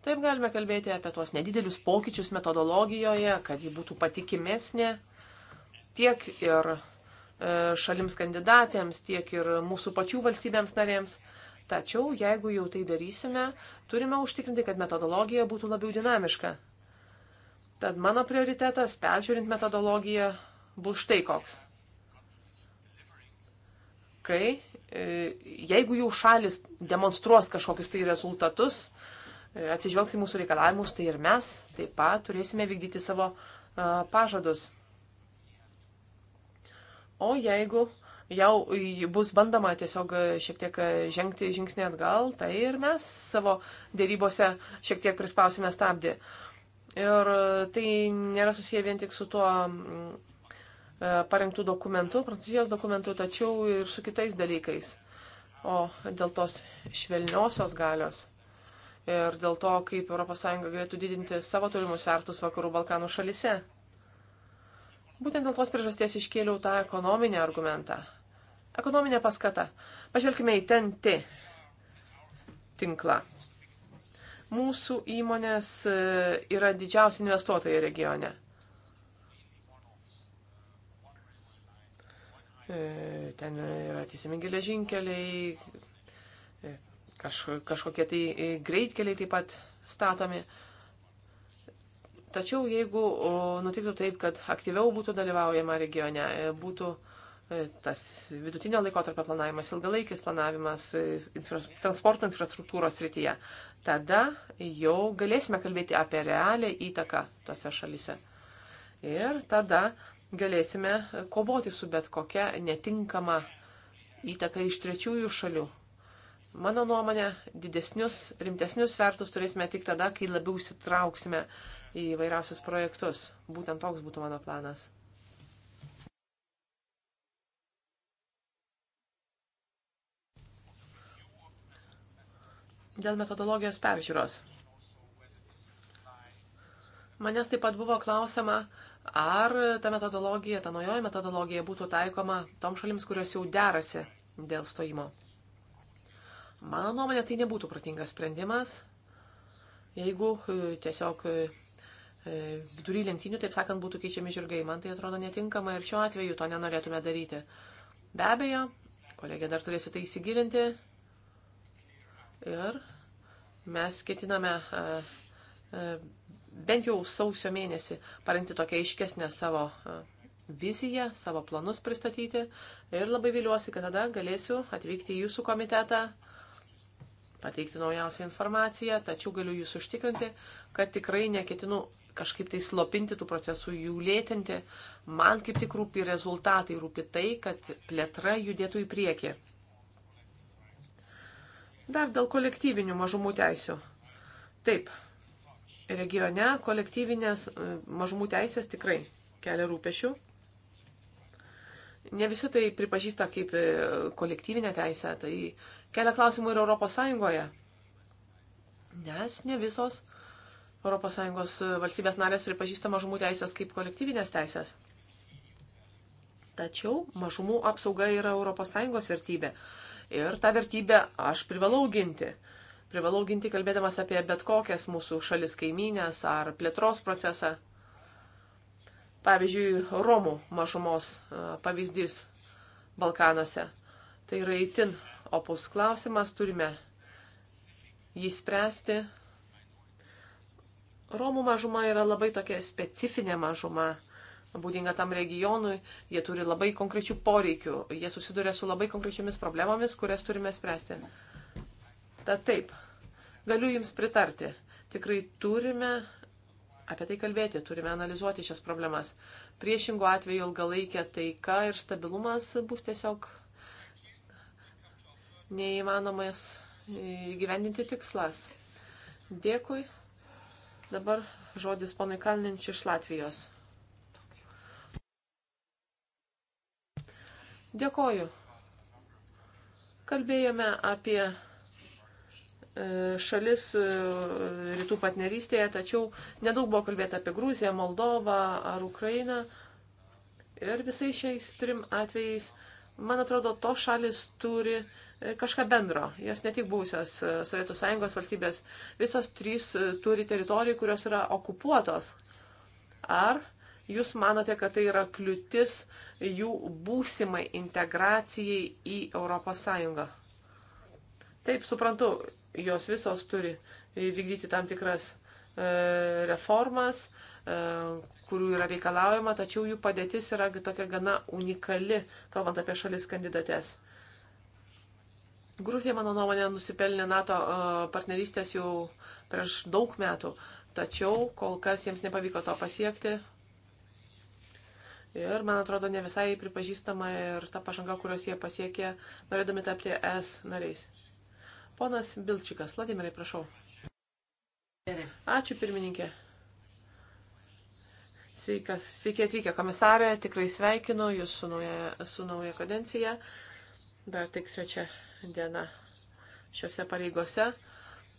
Taip galime kalbėti apie tuos nedidelius pokyčius metodologijoje, kad ji būtų patikimesnė tiek ir e, šalims kandidatėms, tiek ir mūsų pačių valstybėms narėms. Tačiau, jeigu jau tai darysime, turime užtikrinti, kad metodologija būtų labiau dinamiška. Tad mano prioritetas, peržiūrint metodologiją, bus štai koks. Kai, e, jeigu jau šalis demonstruos kažkokius tai rezultatus, e, atsižvelgs į mūsų reikalavimus, tai ir mes taip pat turėsime vykdyti savo e, pažadus. O jeigu uh, jau bus bandoma tiesiog šiek tiek žengti žingsnį atgal, tai ir mes savo dėrybose šiek tiek prispausime stabdį. Ir tai nėra susiję vien tik su tuo mm, parengtų dokumentų, prancūzijos dokumentų, tačiau ir su kitais dalykais. O dėl tos švelniosios galios ir dėl to, kaip ES galėtų didinti savo turimus svertus vakarų Balkanų šalise. Būtent dėl tos priežasties iškėliau tą ekonominį argumentą. Ekonominė paskata. Pažvelkime į TNT tinklą. Mūsų įmonės e, yra didžiausi investuotojai regione. E, ten yra tiesiami geležinkeliai, e, kaž, kažkokie tai greitkeliai taip pat statomi. Tačiau jeigu nutiktų taip, kad aktyviau būtų dalyvaujama regione, būtų tas vidutinio laiko tarp planavimas, ilgalaikis planavimas e, infras, transporto infrastruktūros srityje, tada jau galėsime kalbėti apie realią įtaką tose šalise. Ir tada galėsime kovoti su bet kokia netinkama įtaka iš trečiųjų šalių. Mano nuomonė, didesnius, rimtesnius svertus turėsime tik tada, kai labiau įsitrauksime į vairiausius projektus. Būtent toks būtų mano planas. dėl metodologijos peržiūros. Manęs taip pat buvo klausima, ar ta metodologija, ta naujoji metodologija būtų taikoma tom šalims, kurios jau derasi dėl stojimo. Mano nuomonė, tai nebūtų protingas sprendimas, jeigu e, tiesiog e, e, vidury lenktynių, taip sakant, būtų keičiami žirgai. Man tai atrodo netinkama ir šiuo atveju to nenorėtume daryti. Be abejo, kolegė dar turėsite tai įsigilinti ir mes ketiname e, e, bent jau sausio mėnesį parengti tokią iškesnę savo e, viziją, savo planus pristatyti ir labai viliuosi, kad tada galėsiu atvykti į jūsų komitetą, pateikti naujausią informaciją, tačiau galiu jūs užtikrinti, kad tikrai neketinu kažkaip tai slopinti tų procesų, jų lėtinti. Man kaip tik rūpi rezultatai, rūpi tai, kad plėtra judėtų į priekį. Dar dėl kolektyvinių mažumų teisių. Taip, regione kolektyvinės e, mažumų teisės tikrai kelia rūpešių. Ne visi tai pripažįsta kaip e, kolektyvinę teisę, tai kelia klausimų ir Europos Sąjungoje. Nes ne visos Europos Sąjungos e, valstybės narės pripažįsta mažumų teisės kaip kolektyvinės teisės. Tačiau mažumų apsauga yra Europos Sąjungos vertybė ir tą vertybę aš privalau ginti. Privalau ginti kalbėdamas apie bet kokias mūsų šalis kaimynės ar plėtros procesą. Pavyzdžiui, Romų mažumos pavyzdys Balkanuose. Tai yra įtin opus klausimas, turime jį spręsti. Romų mažuma yra labai tokia specifinė mažuma būdinga tam regionui, jie turi labai konkrečių poreikių, jie susiduria su labai konkrečiomis problemomis, kurias turime spręsti. Tad taip, galiu Jums pritarti. Tikrai turime apie tai kalbėti, turime analizuoti šias problemas. Priešingų atveju ilgalaikė taika ir stabilumas bus tiesiog neįmanomas įgyvendinti tikslas. Dėkui. Dabar žodis ponui Kalninčiui iš Latvijos. Dėkoju. Kalbėjome apie e, šalis e, rytų partnerystėje, tačiau nedaug buvo kalbėta apie Gruziją, Moldovą ar Ukrainą. Ir visais šiais trim atvejais, man atrodo, to šalis turi e, kažką bendro. Jos ne tik būsios Sovietų Sąjungos valstybės, visos trys turi teritorijų, kurios yra okupuotos. Ar Jūs manote, kad tai yra kliūtis jų būsimai integracijai į ES? Taip, suprantu, jos visos turi vykdyti tam tikras e, reformas, e, kurių yra reikalaujama, tačiau jų padėtis yra tokia gana unikali, kalbant apie šalis kandidates. Gruzija, mano nuomonė, nusipelnė NATO e, partnerystės jau prieš daug metų, tačiau kol kas jiems nepavyko to pasiekti. Ir, man atrodo, ne visai pripažįstama ir ta pažanga, kurios jie pasiekė, norėdami tapti S nariais. Ponas Bilčikas, Vladimirai, prašau. Ačiū, pirmininkė. Sveikas, sveiki atvykę komisarė, tikrai sveikinu jūs su nauja, su nauja kadencija. Dar tik trečia diena šiuose pareigose.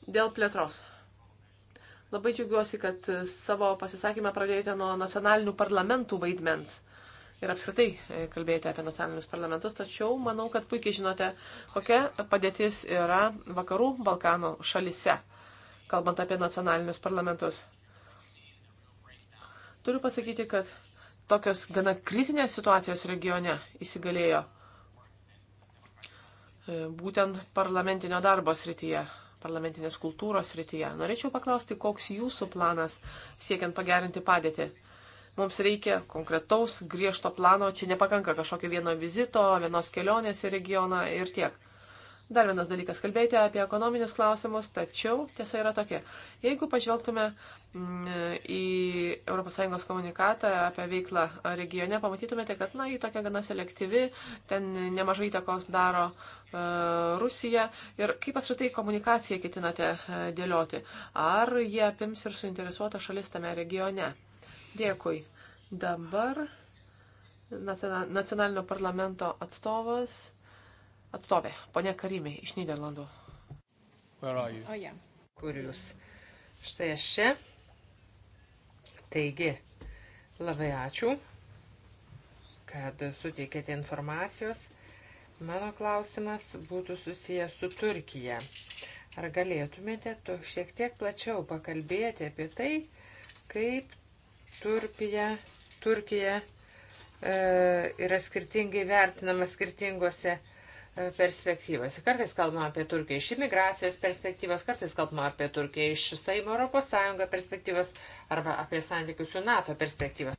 Dėl plėtros. Labai džiaugiuosi, kad e, savo pasisakymą pradėjote nuo nacionalinių parlamentų vaidmens ir apskritai e, kalbėjote apie nacionalinius parlamentus, tačiau manau, kad puikiai žinote, kokia padėtis yra vakarų Balkanų šalise, kalbant apie nacionalinius parlamentus. Turiu pasakyti, kad tokios gana krizinės situacijos regione įsigalėjo e, būtent parlamentinio darbo srityje parlamentinės kultūros rytyje. Norėčiau paklausti, koks jūsų planas siekiant pagerinti padėtį. Mums reikia konkretaus, griežto plano, čia nepakanka kažkokio vieno vizito, vienos kelionės į regioną ir tiek. Dar vienas dalykas - kalbėti apie ekonominius klausimus, tačiau tiesa yra tokia. Jeigu pažvelgtume mm, į ES komunikatą apie veiklą regione, pamatytumėte, kad, na, jį tokia gana selektyvi, ten nemažai įtakos daro E, Rusija ir kaip apskritai komunikaciją ketinate e, dėlioti? Ar jie apims ir suinteresuota šalis tame regione? Dėkui. Dabar nacionalinio parlamento atstovas, atstovė, ponia Karimė iš Niderlandų. Oh, yeah. Kur jūs? Štai aš čia. Taigi, labai ačiū, kad suteikėte informacijos Mano klausimas būtų susijęs su Turkija. Ar galėtumėte to šiek tiek plačiau pakalbėti apie tai, kaip Turpija, Turkija e, yra skirtingai vertinama skirtingose e, perspektyvose. Kartais kalbama apie Turkiją iš imigracijos perspektyvos, kartais kalbama apie Turkiją iš Saimo Europos Sąjungo perspektyvos arba apie santykius su NATO perspektyvos.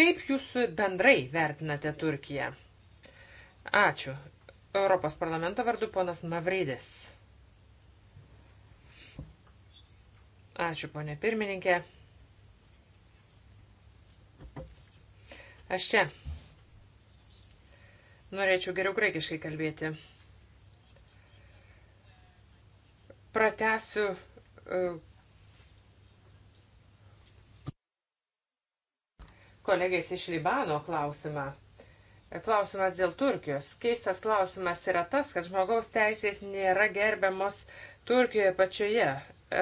Kaip jūs bendrai vertinate Turkiją? Ačiū. Europos parlamento vardu ponas Mavridis. Ačiū, ponė pirmininkė. Aš čia. Norėčiau geriau graikiškai kalbėti. Pratesiu e, kolegais iš Libano klausimą. Klausimas dėl Turkijos. Keistas klausimas yra tas, kad žmogaus teisės nėra gerbiamos Turkijoje pačioje.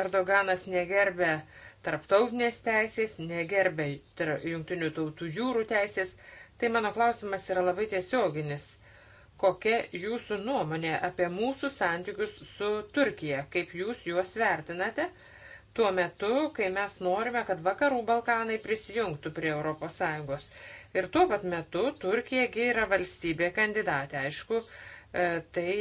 Erdoganas negerbė tarptautinės teisės, negerbė jungtinių tautų jūrų teisės. Tai mano klausimas yra labai tiesioginis. Kokia jūsų nuomonė apie mūsų santykius su Turkija? Kaip jūs juos vertinate? tuo metu, kai mes norime, kad vakarų Balkanai prisijungtų prie ES. Ir tuo pat metu Turkijagi yra valstybė kandidatė. Aišku, e, tai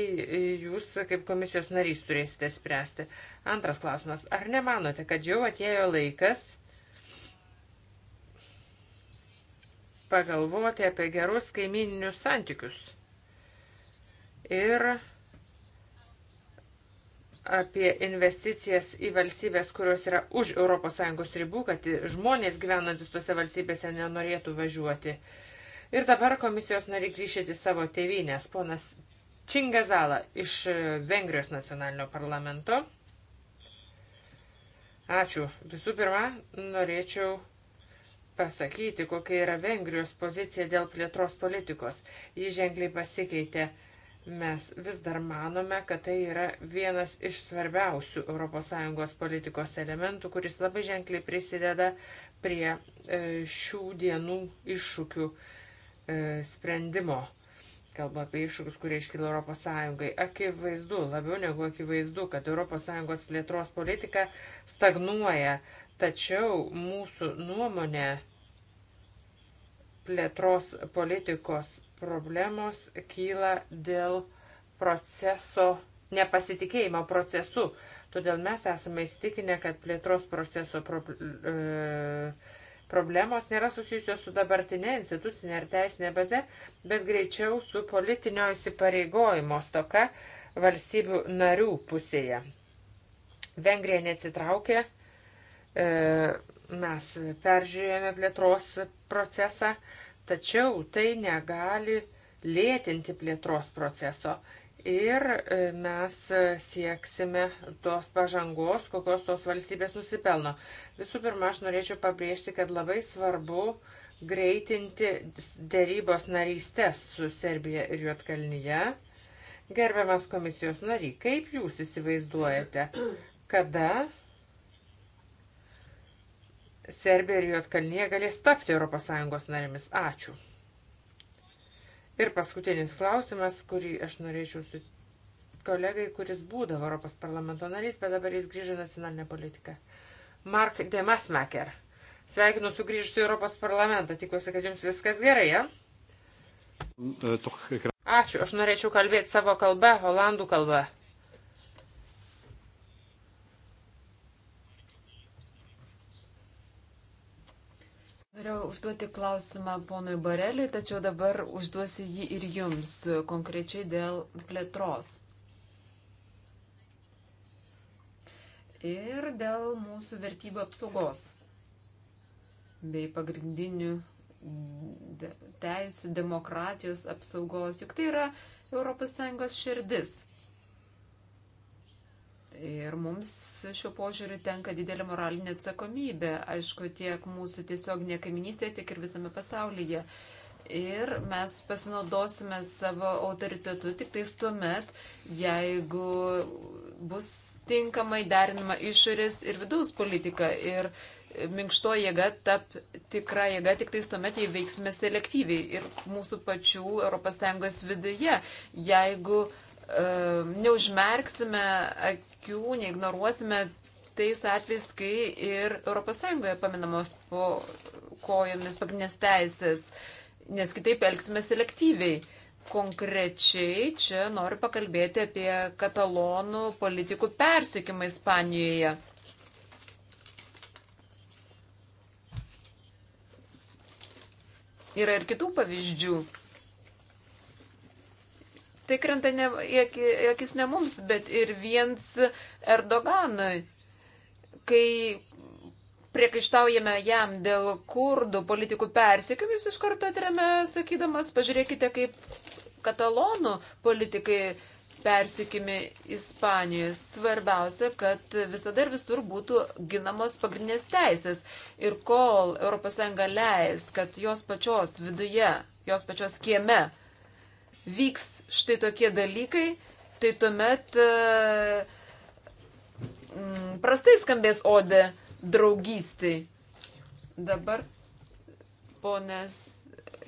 jūs kaip komisijos narys turėsite spręsti. Antras klausimas. Ar nemanote, kad jau atėjo laikas pagalvoti apie gerus kaimininius santykius? Ir apie investicijas į valstybės, kurios yra už ES ribų, kad žmonės gyvenantis tose valstybėse nenorėtų važiuoti. Ir dabar komisijos nariai grįžėti savo tėvynės. Ponas Čingazala iš e, Vengrijos nacionalinio parlamento. Ačiū. Visų pirma, norėčiau pasakyti, kokia yra Vengrijos pozicija dėl plėtros politikos. Ji ženkliai pasikeitė Mes vis dar manome, kad tai yra vienas iš svarbiausių ES politikos elementų, kuris labai ženkliai prisideda prie e, šių dienų iššūkių e, sprendimo kalba apie iššūkius, kurie iškyla ES. Akivaizdu, labiau negu akivaizdu, kad ES plėtros politika stagnuoja, tačiau mūsų nuomonė plėtros politikos Problemos kyla dėl proceso, nepasitikėjimo procesu. Todėl mes esame įstikinę, kad plėtros proceso pro, e, problemos nėra susijusios su dabartinė institucinė ar teisinė baze, bet greičiau su politinio įsipareigojimo stoka valstybių narių pusėje. Vengrija neatsitraukė, e, mes peržiūrėjome plėtros procesą, Tačiau tai negali lėtinti plėtros proceso ir e, mes e, sieksime tos pažangos, kokios tos valstybės nusipelno. Visų pirma, aš norėčiau pabrėžti, kad labai svarbu greitinti dėrybos narystės su Serbija ir Juotkalnyje. Gerbiamas komisijos nariai, kaip jūs įsivaizduojate, kada Serbija ir Jotkalnyje galės tapti ES narėmis. Ačiū. Ir paskutinis klausimas, kurį aš norėčiau su kolegai, kuris būdavo Europos parlamento narys, bet dabar jis grįžo į nacionalinę politiką. Mark Demasmaker. Sveikinu sugrįžusiu į Europos parlamentą. Tikiuosi, kad jums viskas gerai, ja? Mm, e, Ačiū. Aš norėčiau kalbėti savo kalbą, olandų kalbą. Norėjau užduoti klausimą ponui Bareliui, tačiau dabar užduosiu jį ir jums, konkrečiai dėl plėtros. Ir dėl mūsų vertybių apsaugos bei pagrindinių teisų, demokratijos apsaugos, juk tai yra ES širdis. Ir mums šiuo požiūriu tenka didelė moralinė atsakomybė, aišku, tiek mūsų tiesioginė kaiminystėje, tiek ir visame pasaulyje. Ir mes pasinaudosime savo autoritetu tik tais tuo met, jeigu bus tinkamai derinama išorės ir vidaus politika. Ir minkšto jėga tap tikra jėga tik tais tuomet, jei veiksime selektyviai ir mūsų pačių ES viduje. Jeigu e, neužmerksime akių, neignoruosime tais atvejais, kai ir ES paminamos po kojomis pagrindinės teisės, nes kitaip elgsime selektyviai. Konkrečiai čia noriu pakalbėti apie katalonų politikų persikimą Ispanijoje. Yra ir kitų pavyzdžių tai krenta ne, akis ne mums, bet ir viens Erdoganui. Kai priekaištaujame jam dėl kurdų politikų persiekimų, jis iš karto atremia, sakydamas, pažiūrėkite, kaip katalonų politikai persikimi Ispanijoje. Svarbiausia, kad visada ir visur būtų ginamos pagrindinės teisės. Ir kol ES leis, kad jos pačios viduje, jos pačios kieme vyks štai tokie dalykai, tai tuomet e, mm, prastai skambės odė draugystiai. Dabar ponas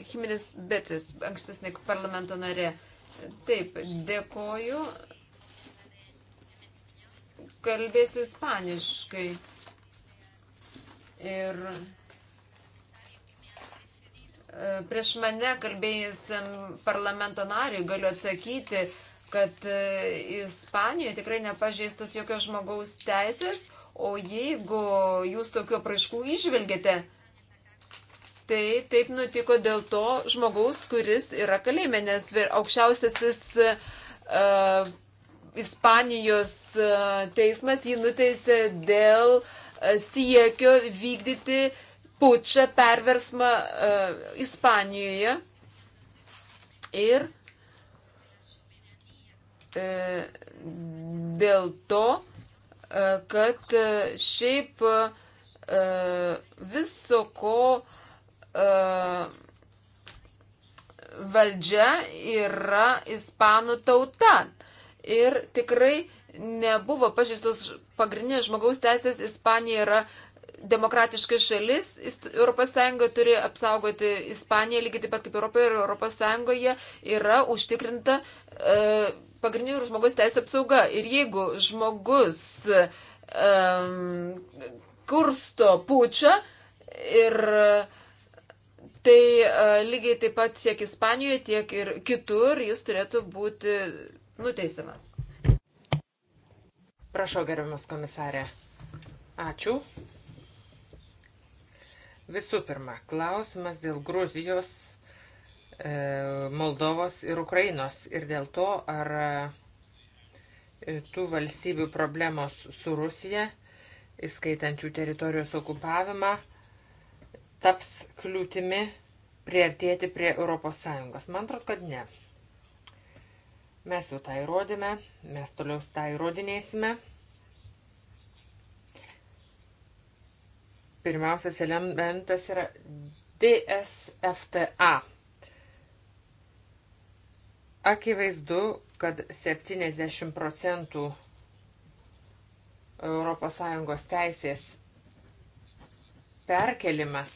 Chiminis Betis, ankstesnė parlamento narė. Taip, dėkoju. Kalbėsiu ispaniškai. Ir prieš mane kalbėjusiam parlamento nariui galiu atsakyti, kad e, Ispanijoje tikrai nepažeistos jokios žmogaus teisės, o jeigu jūs tokių praaiškų išvelgėte, tai taip nutiko dėl to žmogaus, kuris yra kalėjime, nes aukščiausiasis uh, Ispanijos uh, teismas jį nuteisė dėl uh, siekio vykdyti uh, pučia perversmą uh, Ispanijoje ir uh, dėl to, uh, kad uh, šiaip uh, viso ko uh, valdžia yra ispanų tauta. Ir tikrai nebuvo pažįstos pagrindinės žmogaus teisės Ispanija yra uh, demokratiška šalis, ES turi apsaugoti Ispaniją, lygiai taip pat kaip Europoje ir ES yra užtikrinta e, pagrindinių ir žmogus teisų apsauga. Ir jeigu žmogus e, kursto pučia ir tai e, lygiai taip pat tiek Ispanijoje, tiek ir kitur jis turėtų būti nuteisiamas. Prašau, gerbiamas komisarė. Ačiū. Visų pirma, klausimas dėl Gruzijos, e, Moldovos ir Ukrainos ir dėl to, ar e, tų valstybių problemos su Rusija, įskaitant jų teritorijos okupavimą, taps kliūtimi priartėti prie ES. Man atrodo, kad ne. Mes jau tą įrodėme, mes toliau tą įrodinėsime. Pirmiausias elementas yra DSFTA. Akivaizdu, kad 70 procentų ES teisės perkelimas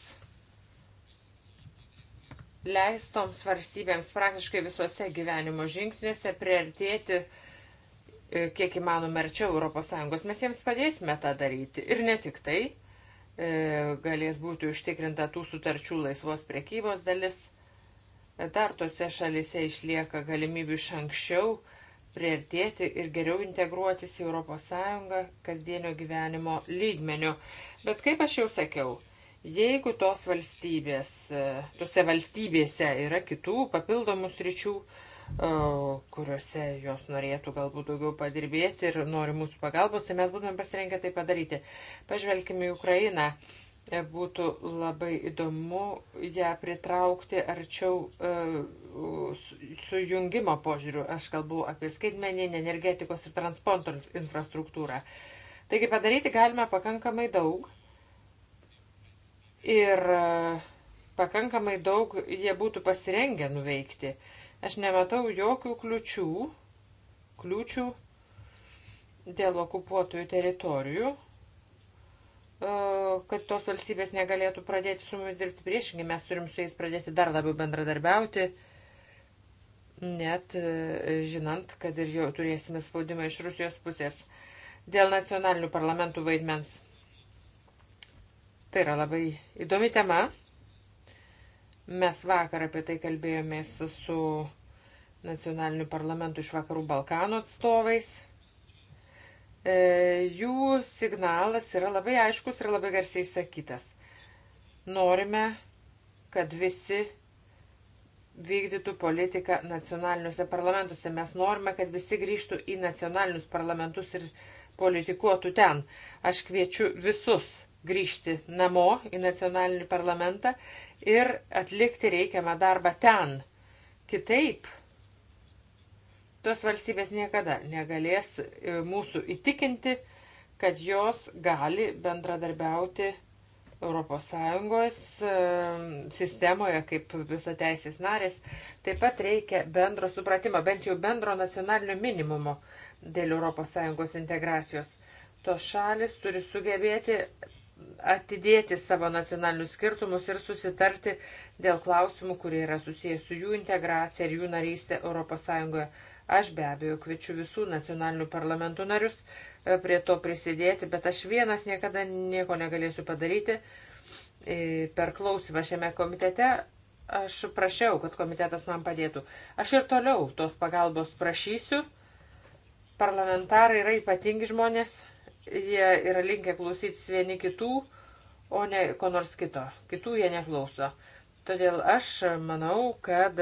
leistoms varstybėms praktiškai visuose gyvenimo žingsniuose priartėti e, kiek įmanoma arčiau ES. Mes jiems padėsime tą daryti. Ir ne tik tai, E, galės būti užtikrinta tų sutarčių laisvos priekybos dalis. Dar tose šalise išlieka galimybių iš anksčiau priartėti ir geriau integruotis į ES kasdienio gyvenimo lygmenių. Bet kaip aš jau sakiau, jeigu tos valstybės, e, tose valstybėse yra kitų papildomų sričių, uh, kuriuose jos norėtų galbūt daugiau padirbėti ir nori mūsų pagalbos, tai mes būtume pasirengę tai padaryti. Pažvelkime į Ukrainą. E, būtų labai įdomu ją pritraukti arčiau e, sujungimo požiūrių. Aš kalbu apie skaitmeninį energetikos ir transporto infrastruktūrą. Taigi padaryti galime pakankamai daug. Ir e, pakankamai daug jie būtų pasirengę nuveikti. Uh, Aš nematau jokių kliučių, kliučių dėl okupuotųjų teritorijų, e, kad tos valstybės negalėtų pradėti su mumis dirbti priešingai, mes turim su jais pradėti dar labiau bendradarbiauti, net e, žinant, kad ir jau turėsime spaudimą iš Rusijos pusės dėl nacionalinių parlamentų vaidmens. Tai yra labai įdomi tema. Mes vakar apie tai kalbėjomės su nacionaliniu parlamentu iš vakarų Balkanų atstovais. E, jų signalas yra labai aiškus ir labai garsiai išsakytas. Norime, kad visi vykdytų politiką nacionaliniuose parlamentuose. Mes norime, kad visi grįžtų į nacionalinius parlamentus ir politikuotų ten. Aš kviečiu visus grįžti namo į nacionalinį parlamentą ir atlikti reikiamą darbą ten. Kitaip, tos valstybės niekada negalės e, mūsų įtikinti, kad jos gali bendradarbiauti ES e, sistemoje kaip viso teisės narės. Taip pat reikia bendro supratimo, bent jau bendro nacionalinio minimumo dėl ES integracijos. Tos šalis turi sugebėti atidėti savo nacionalinius skirtumus ir susitarti dėl klausimų, kurie yra susijęs su jų integracija ir jų narystė ES. Aš be abejo kviečiu visų nacionalinių parlamentų narius e, prie to prisidėti, bet aš vienas niekada nieko negalėsiu padaryti. E, per klausimą šiame komitete aš prašiau, kad komitetas man padėtų. Aš ir toliau tos pagalbos prašysiu. Parlamentarai yra ypatingi žmonės, jie yra linkę klausytis vieni kitų, o ne ko nors kito. Kitų jie neklauso. Todėl aš manau, kad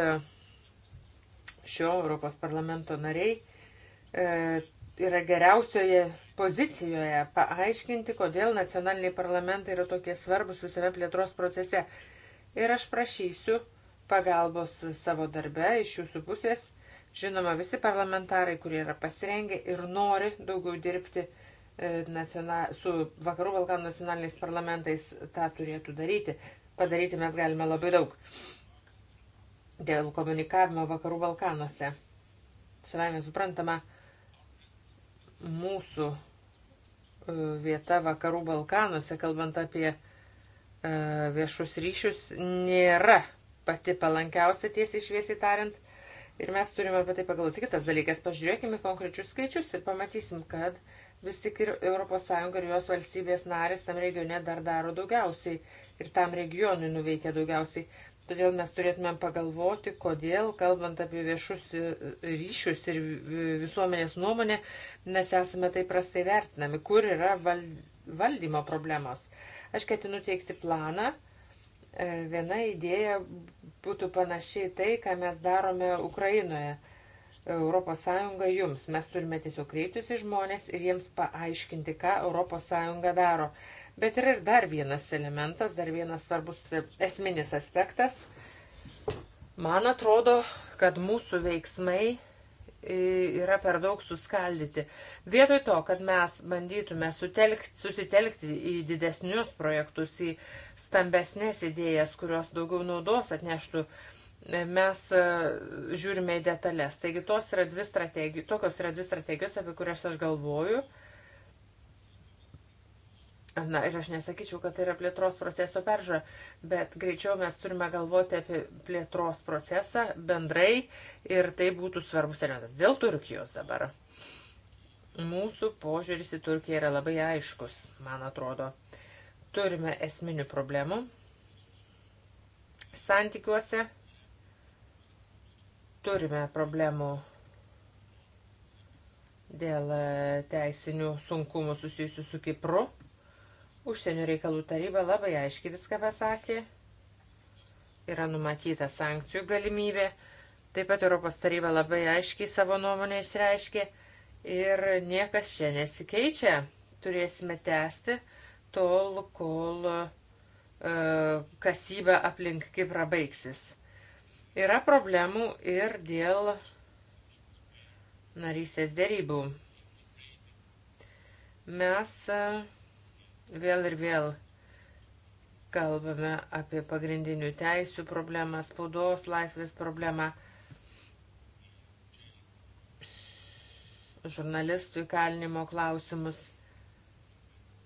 šio Europos parlamento nariai e, yra geriausioje pozicijoje paaiškinti, kodėl nacionaliniai parlamentai yra tokie svarbus visame plėtros procese. Ir aš prašysiu pagalbos savo darbe iš jūsų pusės. Žinoma, visi parlamentarai, kurie yra pasirengę ir nori daugiau dirbti, E, nacional, su Vakarų Balkanų nacionaliniais parlamentais tą turėtų daryti. Padaryti mes galime labai daug dėl komunikavimo Vakarų Balkanuose. Savame suprantama, mūsų e, vieta Vakarų Balkanuose, kalbant apie e, viešus ryšius, nėra pati palankiausia tiesiai išviesiai tariant. Ir mes turime apie tai pagalvoti. Kitas dalykas, pažiūrėkime konkrečius skaičius ir pamatysim, kad vis tik ir ES ir jos valstybės narės tam regione dar daro daugiausiai ir tam regionui nuveikia daugiausiai. Todėl mes turėtumėm pagalvoti, kodėl, kalbant apie viešus ryšius ir visuomenės nuomonę, mes esame taip prastai vertinami, kur yra valdymo problemos. Aš ketinu teikti planą. E, viena idėja būtų panašiai tai, ką mes darome Ukrainoje ES jums. Mes turime tiesiog kreiptis į žmonės ir jiems paaiškinti, ką ES daro. Bet yra ir dar vienas elementas, dar vienas svarbus esminis aspektas. Man atrodo, kad mūsų veiksmai e, yra per daug suskaldyti. Vietoj to, kad mes bandytume sutelkti, susitelkti į didesnius projektus, į stambesnės idėjas, kurios daugiau naudos atneštų uh, mes e, žiūrime į detalės. Taigi tos yra dvi strategijos, tokios yra dvi strategijos, apie kurias aš galvoju. Na ir aš nesakyčiau, kad tai yra plėtros proceso peržiūra, bet greičiau mes turime galvoti apie plėtros procesą bendrai ir tai būtų svarbus elementas. Dėl Turkijos dabar. Mūsų požiūris į Turkiją yra labai aiškus, man atrodo. Turime esminių problemų santykiuose Turime problemų dėl e, teisinių sunkumų susijusių su Kipru. Užsienio reikalų taryba labai aiškiai viską pasakė. Yra numatyta sankcijų galimybė. Taip pat Europos taryba labai aiškiai savo nuomonę išreiškė. Ir niekas čia nesikeičia. Turėsime tęsti tol, kol uh, kasyba aplink Kiprą baigsis. Yra problemų ir dėl narysės dėrybų. Mes e, vėl ir vėl kalbame apie pagrindinių teisių problemą, spaudos laisvės problemą, žurnalistų įkalinimo klausimus,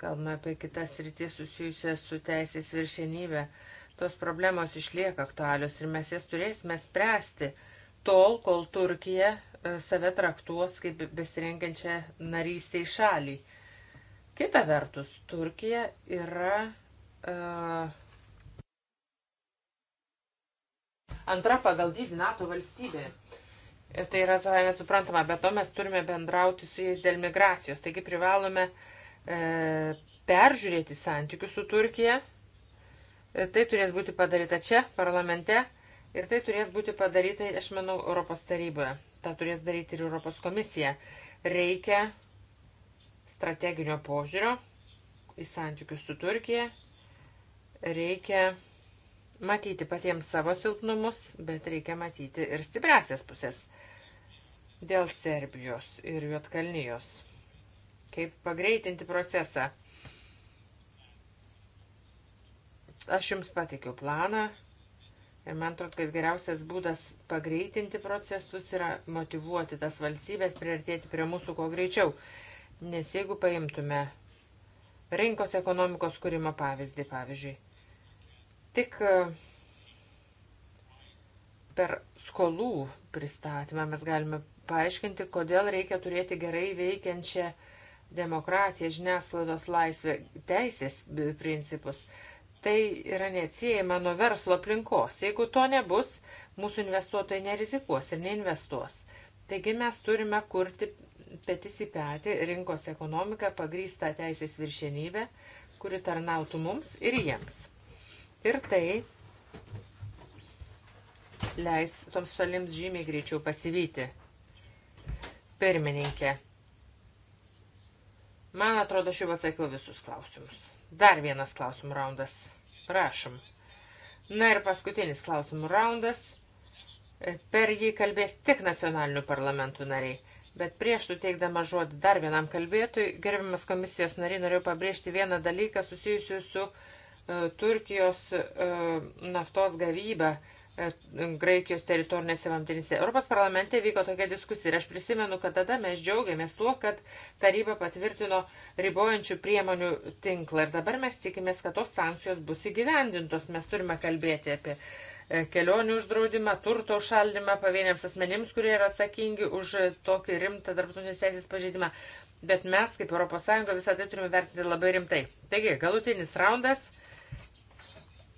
kalbame apie kitas rytis susijusias su teisės viršenybė. Tos problemos išlieka aktualios ir mes jas turėsime spręsti tol, kol Turkija e, save traktuos kaip besirengiančią narystę į šalį. Kita vertus, Turkija yra uh, antra pagal dydį NATO valstybė. Ir tai yra savai suprantama, bet to mes turime bendrauti su jais dėl migracijos. Taigi privalome e, uh, peržiūrėti santykius su Turkija, E, tai turės būti padaryta čia, parlamente, ir tai turės būti padaryta, aš manau, Europos taryboje. Ta turės daryti ir Europos komisija. Reikia strateginio požiūrio į santykius su Turkija. Reikia matyti patiems savo silpnumus, bet reikia matyti ir stipresias pusės dėl Serbijos ir Juotkalnijos. Kaip pagreitinti procesą. Aš jums patikiu planą ir man atrodo, kad geriausias būdas pagreitinti procesus yra motivuoti tas valstybės priartėti prie mūsų kuo greičiau. Nes jeigu paimtume rinkos ekonomikos kūrimo pavyzdį, pavyzdžiui, tik e, per skolų pristatymą mes galime paaiškinti, kodėl reikia turėti gerai veikiančią demokratiją, žiniasklaidos laisvę, teisės principus tai yra neatsiejama nuo verslo aplinkos. Jeigu to nebus, mūsų investuotojai nerizikuos ir neinvestuos. Taigi mes turime kurti petis į petį rinkos ekonomiką pagrįstą teisės viršenybę, kuri tarnautų mums ir jiems. Ir tai leis toms šalims žymiai greičiau pasivyti. Pirmininkė. Man atrodo, aš jau atsakiau visus klausimus. Dar vienas klausimų raundas. Prašom. Na ir paskutinis klausimų raundas. E, per jį kalbės tik nacionalinių parlamentų nariai. Bet prieš suteikdama žodį dar vienam kalbėtui, gerbiamas komisijos nariai, norėjau pabrėžti vieną dalyką susijusiu su uh, Turkijos uh, naftos gavyba. Uh, Graikijos teritorinėse vandenyse. Europos parlamente vyko tokia diskusija ir aš prisimenu, kad tada mes džiaugiamės tuo, kad taryba patvirtino ribojančių priemonių tinklą ir dabar mes tikimės, kad tos sankcijos bus įgyvendintos. Mes turime kalbėti apie e, kelionių uždraudimą, turto užšaldymą pavieniams asmenims, kurie yra atsakingi už tokį rimtą darbtinės teisės pažeidimą. Bet mes, kaip ES, visą tai turime vertinti labai rimtai. Taigi, galutinis raundas.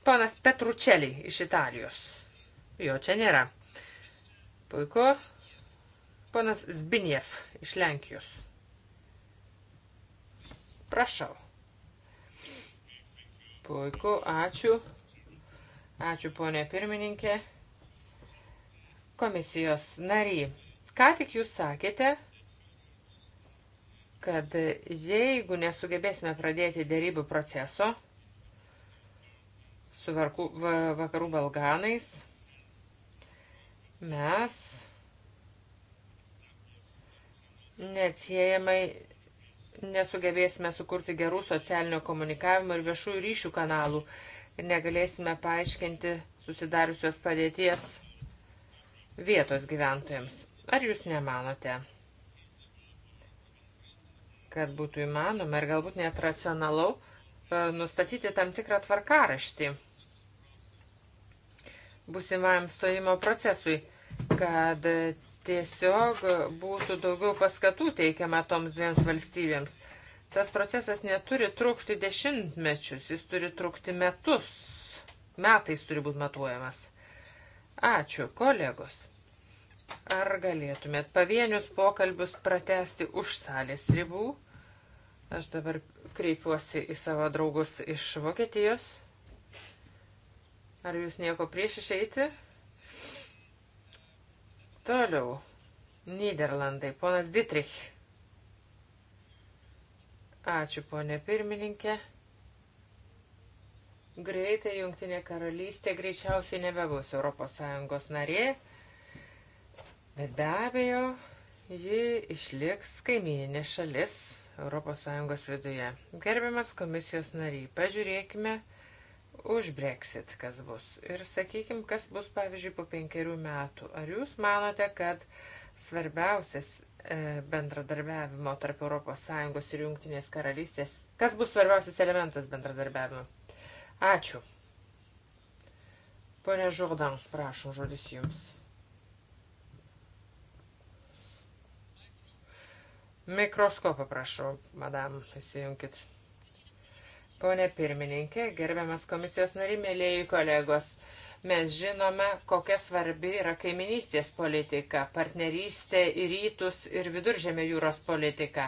Panas Petručeliai iš Italijos. Jo čia nėra. Puiku. Ponas Zbiniev iš Lenkijos. Prašau. Puiku, ačiū. Ačiū, ponė pirmininkė. Komisijos nary, ką tik jūs sakėte, kad jeigu nesugebėsime pradėti dėrybų proceso su varku, va, vakarų Balganais, mes neatsiejamai nesugebėsime sukurti gerų socialinio komunikavimo ir viešųjų ryšių kanalų ir negalėsime paaiškinti susidariusios padėties vietos gyventojams. Ar jūs nemanote, kad būtų įmanoma ir galbūt net racionalau e, nustatyti tam tikrą tvarkaraštį busimajam stojimo procesui? kad tiesiog būtų daugiau paskatų teikiama toms dviems valstybėms. Tas procesas neturi trukti dešimtmečius, jis turi trukti metus. Metais turi būti matuojamas. Ačiū, kolegos. Ar galėtumėt pavienius pokalbius pratesti už salės ribų? Aš dabar kreipiuosi į savo draugus iš Vokietijos. Ar jūs nieko prieš išeiti? Toliau. Niderlandai. Ponas Dietrich. Ačiū, ponė pirmininkė. Greitai Junktinė karalystė greičiausiai nebebus ES narė, bet be abejo, ji išliks kaimininė šalis ES viduje. Gerbiamas komisijos nariai, pažiūrėkime, už Brexit, kas bus. Ir sakykime, kas bus, pavyzdžiui, po penkerių metų. Ar jūs manote, kad svarbiausias e, bendradarbiavimo tarp ES ir Junktinės karalystės, kas bus svarbiausias elementas bendradarbiavimo? Ačiū. Pone Žordan, prašom, žodis jums. Mikroskopą prašau, madam, įsijunkit. Pone pirmininkė, gerbiamas komisijos nariai, mėlyjeji kolegos, mes žinome, kokia svarbi yra kaiminystės politika, partnerystė į rytus ir viduržėmė jūros politika.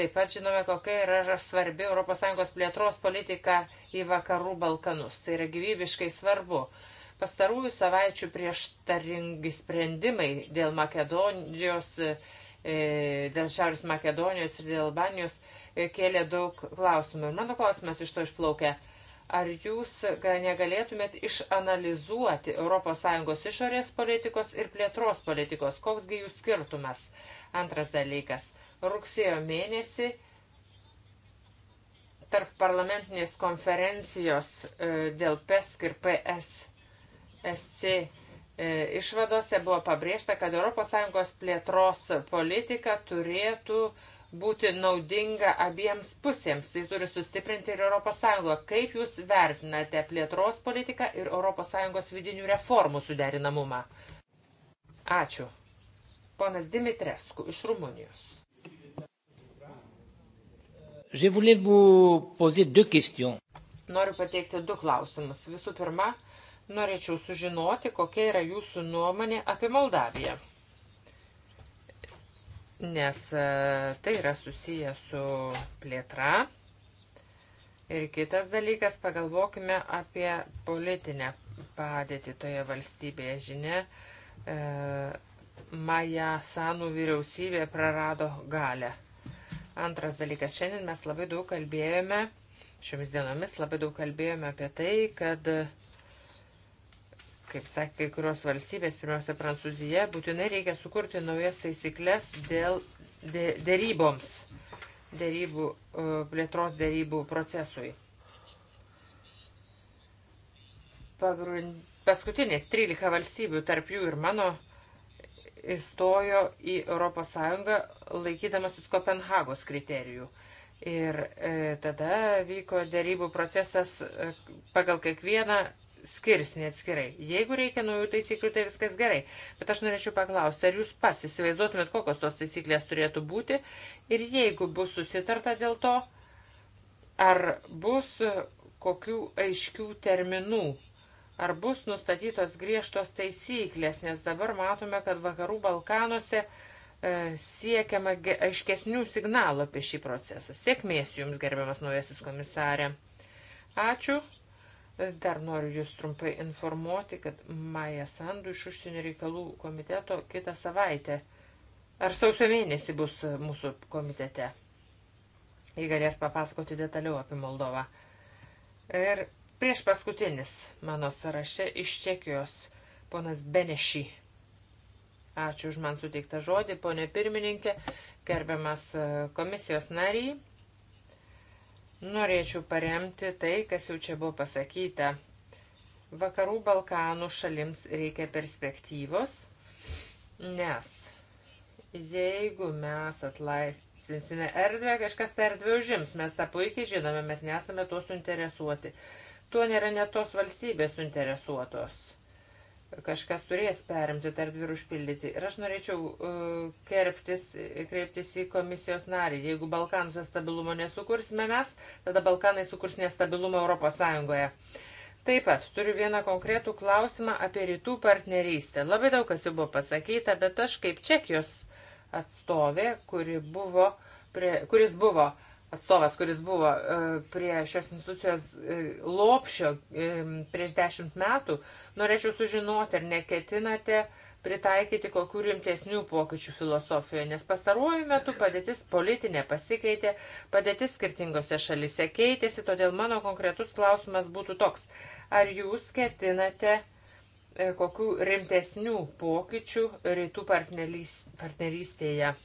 Taip pat žinome, kokia yra svarbi ES plėtros politika į vakarų Balkanus. Tai yra gyvybiškai svarbu. Pastarųjų savaičių prieštaringi sprendimai dėl Makedonijos, e, dėl Šiaurės Makedonijos ir dėl Albanijos kėlė daug klausimų. Ir mano klausimas iš to išplaukia. Ar jūs negalėtumėt išanalizuoti ES išorės politikos ir plėtros politikos? Koksgi jų skirtumas? Antras dalykas. Rugsėjo mėnesį tarp parlamentinės konferencijos e, dėl PESC ir PSSC e, išvadose buvo pabrėžta, kad ES plėtros politika turėtų uh, būti naudinga abiems pusėms. Tai turi sustiprinti ir ES. Kaip Jūs vertinate plėtros politiką ir ES vidinių reformų suderinamumą? Ačiū. Ponas Dimitrescu iš Rumunijos. Noriu pateikti du klausimus. Visų pirma, norėčiau sužinoti, kokia yra jūsų nuomonė apie Moldaviją nes e, tai yra susiję su plėtra. Ir kitas dalykas, pagalvokime apie politinę padėtį toje valstybėje. Žinia, e, Maja Sanų vyriausybė prarado galę. Antras dalykas, šiandien mes labai daug kalbėjome, šiomis dienomis labai daug kalbėjome apie tai, kad kaip sakė kai kurios valstybės, pirmiausia Prancūzija, būtinai reikia sukurti naujas taisyklės dėl dėryboms, dėrybų, e, plėtros dėrybų procesui. Pagrund, paskutinės 13 valstybių, tarp jų ir mano, įstojo į ES laikydamasis Kopenhagos kriterijų. Ir e, tada vyko dėrybų procesas e, pagal kiekvieną skirsnį atskirai. Jeigu reikia naujų taisyklių, tai viskas gerai. Bet aš norėčiau paklausti, ar jūs pats įsivaizduotumėt, kokios tos taisyklės turėtų būti ir jeigu bus susitarta dėl to, ar bus kokių aiškių terminų, ar bus nustatytos griežtos taisyklės, nes dabar matome, kad vakarų Balkanuose e, siekiama aiškesnių signalų apie šį procesą. Sėkmės jums, gerbiamas naujasis komisarė. Ačiū. Dar noriu Jūs trumpai informuoti, kad Maja Sandu iš užsienio reikalų komiteto kitą savaitę ar sausio mėnesį bus mūsų komitete. Jį galės papasakoti detaliau apie Moldovą. Ir prieš paskutinis mano sąraše iš Čekijos ponas Beneši. Ačiū už man suteiktą žodį, ponė pirmininkė, gerbiamas e, komisijos nariai. Norėčiau paremti tai, kas jau čia buvo pasakyta. Vakarų Balkanų šalims reikia perspektyvos, nes jeigu mes atlaisinsime erdvę, kažkas tą erdvę užims, mes tą puikiai žinome, mes nesame to suinteresuoti. Tuo nėra net tos valstybės suinteresuotos kažkas turės perimti tą erdvę ir užpildyti. Ir aš norėčiau uh, kerptis, kreiptis į komisijos narį. Jeigu Balkanuose stabilumo nesukursime mes, tada Balkanai sukurs nestabilumą Europos Sąjungoje. Taip pat turiu vieną konkretų klausimą apie rytų partnerystę. Labai daug kas jau buvo pasakyta, bet aš kaip Čekijos atstovė, kuri buvo prie, kuris buvo uh, atstovas, kuris buvo e, prie šios institucijos e, lopšio e, prieš dešimt metų, norėčiau sužinoti, ar neketinate pritaikyti kokių rimtesnių pokyčių filosofijoje, nes pastaruoju metu padėtis politinė pasikeitė, padėtis skirtingose šalise keitėsi, todėl mano konkretus klausimas būtų toks, ar jūs ketinate kokių rimtesnių pokyčių rytų partnerystėje?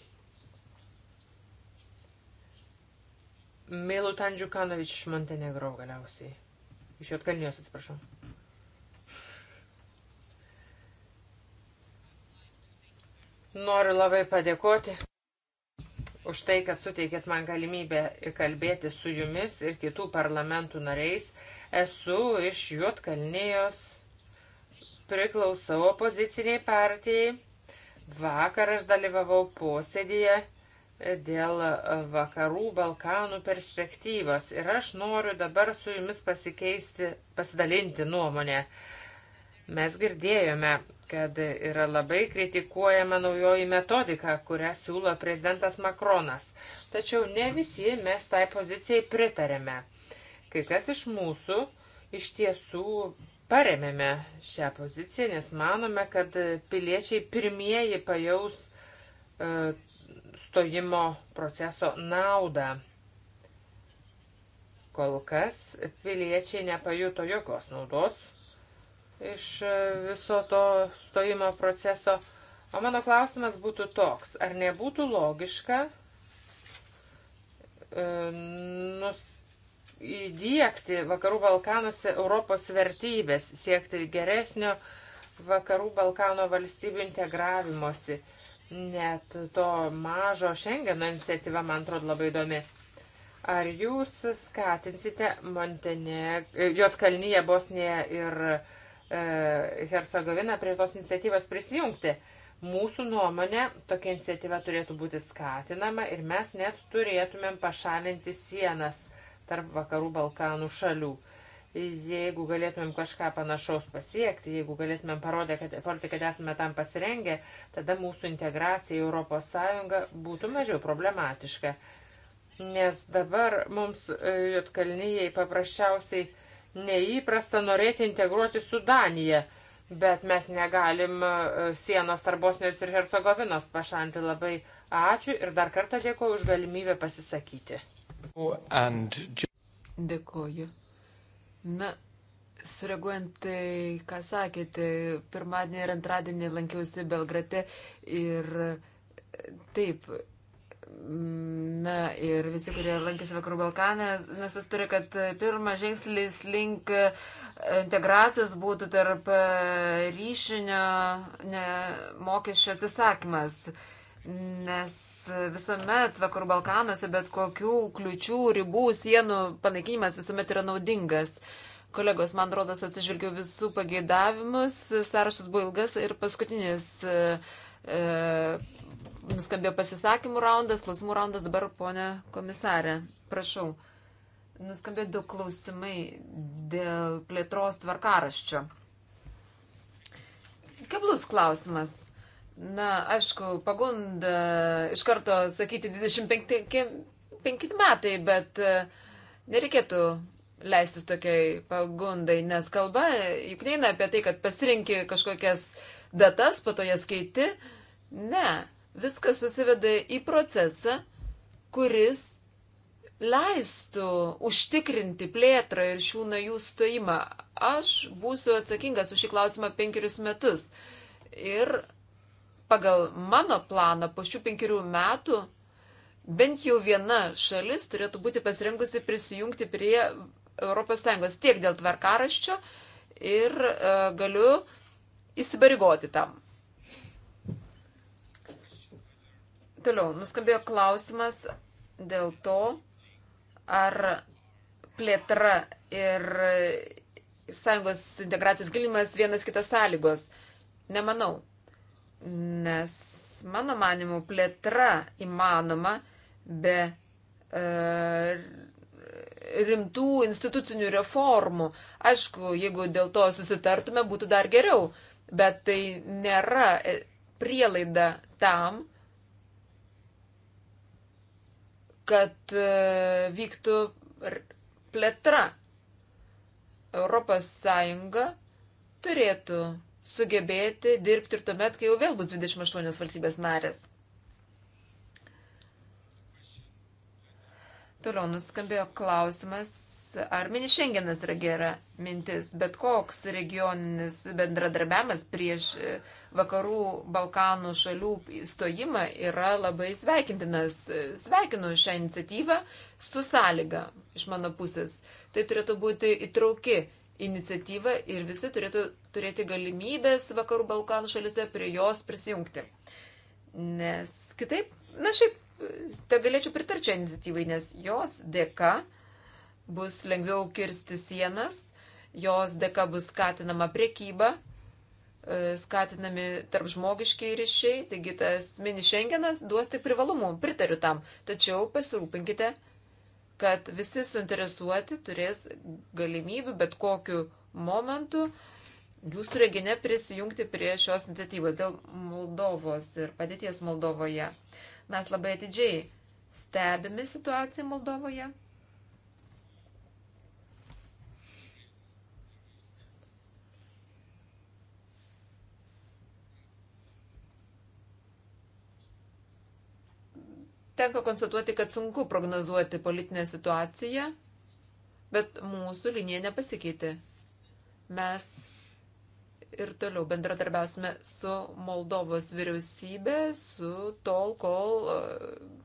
Milutan Džukanovič iš Montenegro galiausiai. Iš Jotkalnijos atsiprašau. Noriu labai padėkoti už tai, kad suteikėt man galimybę kalbėti su jumis ir kitų parlamentų nariais. Esu iš Juotkalnijos, priklausau opoziciniai partijai. Vakar aš dalyvavau posėdėje dėl vakarų Balkanų perspektyvos. Ir aš noriu dabar su jumis pasikeisti, pasidalinti nuomonę. Mes girdėjome, kad yra labai kritikuojama naujoji metodika, kurią siūlo prezidentas Makronas. Tačiau ne visi mes tai pozicijai pritarėme. Kai kas iš mūsų iš tiesų paremėme šią poziciją, nes manome, kad piliečiai pirmieji pajaus uh, stojimo proceso naudą. Kol kas piliečiai nepajuto jokios naudos iš viso to stojimo proceso. O mano klausimas būtų toks, ar nebūtų logiška e, nus, įdėkti Vakarų Balkanuose Europos vertybės, siekti geresnio Vakarų Balkano valstybių integravimosi. E, Net to mažo Schengeno iniciatyva, man atrodo, labai įdomi. Ar jūs skatinsite Monteneg... E, Jotkalnyje, Bosniją ir e, Hercegoviną prie tos iniciatyvos prisijungti? Mūsų nuomonė, tokia iniciatyva turėtų būti skatinama ir mes net turėtumėm pašalinti sienas tarp vakarų Balkanų šalių jeigu galėtumėm kažką panašaus pasiekti, jeigu galėtumėm parodyti, kad, parodė, kad esame tam pasirengę, tada mūsų integracija į ES būtų mažiau problematiška. Nes dabar mums e, Jotkalnyjei paprasčiausiai neįprasta norėti integruoti su Danija, bet mes negalim e, sienos tarp Bosnijos ir Hercegovinos pašanti labai ačiū ir dar kartą dėkoju už galimybę pasisakyti. And... Dėkoju. Na, sureaguojant tai, ką sakėte, pirmadienį ir antradienį lankiausi Belgrate ir taip. Na ir visi, kurie lankėsi Vakarų Balkanę, nesustarė, kad pirmas žingsnis link e, integracijos būtų tarp e, ryšinio ne, mokesčio atsisakymas, nes visuomet Vakarų Balkanuose bet kokių kliučių, ribų, sienų panaikinimas visuomet yra naudingas. Kolegos, man rodos, atsižvelgiau visų pageidavimus, sąrašas buvo ilgas ir paskutinis e, e nuskambėjo pasisakymų raundas, klausimų raundas dabar, ponė komisarė, prašau. Nuskambėjo du klausimai dėl plėtros tvarkaraščio. Keblus klausimas Na, aišku, pagunda iš karto sakyti 25 metai, bet e, nereikėtų leistis tokiai pagundai, nes kalba juk neina apie tai, kad pasirinki kažkokias datas, po to jas keiti. Ne, viskas susiveda į procesą, kuris leistų užtikrinti plėtrą ir šių naujų stojimą. Aš būsiu atsakingas už šį klausimą penkerius metus. Ir pagal mano planą po šių penkerių metų bent jau viena šalis turėtų būti pasirengusi prisijungti prie ES tiek dėl tvarkaraščio ir e, galiu įsibarigoti tam. Toliau, nuskambėjo klausimas dėl to, ar plėtra ir sąjungos integracijos gilimas vienas kitas sąlygos. Nemanau nes mano manimu plėtra įmanoma be e, rimtų institucinių reformų. Aišku, jeigu dėl to susitartume, būtų dar geriau, bet tai nėra e, prielaida tam, kad e, vyktų plėtra. Europos Sąjunga turėtų sugebėti dirbti ir tuomet, kai jau vėl bus 28 valstybės narės. Toliau nuskambėjo klausimas, ar mini šengenas yra gera mintis, bet koks regioninis bendradarbiavimas prieš e, vakarų Balkanų šalių įstojimą yra labai sveikintinas. E, sveikinu šią iniciatyvą su sąlyga iš mano pusės. Tai turėtų būti įtrauki iniciatyvą ir visi turėtų turėti galimybės Vakarų Balkanų šalise prie jos prisijungti. Nes kitaip, na šiaip, te galėčiau pritarčią iniciatyvai, nes jos dėka bus lengviau kirsti sienas, jos dėka bus skatinama priekyba, e, skatinami tarp žmogiški ryšiai, taigi tas mini šengenas duos tik privalumų, pritariu tam, tačiau pasirūpinkite, kad visi suinteresuoti turės galimybių bet kokiu momentu jūsų regione prisijungti prie šios iniciatyvos dėl Moldovos ir padėties Moldovoje. Mes labai atidžiai stebime situaciją Moldovoje tenka konstatuoti, kad sunku prognozuoti politinę situaciją, bet mūsų linija nepasikeitė. Mes ir toliau bendradarbiausime su Moldovos vyriausybė, su tol, kol e,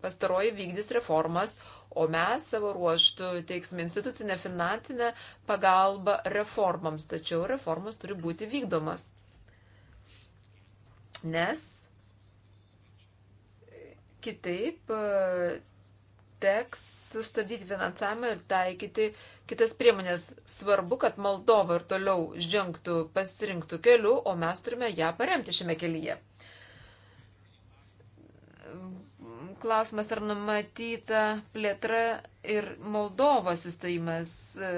pastaroji vykdys reformas, o mes savo ruoštų teiksime institucinę finansinę pagalbą reformams, tačiau reformos turi būti vykdomas. Nes Kitaip e, teks sustabdyti finansavimą ir taikyti kitas priemonės. Svarbu, kad Moldova ir toliau žengtų, pasirinktų keliu, o mes turime ją paremti šiame kelyje. Klausimas, ar numatyta plėtra ir Moldovos įstojimas. E,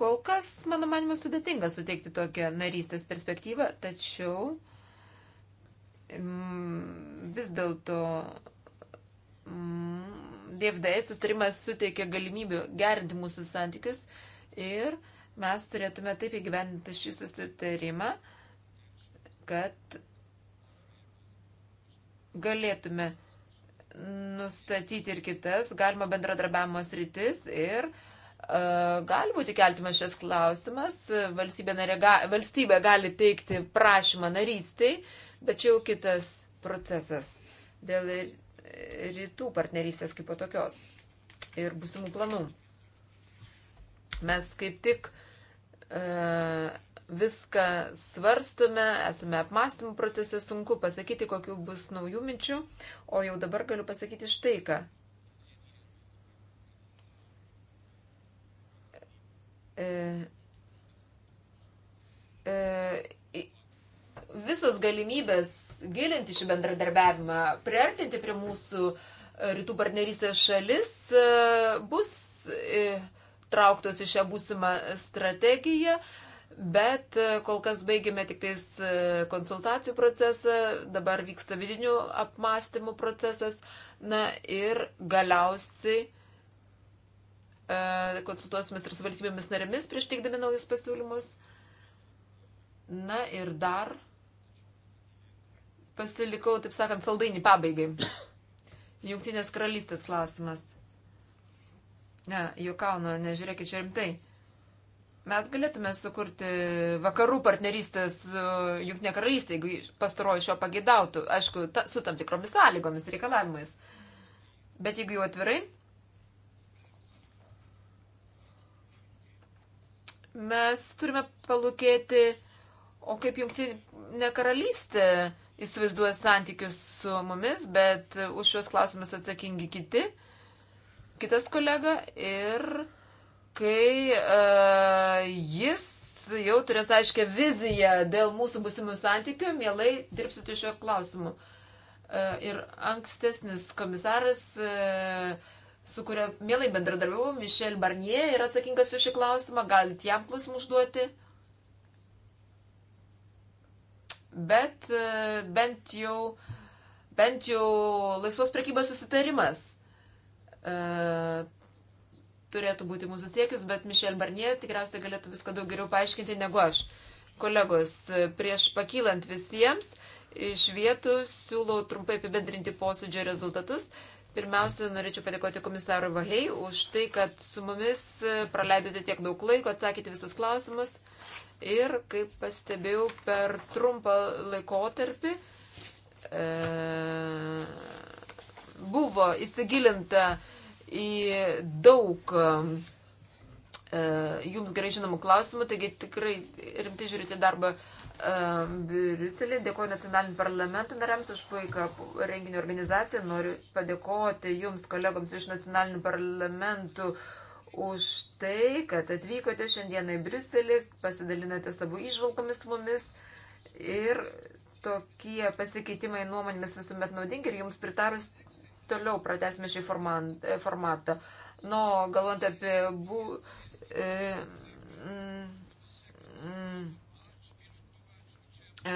kol kas, mano manimu, sudėtinga suteikti tokią narystės perspektyvą, tačiau. Mm, vis dėlto mm, DFDS e sustarimas suteikia galimybių gerinti mūsų santykius ir mes turėtume taip įgyvendinti šį susitarimą, kad galėtume nustatyti ir kitas galima bendradarbiavimo sritis ir uh, gali būti keltimas šis klausimas. Valstybė, narė, valstybė gali teikti prašymą narystiai, bet čia jau kitas procesas dėl rytų partnerystės kaip po tokios ir būsimų planų. Mes kaip tik e, viską svarstume, esame apmąstymų procese, sunku pasakyti, kokiu bus naujų minčių, o jau dabar galiu pasakyti štai ką. E, e, visos galimybės gilinti šį bendradarbiavimą, priartinti prie mūsų e, rytų partnerysės šalis e, bus e, trauktos į šią būsimą strategiją, bet kol kas baigėme tik tais konsultacijų procesą, dabar vyksta vidinių apmąstymų procesas, na ir galiausiai konsultuosimės ir su valstybėmis narėmis prieš teikdami naujus pasiūlymus. Na ir dar pasilikau, taip sakant, saldainį pabaigai. Jungtinės karalystės klausimas. Ne, juokaunu, nežiūrėkit čia rimtai. Mes galėtume sukurti vakarų partnerystę su Junktinė karalystė, jeigu pastaroji šio pagėdautų, aišku, ta, su tam tikromis sąlygomis, reikalavimais. Bet jeigu jau atvirai, mes turime palūkėti, o kaip Junktinė karalystė įsivaizduoja santykius su mumis, bet e, už šios klausimus atsakingi kiti, kitas kolega ir kai uh, jis jau turės aiškę viziją dėl mūsų busimų santykių, mielai dirbsiu ties šio klausimu. Uh, ir ankstesnis komisaras, uh, su kurio mielai bendradarbiavau, Mišel Barnier, yra atsakingas už šį klausimą, galite jam klausimų užduoti. Uh, bet e, bent jau, bent jau laisvos prekybos susitarimas e, turėtų būti mūsų siekis, bet Mišel Barnie tikriausiai galėtų viską daug geriau paaiškinti negu aš. Kolegos, e, prieš pakylant visiems iš vietų siūlau trumpai apibendrinti posėdžio rezultatus. Pirmiausia, norėčiau padėkoti komisarui Vahei už tai, kad su mumis e, praleidote tiek daug laiko, atsakėte visus klausimus ir, kaip pastebėjau, per trumpą laikotarpį e, buvo įsigilinta į daug e, jums gerai žinomų klausimų, taigi tikrai rimtai žiūrite darbą e, Briuselį. Dėkoju nacionaliniam parlamento nariams už puiką renginio organizaciją. Noriu padėkoti jums kolegoms iš nacionalinių parlamentų uh, už tai, kad atvykote šiandieną į Briuselį, pasidalinote savo išvalgomis su mumis ir tokie pasikeitimai nuomonėmis visuomet naudingi ir jums pritarus toliau pratesime šį e, formatą. Nu, galvant apie bu, e, mm, mm, e,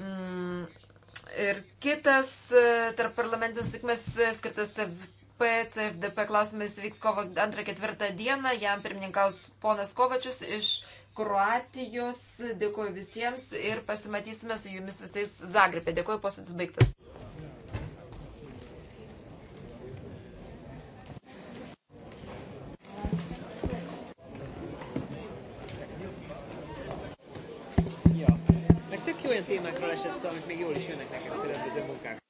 mm, ir kitas e, tarp parlamentų susikimas e, skirtas PCFDP klausimais vyks kovo 2-4 dieną, jam pirmininkaus ponas Kovačius iš Kroatijos. Dėkuoju visiems ir pasimatysime su jumis visais Zagrebė. Dėkuoju, posėdis baigtas. tök jó olyan témákról esett szó, amit még jól is jönnek nekem a különböző munkák.